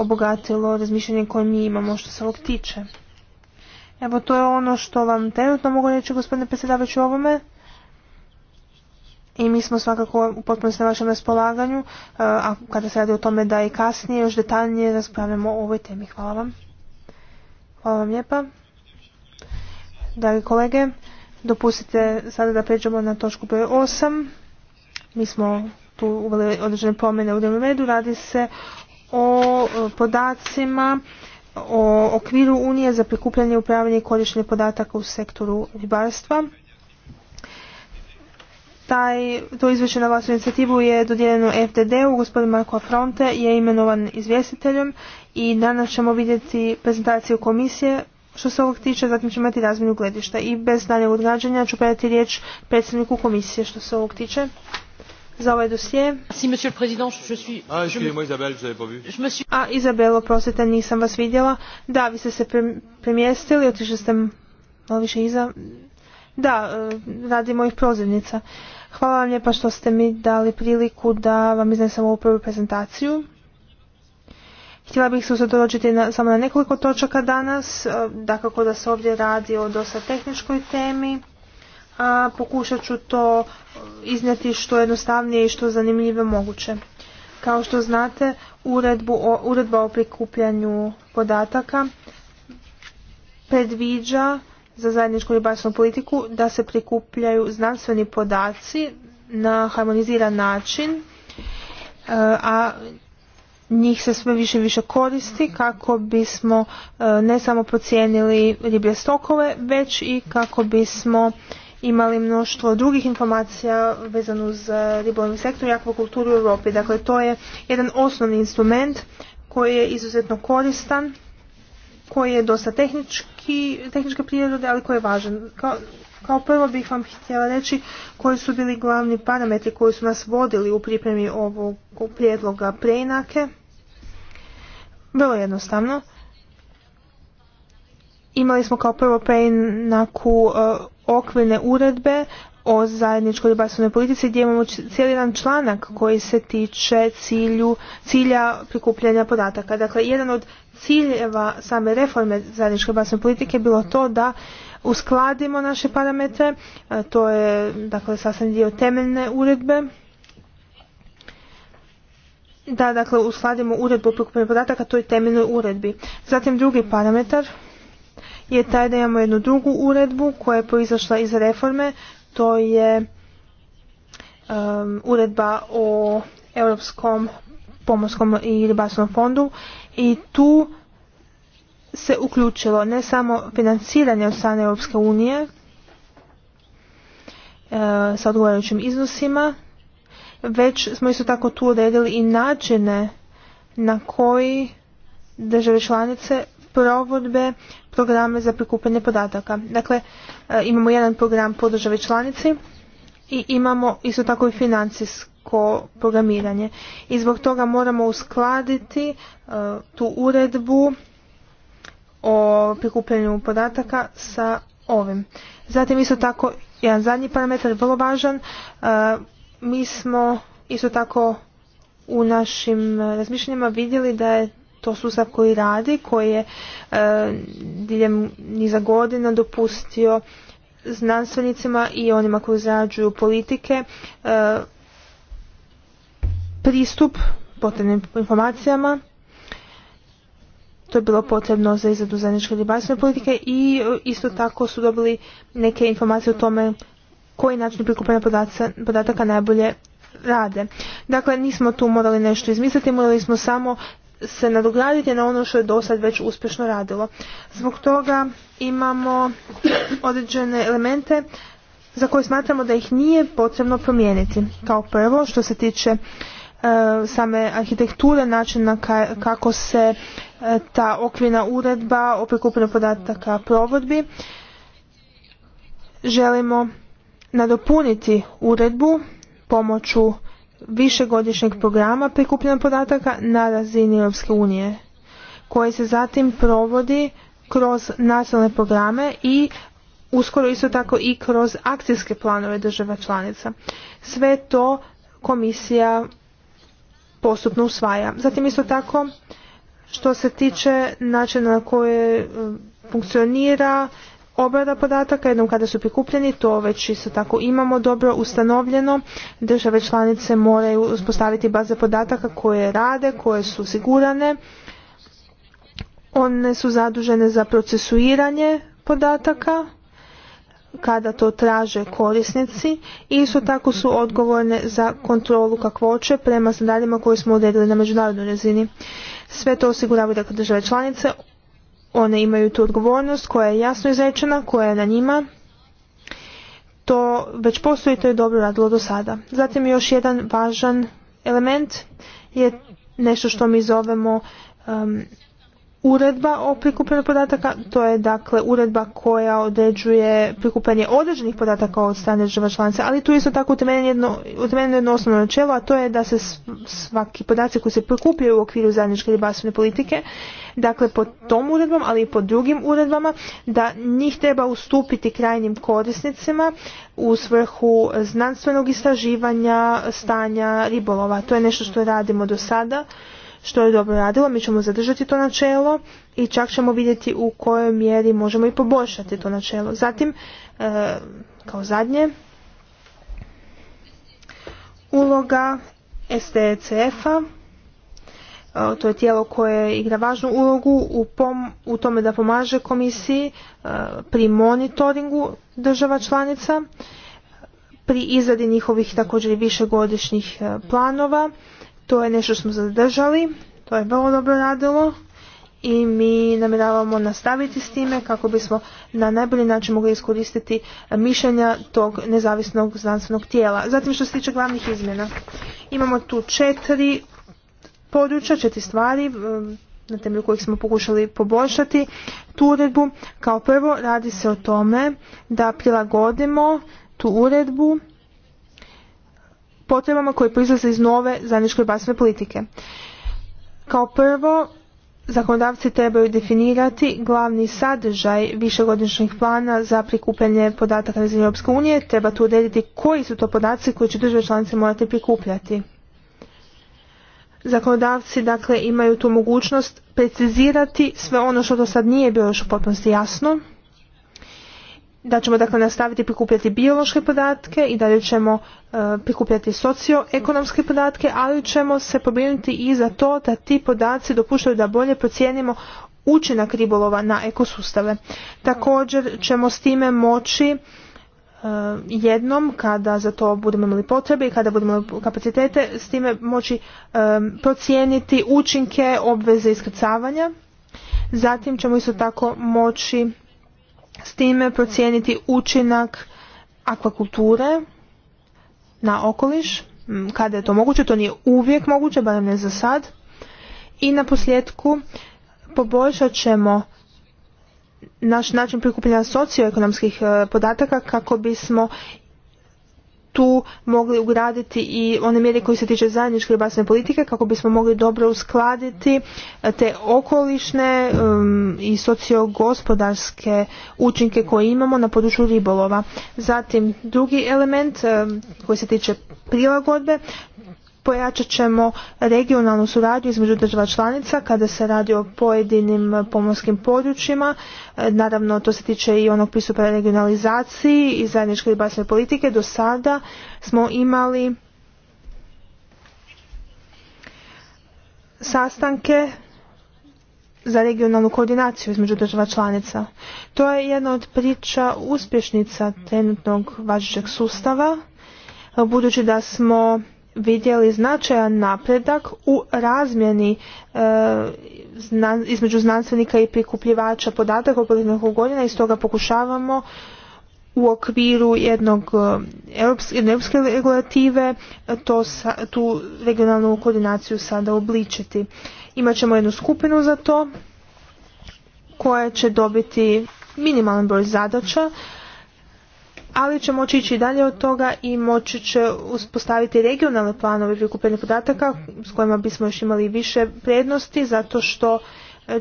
obogatilo razmišljanje koje mi imamo što se ovog tiče. Evo to je ono što vam trenutno mogu reći gospodine predsjedavajući o ovome. I mi smo svakako u potpunosti na vašem raspolaganju, e, a kada se radi o tome da i kasnije još detaljnije raspravljamo o ovoj temi. Hvala vam. Hvala vam lijepa. Dragi kolege, dopustite sada da pređemo na točku broj 8. Mi smo tu određene pomene u dnevnom redu. Radi se o e, podacima o okviru Unije za prikupljanje, upravljanje i korištenje podataka u sektoru ribarstva. Taj, to izvješće na vlastnu inicijativu je dodijeljeno FDD-u, gospodin Marko Afronte je imenovan izvjestiteljem i danas ćemo vidjeti prezentaciju komisije što se ovog tiče, zatim ćemo imati razminu gledišta. I bez daljeg odgađanja ću predati riječ predsjedniku komisije što se ovog tiče za ovaj dosje. A, Izabelo, oprostite, nisam vas vidjela. Da, vi ste se premjestili, otišli ste malo više iza. Da, e, radi mojih prozirnica. Hvala vam lijepa što ste mi dali priliku da vam iznesem ovu prvu prezentaciju. Htjela bih se usredotočiti samo na nekoliko točaka danas, e, dakako da se ovdje radi o dosta tehničkoj temi a pokušat ću to iznijeti što jednostavnije i što zanimljivo moguće. Kao što znate, uredbu uredba o prikupljanju podataka predviđa za zajedničku ribarstvenu politiku da se prikupljaju znanstveni podaci na harmoniziran način, e, a njih se sve više i više koristi kako bismo e, ne samo procijenili riblje stokove, već i kako bismo imali mnoštvo drugih informacija vezano uz eh, ribolovni sektor i akvakulturu u Europi. Dakle, to je jedan osnovni instrument koji je izuzetno koristan, koji je dosta tehnički, tehničke prirode, ali koji je važan. Kao, kao prvo bih vam htjela reći koji su bili glavni parametri koji su nas vodili u pripremi ovog prijedloga preinake. Vrlo jednostavno. Imali smo kao prvo preinaku eh, okvirne uredbe o zajedničkoj ribarstvenoj politici gdje imamo cijeli jedan članak koji se tiče cilju, cilja prikupljanja podataka. Dakle, jedan od ciljeva same reforme zajedničke ribarstvene politike je bilo to da uskladimo naše parametre, to je dakle sasvim dio temeljne uredbe. Da, dakle, uskladimo uredbu o prikupljanju podataka toj temeljnoj uredbi. Zatim drugi parametar je taj da imamo jednu drugu uredbu koja je proizašla iz reforme, to je um, uredba o Europskom pomorskom i ribarskom fondu i tu se uključilo ne samo financiranje od strane Europske unije uh, sa odgovarajućim iznosima, već smo isto tako tu odredili i načine na koji države članice provodbe programe za prikupljanje podataka. Dakle, e, imamo jedan program po državi članici i imamo isto tako i financijsko programiranje. I zbog toga moramo uskladiti e, tu uredbu o prikupljanju podataka sa ovim. Zatim isto tako, jedan zadnji parametar, vrlo važan, e, mi smo isto tako u našim razmišljanjima vidjeli da je to sustav koji radi, koji je e, diljem niza godina dopustio znanstvenicima i onima koji izrađuju politike e, pristup potrebnim informacijama. To je bilo potrebno za izradu zajedničke ribarstvene politike i e, isto tako su dobili neke informacije o tome koji način prikupanja podataka najbolje rade. Dakle, nismo tu morali nešto izmisliti, morali smo samo se nadograditi na ono što je dosad već uspješno radilo. Zbog toga imamo određene elemente za koje smatramo da ih nije potrebno promijeniti. Kao prvo, što se tiče e, same arhitekture, načina kako se e, ta okvirna uredba o prikupljenju podataka provodbi, želimo nadopuniti uredbu pomoću višegodišnjeg programa prikupljena podataka na razini Europske unije, koji se zatim provodi kroz nacionalne programe i uskoro isto tako i kroz akcijske planove država članica. Sve to komisija postupno usvaja. Zatim isto tako što se tiče načina na koje e, funkcionira obrada podataka, jednom kada su prikupljeni, to već isto tako imamo dobro ustanovljeno. Države članice moraju uspostaviti baze podataka koje rade, koje su sigurane. One su zadužene za procesuiranje podataka kada to traže korisnici i isto tako su odgovorne za kontrolu kakvoće prema standardima koje smo odredili na međunarodnoj razini. Sve to osiguravaju dakle države članice, one imaju tu odgovornost koja je jasno izrečena, koja je na njima. To već postoji, to je dobro radilo do sada. Zatim još jedan važan element je nešto što mi zovemo um, uredba o prikupljanju podataka, to je dakle uredba koja određuje prikupljanje određenih podataka od strane država članica, ali tu je isto tako utemeljeno jedno, osnovno načelo, a to je da se svaki podaci koji se prikupljaju u okviru zajedničke ribarstvene politike, dakle pod tom uredbom, ali i pod drugim uredbama, da njih treba ustupiti krajnjim korisnicima u svrhu znanstvenog istraživanja stanja ribolova. To je nešto što radimo do sada što je dobro radilo, mi ćemo zadržati to načelo i čak ćemo vidjeti u kojoj mjeri možemo i poboljšati to načelo. Zatim, e, kao zadnje, uloga STCF-a, e e, to je tijelo koje igra važnu ulogu u, pom, u tome da pomaže komisiji pri monitoringu država članica, pri izradi njihovih također višegodišnjih planova to je nešto što smo zadržali, to je vrlo dobro radilo i mi namjeravamo nastaviti s time kako bismo na najbolji način mogli iskoristiti mišljenja tog nezavisnog znanstvenog tijela. Zatim što se tiče glavnih izmjena. Imamo tu četiri područja, četiri stvari na temelju kojih smo pokušali poboljšati tu uredbu. Kao prvo radi se o tome da prilagodimo tu uredbu potrebama koje proizlaze iz nove zajedničke basne politike. Kao prvo, zakonodavci trebaju definirati glavni sadržaj višegodišnjih plana za prikupljanje podataka na zemlji Europske unije, treba tu odrediti koji su to podaci koji će države članice morati prikupljati. Zakonodavci dakle imaju tu mogućnost precizirati sve ono što do sad nije bilo još u potpunosti jasno, da ćemo dakle nastaviti prikupljati biološke podatke i dalje ćemo e, prikupljati socioekonomske podatke, ali ćemo se pobrinuti i za to da ti podaci dopuštaju da bolje procijenimo učinak ribolova na ekosustave. Također ćemo s time moći e, jednom kada za to budemo imali potrebe i kada budemo imali kapacitete s time moći e, procijeniti učinke obveze iskrcavanja. Zatim ćemo isto tako moći s time procijeniti učinak akvakulture na okoliš, kada je to moguće, to nije uvijek moguće, barem ne za sad. I na posljedku poboljšat ćemo naš način prikupljanja socioekonomskih e, podataka kako bismo tu mogli ugraditi i one mjere koje se tiče zajedničke ribarstvene politike kako bismo mogli dobro uskladiti e, te okolišne i sociogospodarske učinke koje imamo na području ribolova. Zatim drugi element koji se tiče prilagodbe, Pojačat ćemo regionalnu suradnju između država članica kada se radi o pojedinim pomorskim područjima. E, naravno, to se tiče i onog pristupa regionalizaciji i zajedničke ribarstvene politike. Do sada smo imali sastanke za regionalnu koordinaciju između država članica. To je jedna od priča uspješnica trenutnog važećeg sustava, budući da smo vidjeli značajan napredak u razmjeni e, između znanstvenika i prikupljivača podataka u nekoliko godina i stoga pokušavamo u okviru jednog e, europske, regulative e, to tu regionalnu koordinaciju sada obličiti. Imaćemo jednu skupinu za to koja će dobiti minimalan broj zadaća ali će moći ići dalje od toga i moći će uspostaviti regionalne planove prikupljenih podataka s kojima bismo još imali više prednosti zato što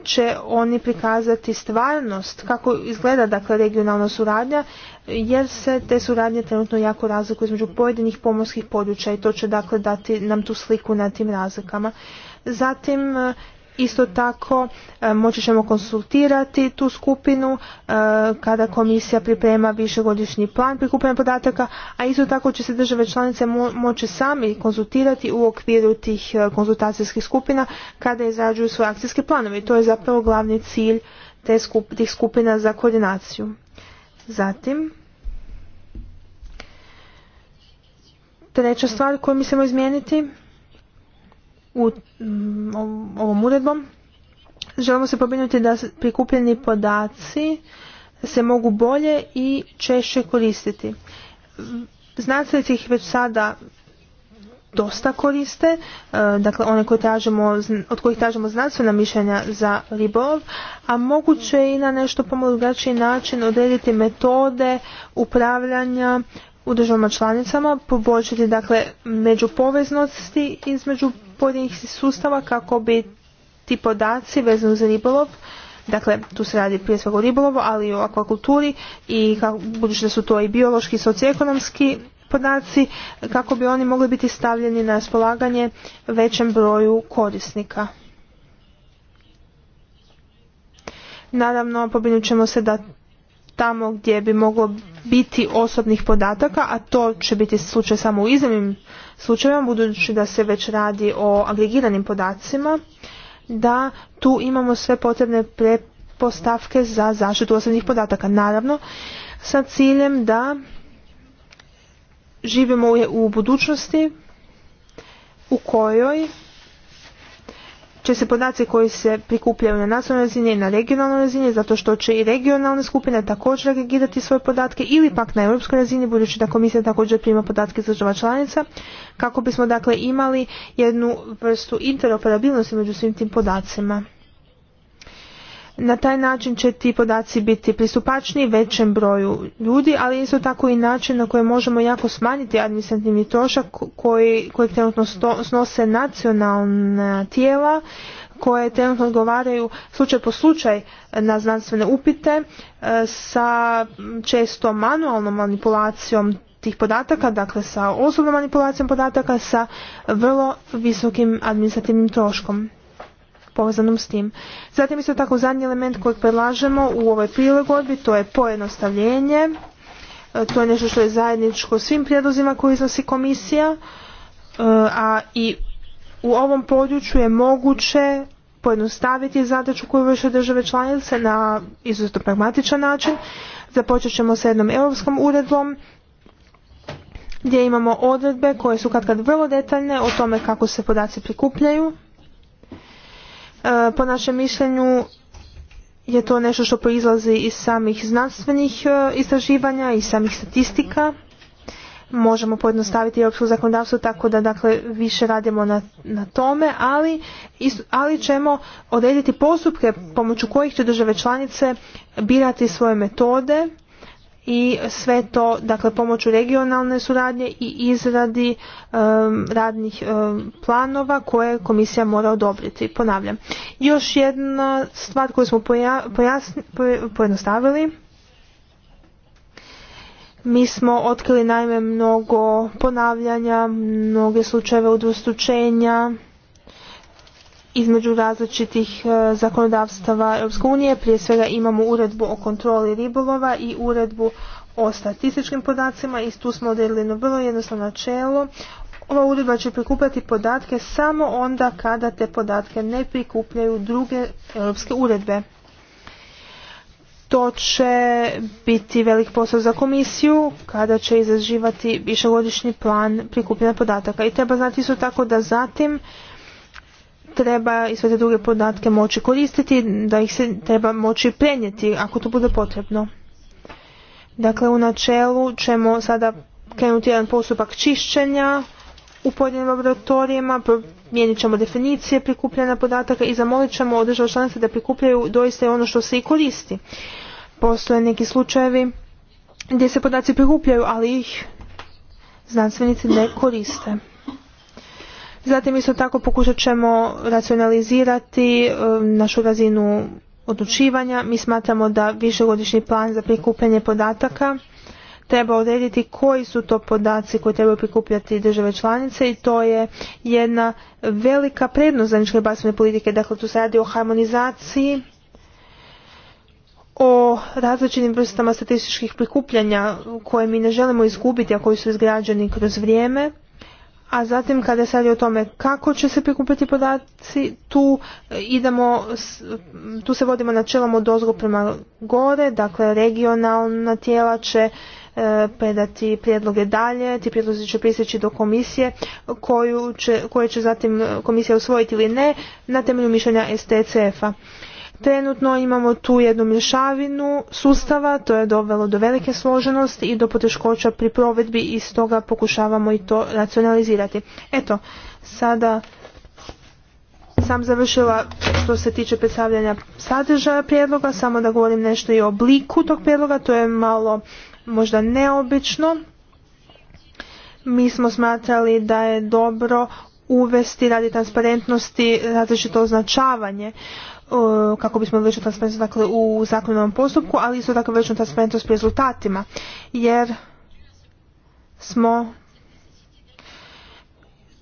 će oni prikazati stvarnost kako izgleda dakle regionalna suradnja jer se te suradnje trenutno jako razlikuju između pojedinih pomorskih područja i to će dakle dati nam tu sliku na tim razlikama. Zatim Isto tako e, moći ćemo konsultirati tu skupinu e, kada komisija priprema višegodišnji plan prikupanja podataka, a isto tako će se države članice moći sami konsultirati u okviru tih e, konzultacijskih skupina kada izrađuju svoje akcijske planove. I to je zapravo glavni cilj te tih skupina za koordinaciju. Zatim, treća stvar koju mislimo izmijeniti u mm, ovom uredbom želimo se pobrinuti da prikupljeni podaci se mogu bolje i češće koristiti. Znanstvenici ih već sada dosta koriste, e, dakle one koje tražimo, od kojih tražimo znanstvena mišljenja za ribolov, a moguće i na nešto pomalo drugačiji način odrediti metode upravljanja u državama članicama, poboljšati dakle međupoveznosti između pojedinih sustava kako bi ti podaci vezani za ribolov Dakle, tu se radi prije svega o ribolovu, ali i o akvakulturi i budući da su to i biološki i socioekonomski podaci, kako bi oni mogli biti stavljeni na raspolaganje većem broju korisnika. Naravno, pobrinut ćemo se da tamo gdje bi moglo biti osobnih podataka, a to će biti slučaj samo u iznimnim slučajevima, budući da se već radi o agregiranim podacima, da tu imamo sve potrebne prepostavke za zaštitu osobnih podataka. Naravno, sa ciljem da živimo u budućnosti u kojoj će se podaci koji se prikupljaju na nacionalnoj razini i na regionalnoj razini, zato što će i regionalne skupine također agregirati svoje podatke ili pak na europskoj razini, budući da komisija također prima podatke za država članica, kako bismo dakle imali jednu vrstu interoperabilnosti među svim tim podacima. Na taj način će ti podaci biti pristupačniji većem broju ljudi, ali isto tako i način na koji možemo jako smanjiti administrativni trošak koji, koji trenutno snose nacionalna tijela koje trenutno odgovaraju slučaj po slučaj na znanstvene upite e, sa često manualnom manipulacijom tih podataka, dakle sa osobnom manipulacijom podataka sa vrlo visokim administrativnim troškom povezanom s tim. Zatim isto tako zadnji element kojeg predlažemo u ovoj prilagodbi to je pojednostavljenje. E, to je nešto što je zajedničko svim prijedlozima koje iznosi komisija, e, a i u ovom području je moguće pojednostaviti zadaću koju vrše države članice na izuzetno pragmatičan način. Započet ćemo sa jednom europskom uredbom gdje imamo odredbe koje su kad kad vrlo detaljne o tome kako se podaci prikupljaju E, po našem mišljenju je to nešto što proizlazi iz samih znanstvenih e, istraživanja i samih statistika. Možemo pojednostaviti europsko zakonodavstvo tako da dakle više radimo na, na tome, ali, ali ćemo odrediti postupke pomoću kojih će države članice birati svoje metode i sve to dakle pomoću regionalne suradnje i izradi um, radnih um, planova koje komisija mora odobriti. Ponavljam. Još jedna stvar koju smo pojednostavili mi smo otkrili naime mnogo ponavljanja, mnoge slučajeve udvostručenja između različitih e, zakonodavstava Europske unije. Prije svega imamo uredbu o kontroli ribolova i uredbu o statističkim podacima i tu smo odredili na vrlo jednostavno načelo. Ova uredba će prikupljati podatke samo onda kada te podatke ne prikupljaju druge europske uredbe. To će biti velik posao za komisiju kada će izraživati višegodišnji plan prikupljena podataka. I treba znati isto tako da zatim treba i sve te druge podatke moći koristiti, da ih se treba moći prenijeti ako to bude potrebno. Dakle, u načelu ćemo sada krenuti jedan postupak čišćenja u pojedinim laboratorijama, mijenit ćemo definicije prikupljena podataka i zamolit ćemo od članice da prikupljaju doista ono što se i koristi. Postoje neki slučajevi gdje se podaci prikupljaju, ali ih znanstvenici ne koriste. Zatim isto tako pokušat ćemo racionalizirati um, našu razinu odlučivanja. Mi smatramo da višegodišnji plan za prikupljanje podataka treba odrediti koji su to podaci koje trebaju prikupljati države članice i to je jedna velika prednost zajedničke ribarstvene politike. Dakle, tu se radi o harmonizaciji, o različitim vrstama statističkih prikupljanja koje mi ne želimo izgubiti, a koji su izgrađeni kroz vrijeme. A zatim kada se radi o tome kako će se prikupiti podaci, tu idemo, tu se vodimo načelom od ozgo prema gore, dakle regionalna tijela će e, predati prijedloge dalje, ti prijedlozi će prisjeći do komisije koju će, koje će zatim komisija usvojiti ili ne na temelju mišljenja STCF-a. Trenutno imamo tu jednu mješavinu sustava, to je dovelo do velike složenosti i do poteškoća pri provedbi i stoga pokušavamo i to racionalizirati. Eto, sada sam završila što se tiče predstavljanja sadržaja prijedloga, samo da govorim nešto i o obliku tog prijedloga, to je malo možda neobično. Mi smo smatrali da je dobro uvesti radi transparentnosti različito označavanje kako bismo veću transparentnost dakle, u zakonodavnom postupku, ali isto tako veću transparentnost s rezultatima. Jer smo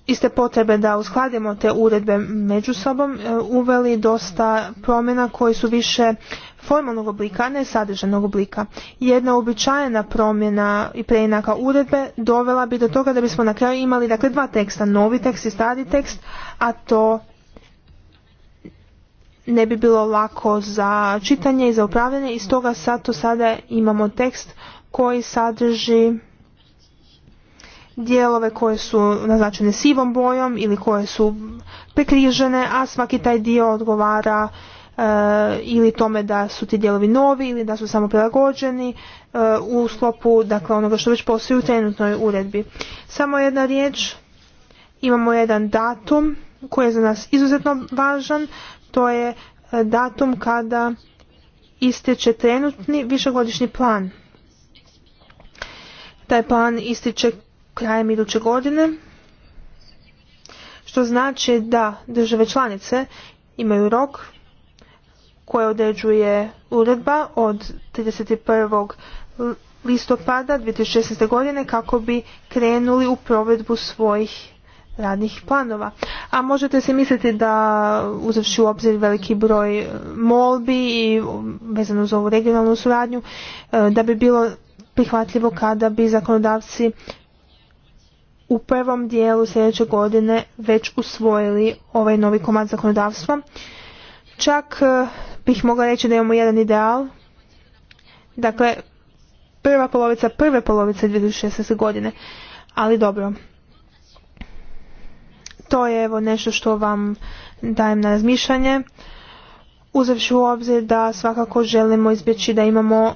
iste potrebe da uskladimo te uredbe među sobom e, uveli dosta promjena koji su više formalnog oblika, a ne sadržajnog oblika. Jedna uobičajena promjena i preinaka uredbe dovela bi do toga da bismo na kraju imali dakle, dva teksta, novi tekst i stari tekst, a to ne bi bilo lako za čitanje i za upravljanje i stoga sad to sada imamo tekst koji sadrži dijelove koje su naznačene sivom bojom ili koje su prekrižene, a svaki taj dio odgovara e, ili tome da su ti dijelovi novi ili da su samo prilagođeni e, u sklopu dakle, onoga što već postoji u trenutnoj uredbi. Samo jedna riječ, imamo jedan datum koji je za nas izuzetno važan, to je e, datum kada ističe trenutni višegodišnji plan. Taj plan ističe krajem iduće godine, što znači da države članice imaju rok koje određuje uredba od 31 listopada 2016. godine kako bi krenuli u provedbu svojih radnih planova. A možete se misliti da uzavši u obzir veliki broj e, molbi i vezano uz ovu regionalnu suradnju, e, da bi bilo prihvatljivo kada bi zakonodavci u prvom dijelu sljedeće godine već usvojili ovaj novi komad zakonodavstva. Čak e, bih mogla reći da imamo jedan ideal. Dakle, prva polovica prve polovice 2016. godine. Ali dobro, to je evo nešto što vam dajem na razmišljanje. Uzevši u obzir da svakako želimo izbjeći da imamo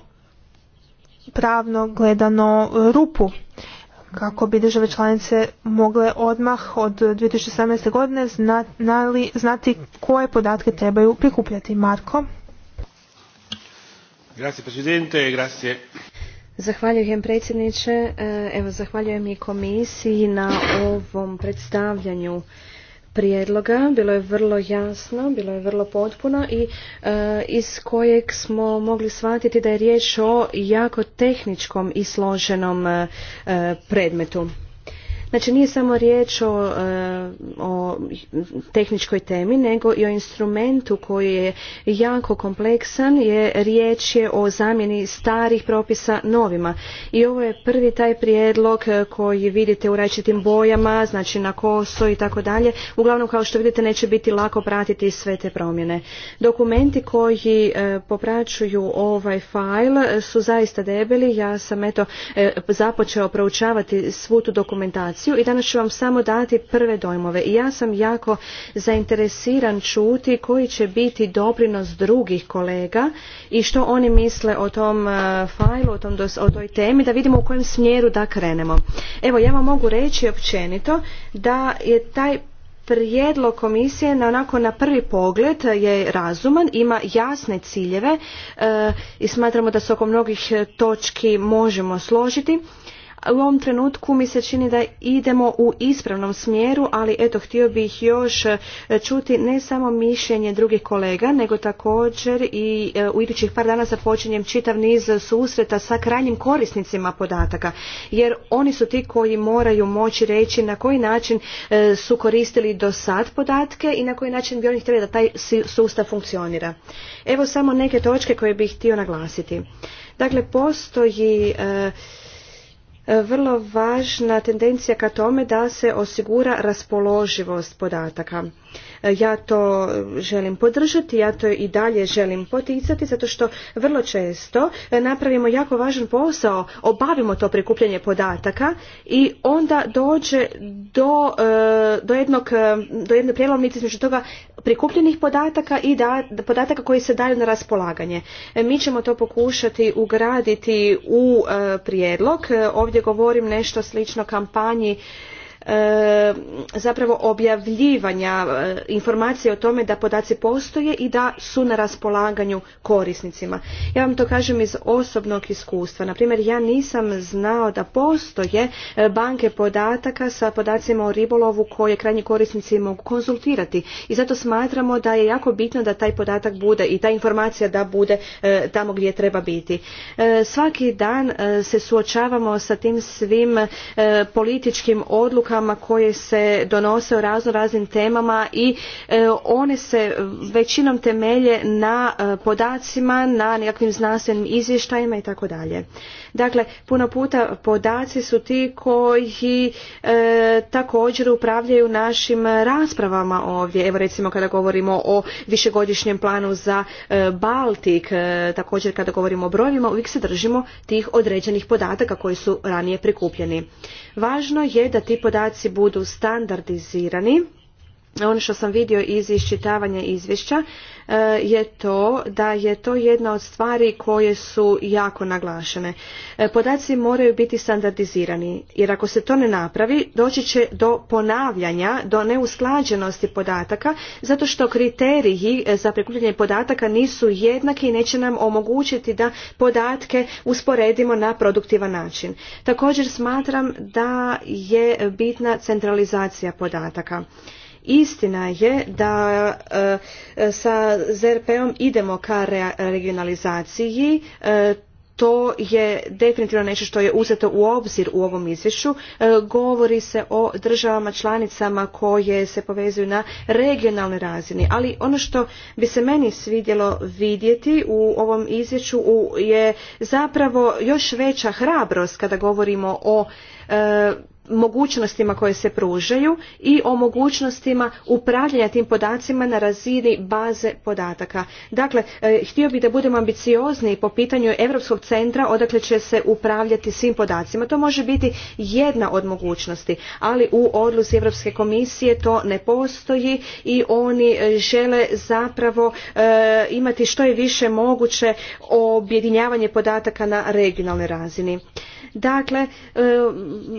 pravno gledano rupu kako bi države članice mogle odmah od 2017. godine znati koje podatke trebaju prikupljati. Marko. Grazie, grazie. Zahvaljujem predsjedniče, e, evo zahvaljujem i komisiji na ovom predstavljanju prijedloga. Bilo je vrlo jasno, bilo je vrlo potpuno i e, iz kojeg smo mogli shvatiti da je riječ o jako tehničkom i složenom e, predmetu. Znači nije samo riječ e, o, tehničkoj temi, nego i o instrumentu koji je jako kompleksan, je riječ je o zamjeni starih propisa novima. I ovo je prvi taj prijedlog e, koji vidite u različitim bojama, znači na koso i tako dalje. Uglavnom, kao što vidite, neće biti lako pratiti sve te promjene. Dokumenti koji e, popraćuju ovaj fail su zaista debeli. Ja sam eto započeo proučavati svu tu dokumentaciju i danas ću vam samo dati prve dojmove. I ja sam jako zainteresiran čuti koji će biti doprinos drugih kolega i što oni misle o tom eh, fajlu, o, tom, o toj temi, da vidimo u kojem smjeru da krenemo. Evo, ja vam mogu reći općenito da je taj prijedlog komisije na onako na prvi pogled je razuman, ima jasne ciljeve eh, i smatramo da se oko mnogih eh, točki možemo složiti u ovom trenutku mi se čini da idemo u ispravnom smjeru, ali eto htio bih još e, čuti ne samo mišljenje drugih kolega, nego također i e, u idućih par dana počinjem čitav niz susreta sa krajnjim korisnicima podataka, jer oni su ti koji moraju moći reći na koji način e, su koristili do sad podatke i na koji način bi oni htjeli da taj sustav funkcionira. Evo samo neke točke koje bih htio naglasiti. Dakle, postoji E, vrlo važna tendencija ka tome da se osigura raspoloživost podataka. Ja to želim podržati, ja to i dalje želim poticati zato što vrlo često e, napravimo jako važan posao, obavimo to prikupljanje podataka i onda dođe do, e, do, jednog, e, do jedne prijelomnice između toga prikupljenih podataka i da, podataka koji se daju na raspolaganje. Mi ćemo to pokušati ugraditi u prijedlog. Ovdje govorim nešto slično kampanji E, zapravo objavljivanja e, informacije o tome da podaci postoje i da su na raspolaganju korisnicima. Ja vam to kažem iz osobnog iskustva. Naprimjer, ja nisam znao da postoje e, banke podataka sa podacima o ribolovu koje krajnji korisnici mogu konzultirati. I zato smatramo da je jako bitno da taj podatak bude i ta informacija da bude tamo gdje treba biti. Svaki dan se suočavamo sa tim svim političkim odlukama odlukama koje se donose o raznoraznim temama i e, one se većinom temelje na e, podacima, na nekakvim znanstvenim izvještajima i tako dalje. Dakle, puno puta podaci su ti koji e, također upravljaju našim raspravama ovdje. Evo recimo kada govorimo o višegodišnjem planu za e, Baltik, e, također kada govorimo o brojima, uvijek se držimo tih određenih podataka koji su ranije prikupljeni. Važno je da ti podaci budu standardizirani ono što sam vidio iz iščitavanja izvješća e, je to da je to jedna od stvari koje su jako naglašene. E, podaci moraju biti standardizirani jer ako se to ne napravi doći će do ponavljanja, do neusklađenosti podataka zato što kriteriji e, za prikupljanje podataka nisu jednaki i neće nam omogućiti da podatke usporedimo na produktivan način. Također smatram da je bitna centralizacija podataka. Istina je da e, sa ZRP-om idemo ka regionalizaciji, e, to je definitivno nešto što je uzeto u obzir u ovom izvješću. E, govori se o državama članicama koje se povezuju na regionalnoj razini, ali ono što bi se meni svidjelo vidjeti u ovom izvješću je zapravo još veća hrabrost kada govorimo o mogućnostima koje se pružaju i o mogućnostima upravljanja tim podacima na razini baze podataka. Dakle, e, htio bih da budemo ambiciozni po pitanju Europskog centra odakle će se upravljati svim podacima. To može biti jedna od mogućnosti, ali u odluzi Europske komisije to ne postoji i oni e, žele zapravo e, imati što je više moguće objedinjavanje podataka na regionalnoj razini. Dakle, e,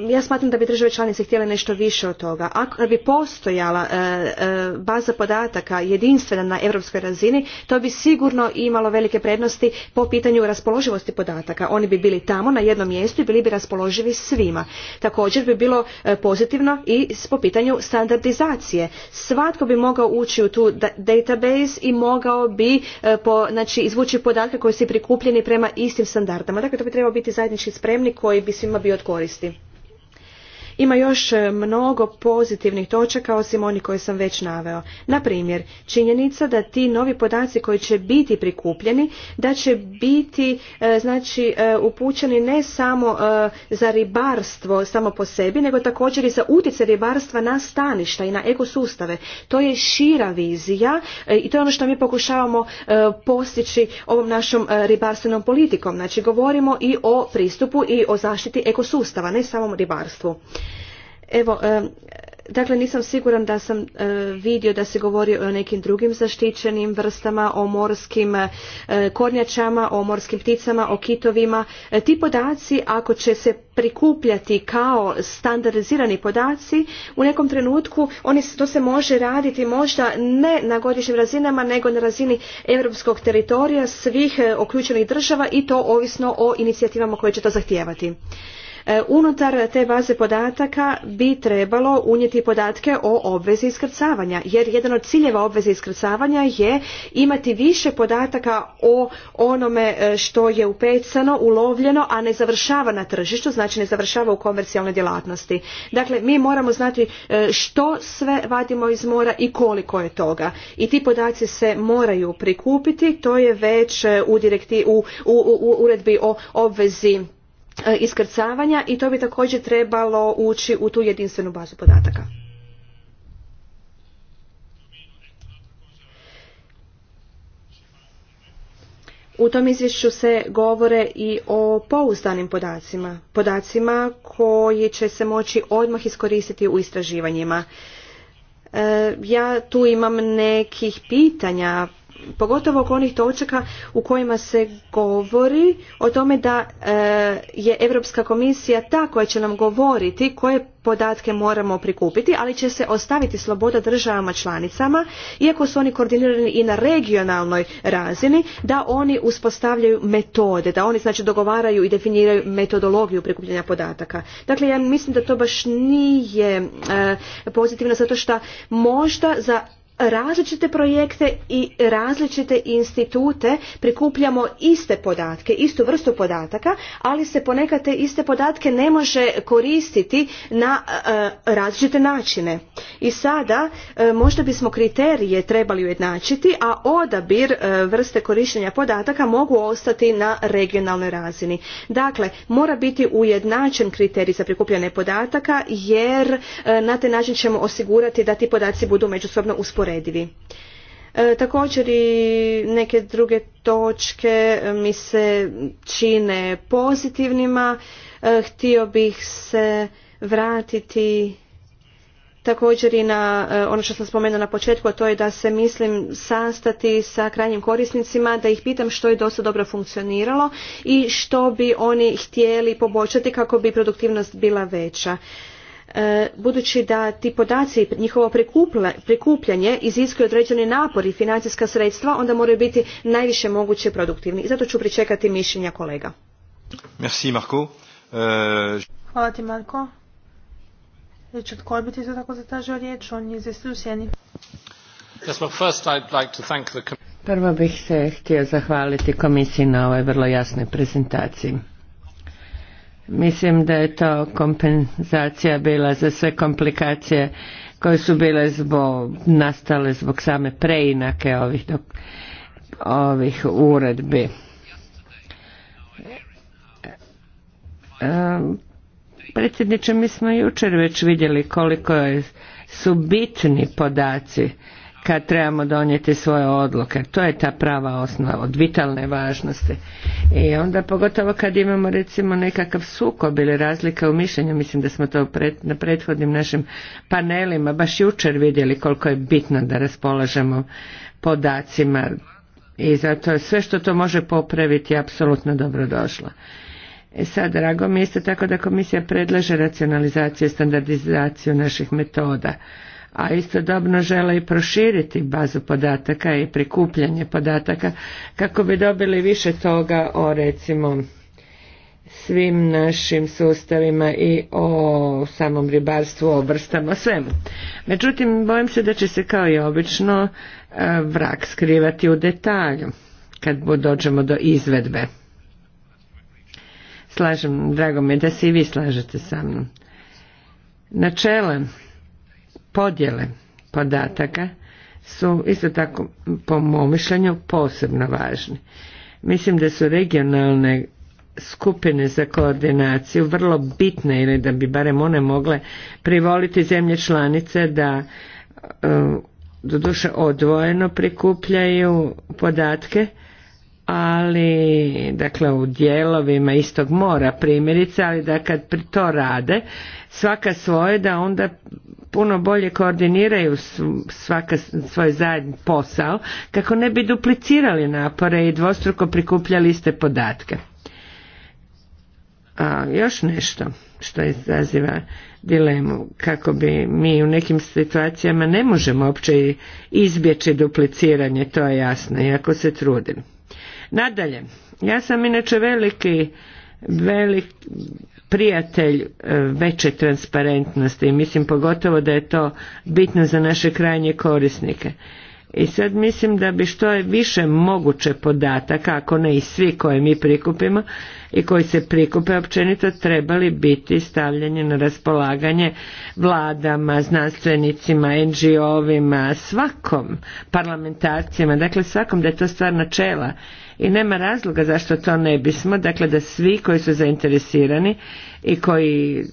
ja smatram da bi države članice htjele nešto više od toga. Ako bi postojala e, e, baza podataka jedinstvena na europskoj razini, to bi sigurno imalo velike prednosti po pitanju raspoloživosti podataka. Oni bi bili tamo na jednom mjestu i bili bi raspoloživi svima. Također bi bilo pozitivno i po pitanju standardizacije. Svatko bi mogao ući u tu database i mogao bi znači, izvući podatke koji su prikupljeni prema istim standardama. Dakle, to bi trebao biti zajednički spremnik koji bi svima bio od koristi. Ima još e, mnogo pozitivnih točaka osim onih koje sam već naveo. Na primjer, činjenica da ti novi podaci koji će biti prikupljeni, da će biti e, znači e, upućeni ne samo za ribarstvo samo po sebi, nego također i za utjecaj ribarstva na staništa i na ekosustave. To je šira vizija i to je ono što mi pokušavamo postići ovom našom ribarstvenom politikom. Znači govorimo i o pristupu i o zaštiti ekosustava, ne samo ribarstvu. Evo, e, dakle nisam siguran da sam e, vidio da se govori o nekim drugim zaštićenim vrstama, o morskim e, kornjačama, o morskim pticama, o kitovima. Ti podaci ako će se prikupljati kao standardizirani podaci u nekom trenutku oni, to se može raditi možda ne na godišnjim razinama nego na razini europskog teritorija svih uključenih država i to ovisno o inicijativama koje će to zahtijevati. E, unutar te baze podataka bi trebalo unijeti podatke o obvezi iskrcavanja, jer jedan od ciljeva obveze iskrcavanja je imati više podataka o onome e, što je upecano, ulovljeno, a ne završava na tržištu, znači ne završava u komercijalnoj djelatnosti. Dakle, mi moramo znati e, što sve vadimo iz mora i koliko je toga. I ti podaci se moraju prikupiti, to je već u, direkti, u uredbi o obvezi E, iskrcavanja i to bi također trebalo ući u tu jedinstvenu bazu podataka. U tom izvješću se govore i o pouzdanim podacima, podacima koji će se moći odmah iskoristiti u istraživanjima. E, ja tu imam nekih pitanja pogotovo oko onih točaka u kojima se govori o tome da e, je Europska komisija ta koja će nam govoriti koje podatke moramo prikupiti, ali će se ostaviti sloboda državama članicama, iako su oni koordinirani i na regionalnoj razini, da oni uspostavljaju metode, da oni znači dogovaraju i definiraju metodologiju prikupljanja podataka. Dakle, ja mislim da to baš nije e, pozitivno, zato što možda za različite projekte i različite institute prikupljamo iste podatke, istu vrstu podataka, ali se ponekad te iste podatke ne može koristiti na e, različite načine. I sada e, možda bismo kriterije trebali ujednačiti, a odabir e, vrste korištenja podataka mogu ostati na regionalnoj razini. Dakle, mora biti ujednačen kriterij za prikupljanje podataka jer na taj način ćemo osigurati da ti podaci budu međusobno usporedivi usporedivi. E, također i neke druge točke e, mi se čine pozitivnima. E, htio bih se vratiti također i na ono što sam spomenula na početku, a to je da se mislim sastati sa krajnjim korisnicima, da ih pitam što je dosta dobro funkcioniralo i što bi oni htjeli poboljšati kako bi produktivnost bila veća. E, budući da ti podaci njihovo prikupljanje iziskuje određeni napor i financijska sredstva onda moraju biti najviše moguće produktivni i zato ću pričekati mišljenja kolega Merci Marko. E, Hvala ti Marko. Richard tako riječ, on je u sjeni. Prvo bih se htio zahvaliti komisiji na ovoj vrlo jasnoj prezentaciji. Mislim da je to kompenzacija bila za sve komplikacije koje su bile zbog, nastale zbog same preinake ovih, ovih uredbi. E, predsjedniče, mi smo jučer već vidjeli koliko su bitni podaci kad trebamo donijeti svoje odluke. To je ta prava osnova od vitalne važnosti. I onda pogotovo kad imamo recimo nekakav sukob ili razlika u mišljenju, mislim da smo to na prethodnim našim panelima baš jučer vidjeli koliko je bitno da raspolažemo podacima i zato sve što to može popraviti je apsolutno dobrodošlo. E sad, drago mi je isto tako da komisija predlaže racionalizaciju i standardizaciju naših metoda a istodobno žele i proširiti bazu podataka i prikupljanje podataka kako bi dobili više toga o recimo svim našim sustavima i o samom ribarstvu, o vrstama, svemu. Međutim, bojim se da će se kao i obično e, vrak skrivati u detalju kad dođemo do izvedbe. Slažem, drago mi je da se i vi slažete sa mnom. Načelem podjele podataka su isto tako po mom mišljenju posebno važni. Mislim da su regionalne skupine za koordinaciju vrlo bitne ili da bi barem one mogle privoliti zemlje članice da e, doduše odvojeno prikupljaju podatke ali dakle u dijelovima istog mora primjerice ali da kad to rade svaka svoje da onda puno bolje koordiniraju svaka svoj zajedni posao kako ne bi duplicirali napore i dvostruko prikupljali iste podatke. A još nešto što izaziva dilemu kako bi mi u nekim situacijama ne možemo uopće izbjeći dupliciranje, to je jasno, iako se trudim. Nadalje, ja sam inače veliki veliki prijatelj e, veće transparentnosti. i Mislim pogotovo da je to bitno za naše krajnje korisnike. I sad mislim da bi što je više moguće podataka, ako ne i svi koje mi prikupimo i koji se prikupe općenito, trebali biti stavljeni na raspolaganje vladama, znanstvenicima, NGO-ovima, svakom parlamentarcima, dakle svakom da je to stvar načela i nema razloga zašto to ne bismo, dakle da svi koji su zainteresirani i koji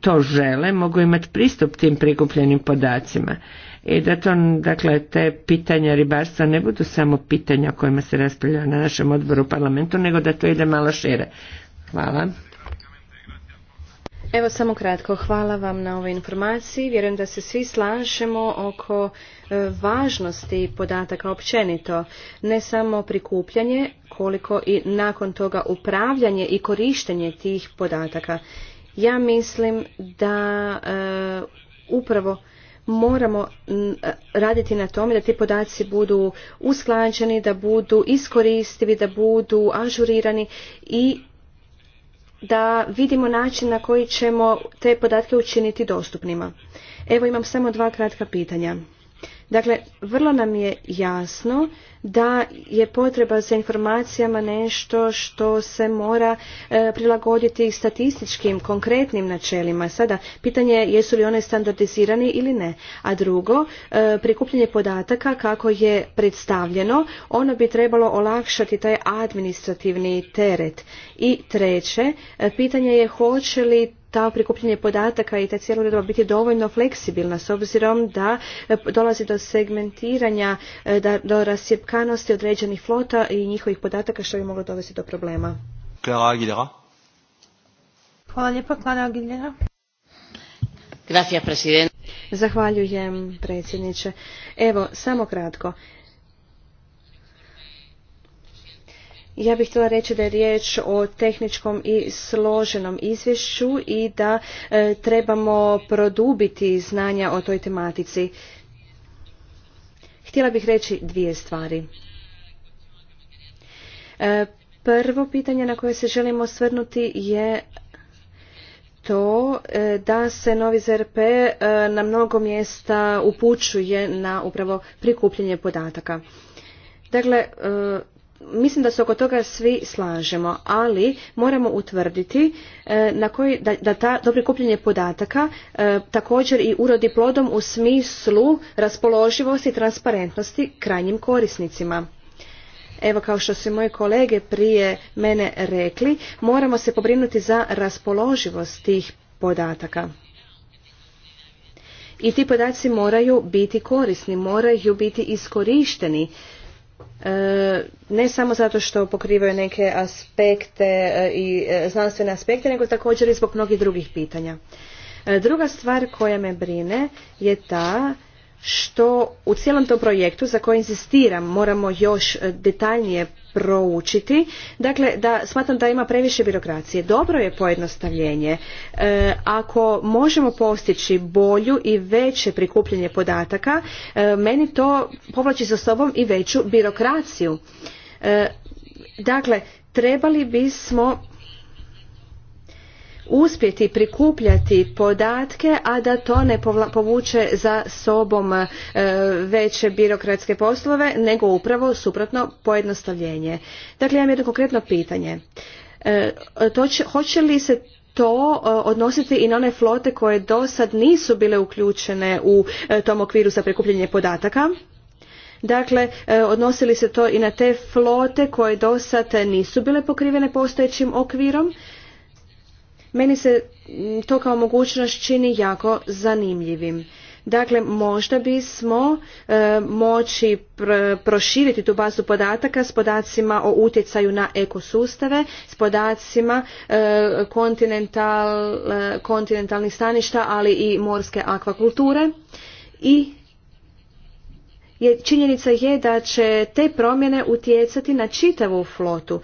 to žele mogu imati pristup tim prikupljenim podacima i da to, dakle, te pitanja ribarstva ne budu samo pitanja o kojima se raspravlja na našem odboru u parlamentu, nego da to ide malo šire. Hvala. Evo samo kratko, hvala vam na ovoj informaciji. Vjerujem da se svi slažemo oko e, važnosti podataka općenito, ne samo prikupljanje, koliko i nakon toga upravljanje i korištenje tih podataka. Ja mislim da e, upravo moramo raditi na tome da ti podaci budu usklađeni, da budu iskoristivi, da budu ažurirani i da vidimo način na koji ćemo te podatke učiniti dostupnima. Evo imam samo dva kratka pitanja. Dakle, vrlo nam je jasno da je potreba za informacijama nešto što se mora e, prilagoditi statističkim, konkretnim načelima. Sada, pitanje je jesu li one standardizirani ili ne. A drugo, e, prikupljanje podataka kako je predstavljeno, ono bi trebalo olakšati taj administrativni teret. I treće, e, pitanje je hoće li ta prikupljanje podataka i ta cijela uredba biti dovoljno fleksibilna s obzirom da e, dolazi do segmentiranja, e, do rasjepkanosti određenih flota i njihovih podataka što bi moglo dovesti do problema. Clara Aguilera. Hvala lijepa, Aguilera. Gracias, presidente. Zahvaljujem predsjedniče. Evo, samo kratko. Ja bih htjela reći da je riječ o tehničkom i složenom izvješću i da e, trebamo produbiti znanja o toj tematici. Htjela bih reći dvije stvari. E, prvo pitanje na koje se želimo osvrnuti je to e, da se novi ZRP na mnogo mjesta upućuje na upravo prikupljanje podataka. Dakle, mislim da se oko toga svi slažemo, ali moramo utvrditi e, na koji, da, ta to prikupljanje podataka e, također i urodi plodom u smislu raspoloživosti i transparentnosti krajnjim korisnicima. Evo kao što su moji kolege prije mene rekli, moramo se pobrinuti za raspoloživost tih podataka. I ti podaci moraju biti korisni, moraju biti iskorišteni E, ne samo zato što pokrivaju neke aspekte e, i e, znanstvene aspekte, nego također i zbog mnogih drugih pitanja. Druga stvar koja me brine je ta što u cijelom tom projektu za koji insistiram moramo još e, detaljnije proučiti. Dakle, da smatram da ima previše birokracije. Dobro je pojednostavljenje. E, ako možemo postići bolju i veće prikupljanje podataka, e, meni to povlači za sobom i veću birokraciju. dakle, trebali bismo uspjeti prikupljati podatke, a da to ne povuče za sobom e, veće birokratske poslove, nego upravo suprotno pojednostavljenje. Dakle, imam jedno konkretno pitanje. E, hoće li se to e, odnositi i na one flote koje do sad nisu bile uključene u tom okviru za prikupljanje podataka? Dakle, odnosili se to i na te flote koje do sad nisu bile pokrivene postojećim okvirom, meni se mm, to kao mogućnost čini jako zanimljivim. Dakle, možda bismo e, moći proširiti tu bazu podataka s podacima o utjecaju na ekosustave, s podacima e, kontinental, e, kontinentalnih staništa, ali i morske akvakulture i je, činjenica je da će te promjene utjecati na čitavu flotu.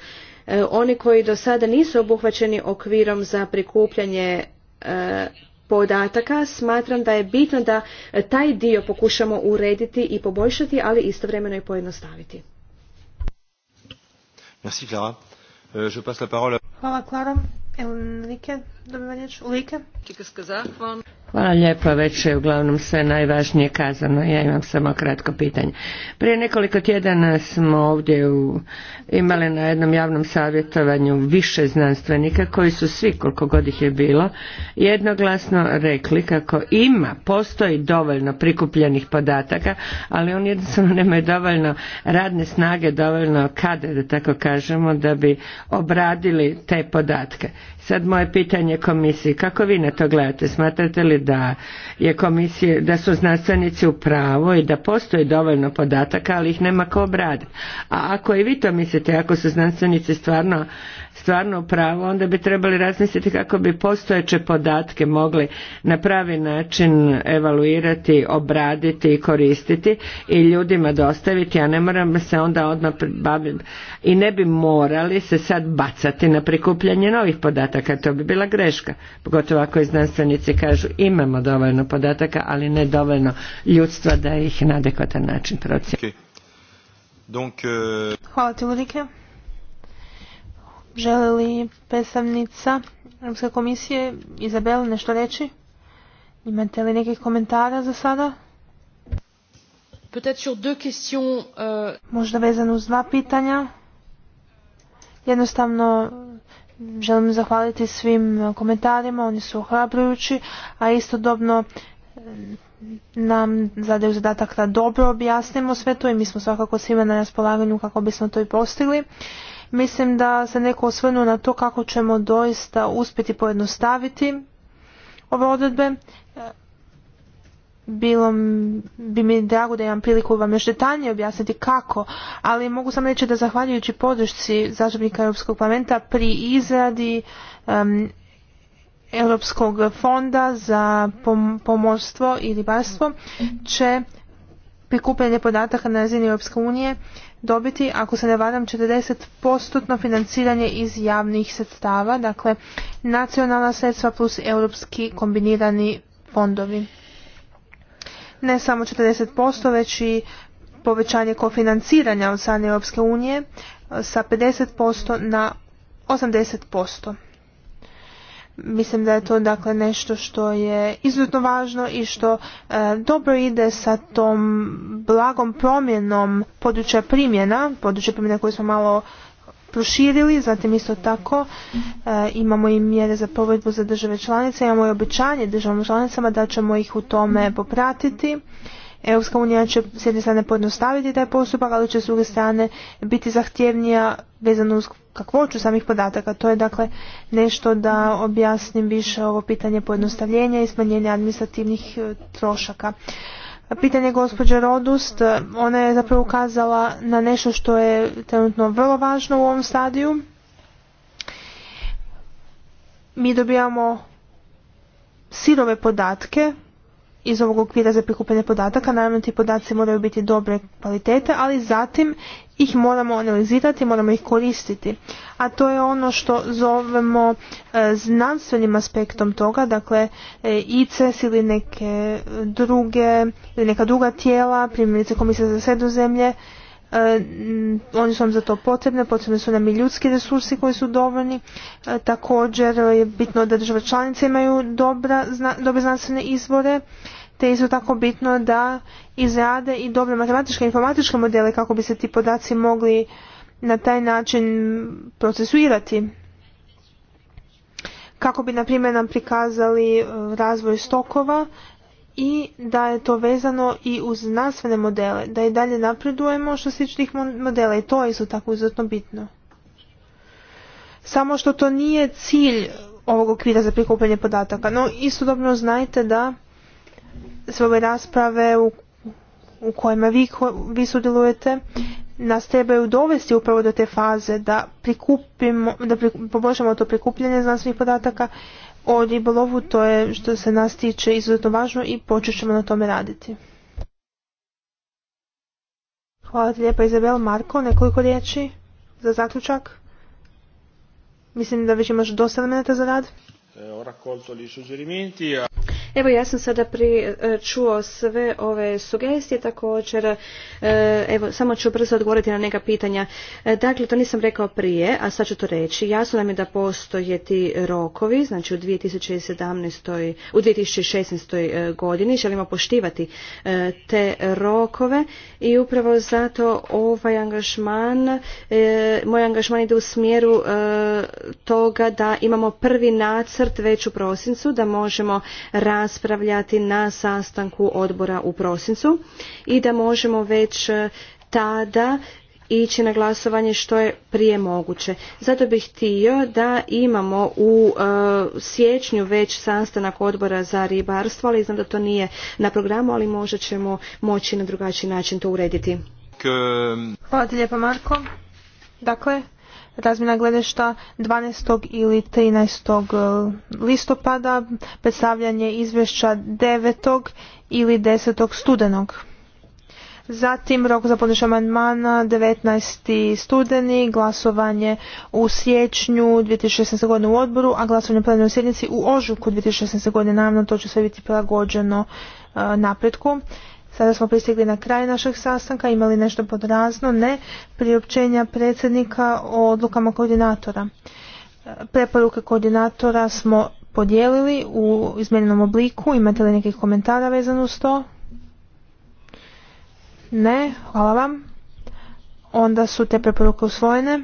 E, oni koji do sada nisu obuhvaćeni okvirom za prikupljanje e, podataka smatram da je bitno da taj dio pokušamo urediti i poboljšati ali istovremeno i pojednostaviti dobiva riječ. Hvala lijepo, već je uglavnom sve najvažnije kazano. Ja imam samo kratko pitanje. Prije nekoliko tjedana smo ovdje u, imali na jednom javnom savjetovanju više znanstvenika koji su svi, koliko god ih je bilo, jednoglasno rekli kako ima, postoji dovoljno prikupljenih podataka, ali oni jednostavno nemaju dovoljno radne snage, dovoljno kade, da tako kažemo, da bi obradili te podatke. Sad moje pitanje komisiji, kako vi na to gledate? Smatrate li da je komisije, da su znanstvenici u pravu i da postoji dovoljno podataka, ali ih nema ko obraditi? A ako i vi to mislite, ako su znanstvenici stvarno stvarno pravo, onda bi trebali razmisliti kako bi postojeće podatke mogli na pravi način evaluirati, obraditi i koristiti i ljudima dostaviti, a ne moram se onda odmah baviti i ne bi morali se sad bacati na prikupljanje novih podataka, to bi bila greška, pogotovo ako i znanstvenici kažu imamo dovoljno podataka, ali ne dovoljno ljudstva da ih na adekvatan način procijenimo euh, Hvala ti, Želi li predstavnica Europske komisije Izabel nešto reći? Imate li nekih komentara za sada? Euh, Možda vezano uz dva pitanja. Jednostavno želim zahvaliti svim komentarima, oni su ohrabrujući, a istodobno eh, nam zadaju zadatak da dobro objasnimo sve to i mi smo svakako svima na raspolaganju kako bismo to i postigli. Mislim da se neko osvrnuo na to kako ćemo doista uspjeti pojednostaviti ove odredbe. E, bilo bi mi drago da imam priliku vam još detaljnije objasniti kako, ali mogu sam reći da zahvaljujući podršci zastupnika Europskog parlamenta pri izradi Europskog fonda za pomorstvo i ribarstvo će prikupljanje podataka na razini Europske unije dobiti, ako se ne varam, 40% financiranje iz javnih sredstava, dakle nacionalna sredstva plus europski kombinirani fondovi. Ne samo 40%, već i povećanje kofinanciranja od strane Europske unije sa 50% na 80%. Mislim da je to dakle nešto što je izuzetno važno i što e, dobro ide sa tom blagom promjenom područja primjena, područja primjena koje smo malo proširili, zatim isto tako e, imamo i mjere za provedbu za države članice, imamo i obećanje državnim članicama da ćemo ih u tome popratiti. Europska unija će s jedne strane pojednostaviti taj postupak, ali će s druge strane biti zahtjevnija vezano uz kakvoću samih podataka. To je dakle nešto da objasnim više ovo pitanje pojednostavljenja i smanjenja administrativnih e, trošaka. Pitanje gospođe Rodust, e, ona je zapravo ukazala na nešto što je trenutno vrlo važno u ovom stadiju. Mi dobijamo sirove podatke iz ovog okvira za prikupljanje podataka. Naravno ti podaci moraju biti dobre kvalitete, ali zatim ih moramo analizirati, moramo ih koristiti. A to je ono što zovemo e, znanstvenim aspektom toga, dakle e, ICES ili neke druge, ili neka druga tijela, primjerice komisija za sredozemlje, zemlje, oni su nam za to potrebne, potrebne su nam i ljudski resursi koji su dovoljni. E, također je bitno da države članice imaju dobre znanstvene izvore te isto tako bitno da izrade i dobre matematičke i informatičke modele kako bi se ti podaci mogli na taj način procesuirati. Kako bi, na primjer, nam prikazali e, razvoj stokova i da je to vezano i uz znanstvene modele, da i dalje napredujemo što se tih modela i to je isto tako izuzetno bitno. Samo što to nije cilj ovog okvira za prikupljanje podataka, no istodobno znajte da sve ove rasprave u, kojima vi, vi sudjelujete nas trebaju dovesti upravo do te faze da prikupimo, da poboljšamo to prikupljanje znanstvenih podataka o ribolovu, to je što se nas tiče izuzetno važno i počet ćemo na tome raditi. Hvala ti lijepa Izabel. Marko, nekoliko riječi za zaključak? Mislim da već imaš dosta elementa za rad. E, Evo ja sam sada pri, e, čuo sve ove sugestije, također e, evo samo ću brzo odgovoriti na neka pitanja. E, dakle, to nisam rekao prije, a sad ću to reći. Jasno nam je da postoje ti rokovi, znači u 2017. u 2016. godini želimo poštivati te rokove i upravo zato ovaj angažman, moj angažman ide u smjeru toga da imamo prvi nacrt već u prosincu, da možemo raspravljati na sastanku odbora u prosincu i da možemo već e, tada ići na glasovanje što je prije moguće. Zato bih htio da imamo u e, siječnju već sastanak odbora za ribarstvo, ali znam da to nije na programu, ali možda ćemo moći na drugačiji način to urediti. Hvala ti lijepa Marko. Dakle, razmjena gledešta 12. ili 13. E, listopada, predstavljanje izvješća 9. ili 10. studenog. Zatim rok za podnošenje amandmana 19. studeni, glasovanje u siječnju 2016. godine u odboru, a glasovanje u plenarnoj sjednici u ožujku 2016. godine. Naravno to će sve biti prilagođeno e, napretku. Sada smo pristigli na kraj našeg sastanka, imali nešto podrazno, ne, priopćenja predsjednika o odlukama koordinatora. Preporuke koordinatora smo podijelili u izmijenjenom obliku, imate li nekih komentara vezano uz to? Ne, hvala vam. Onda su te preporuke usvojene.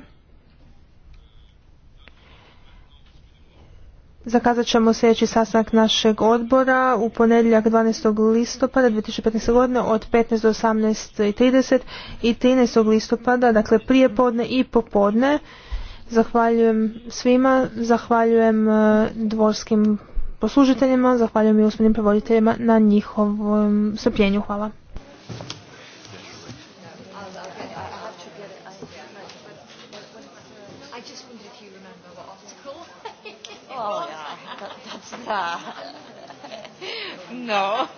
Zakazat ćemo sljedeći sastanak našeg odbora u ponedjeljak 12. listopada 2015. godine od 15 do 18.30 i 13. listopada, dakle prije podne i popodne. Zahvaljujem svima, zahvaljujem e, dvorskim poslužiteljima, zahvaljujem i usmenim prevoditeljima na njihovom strpljenju. Hvala. (laughs) no.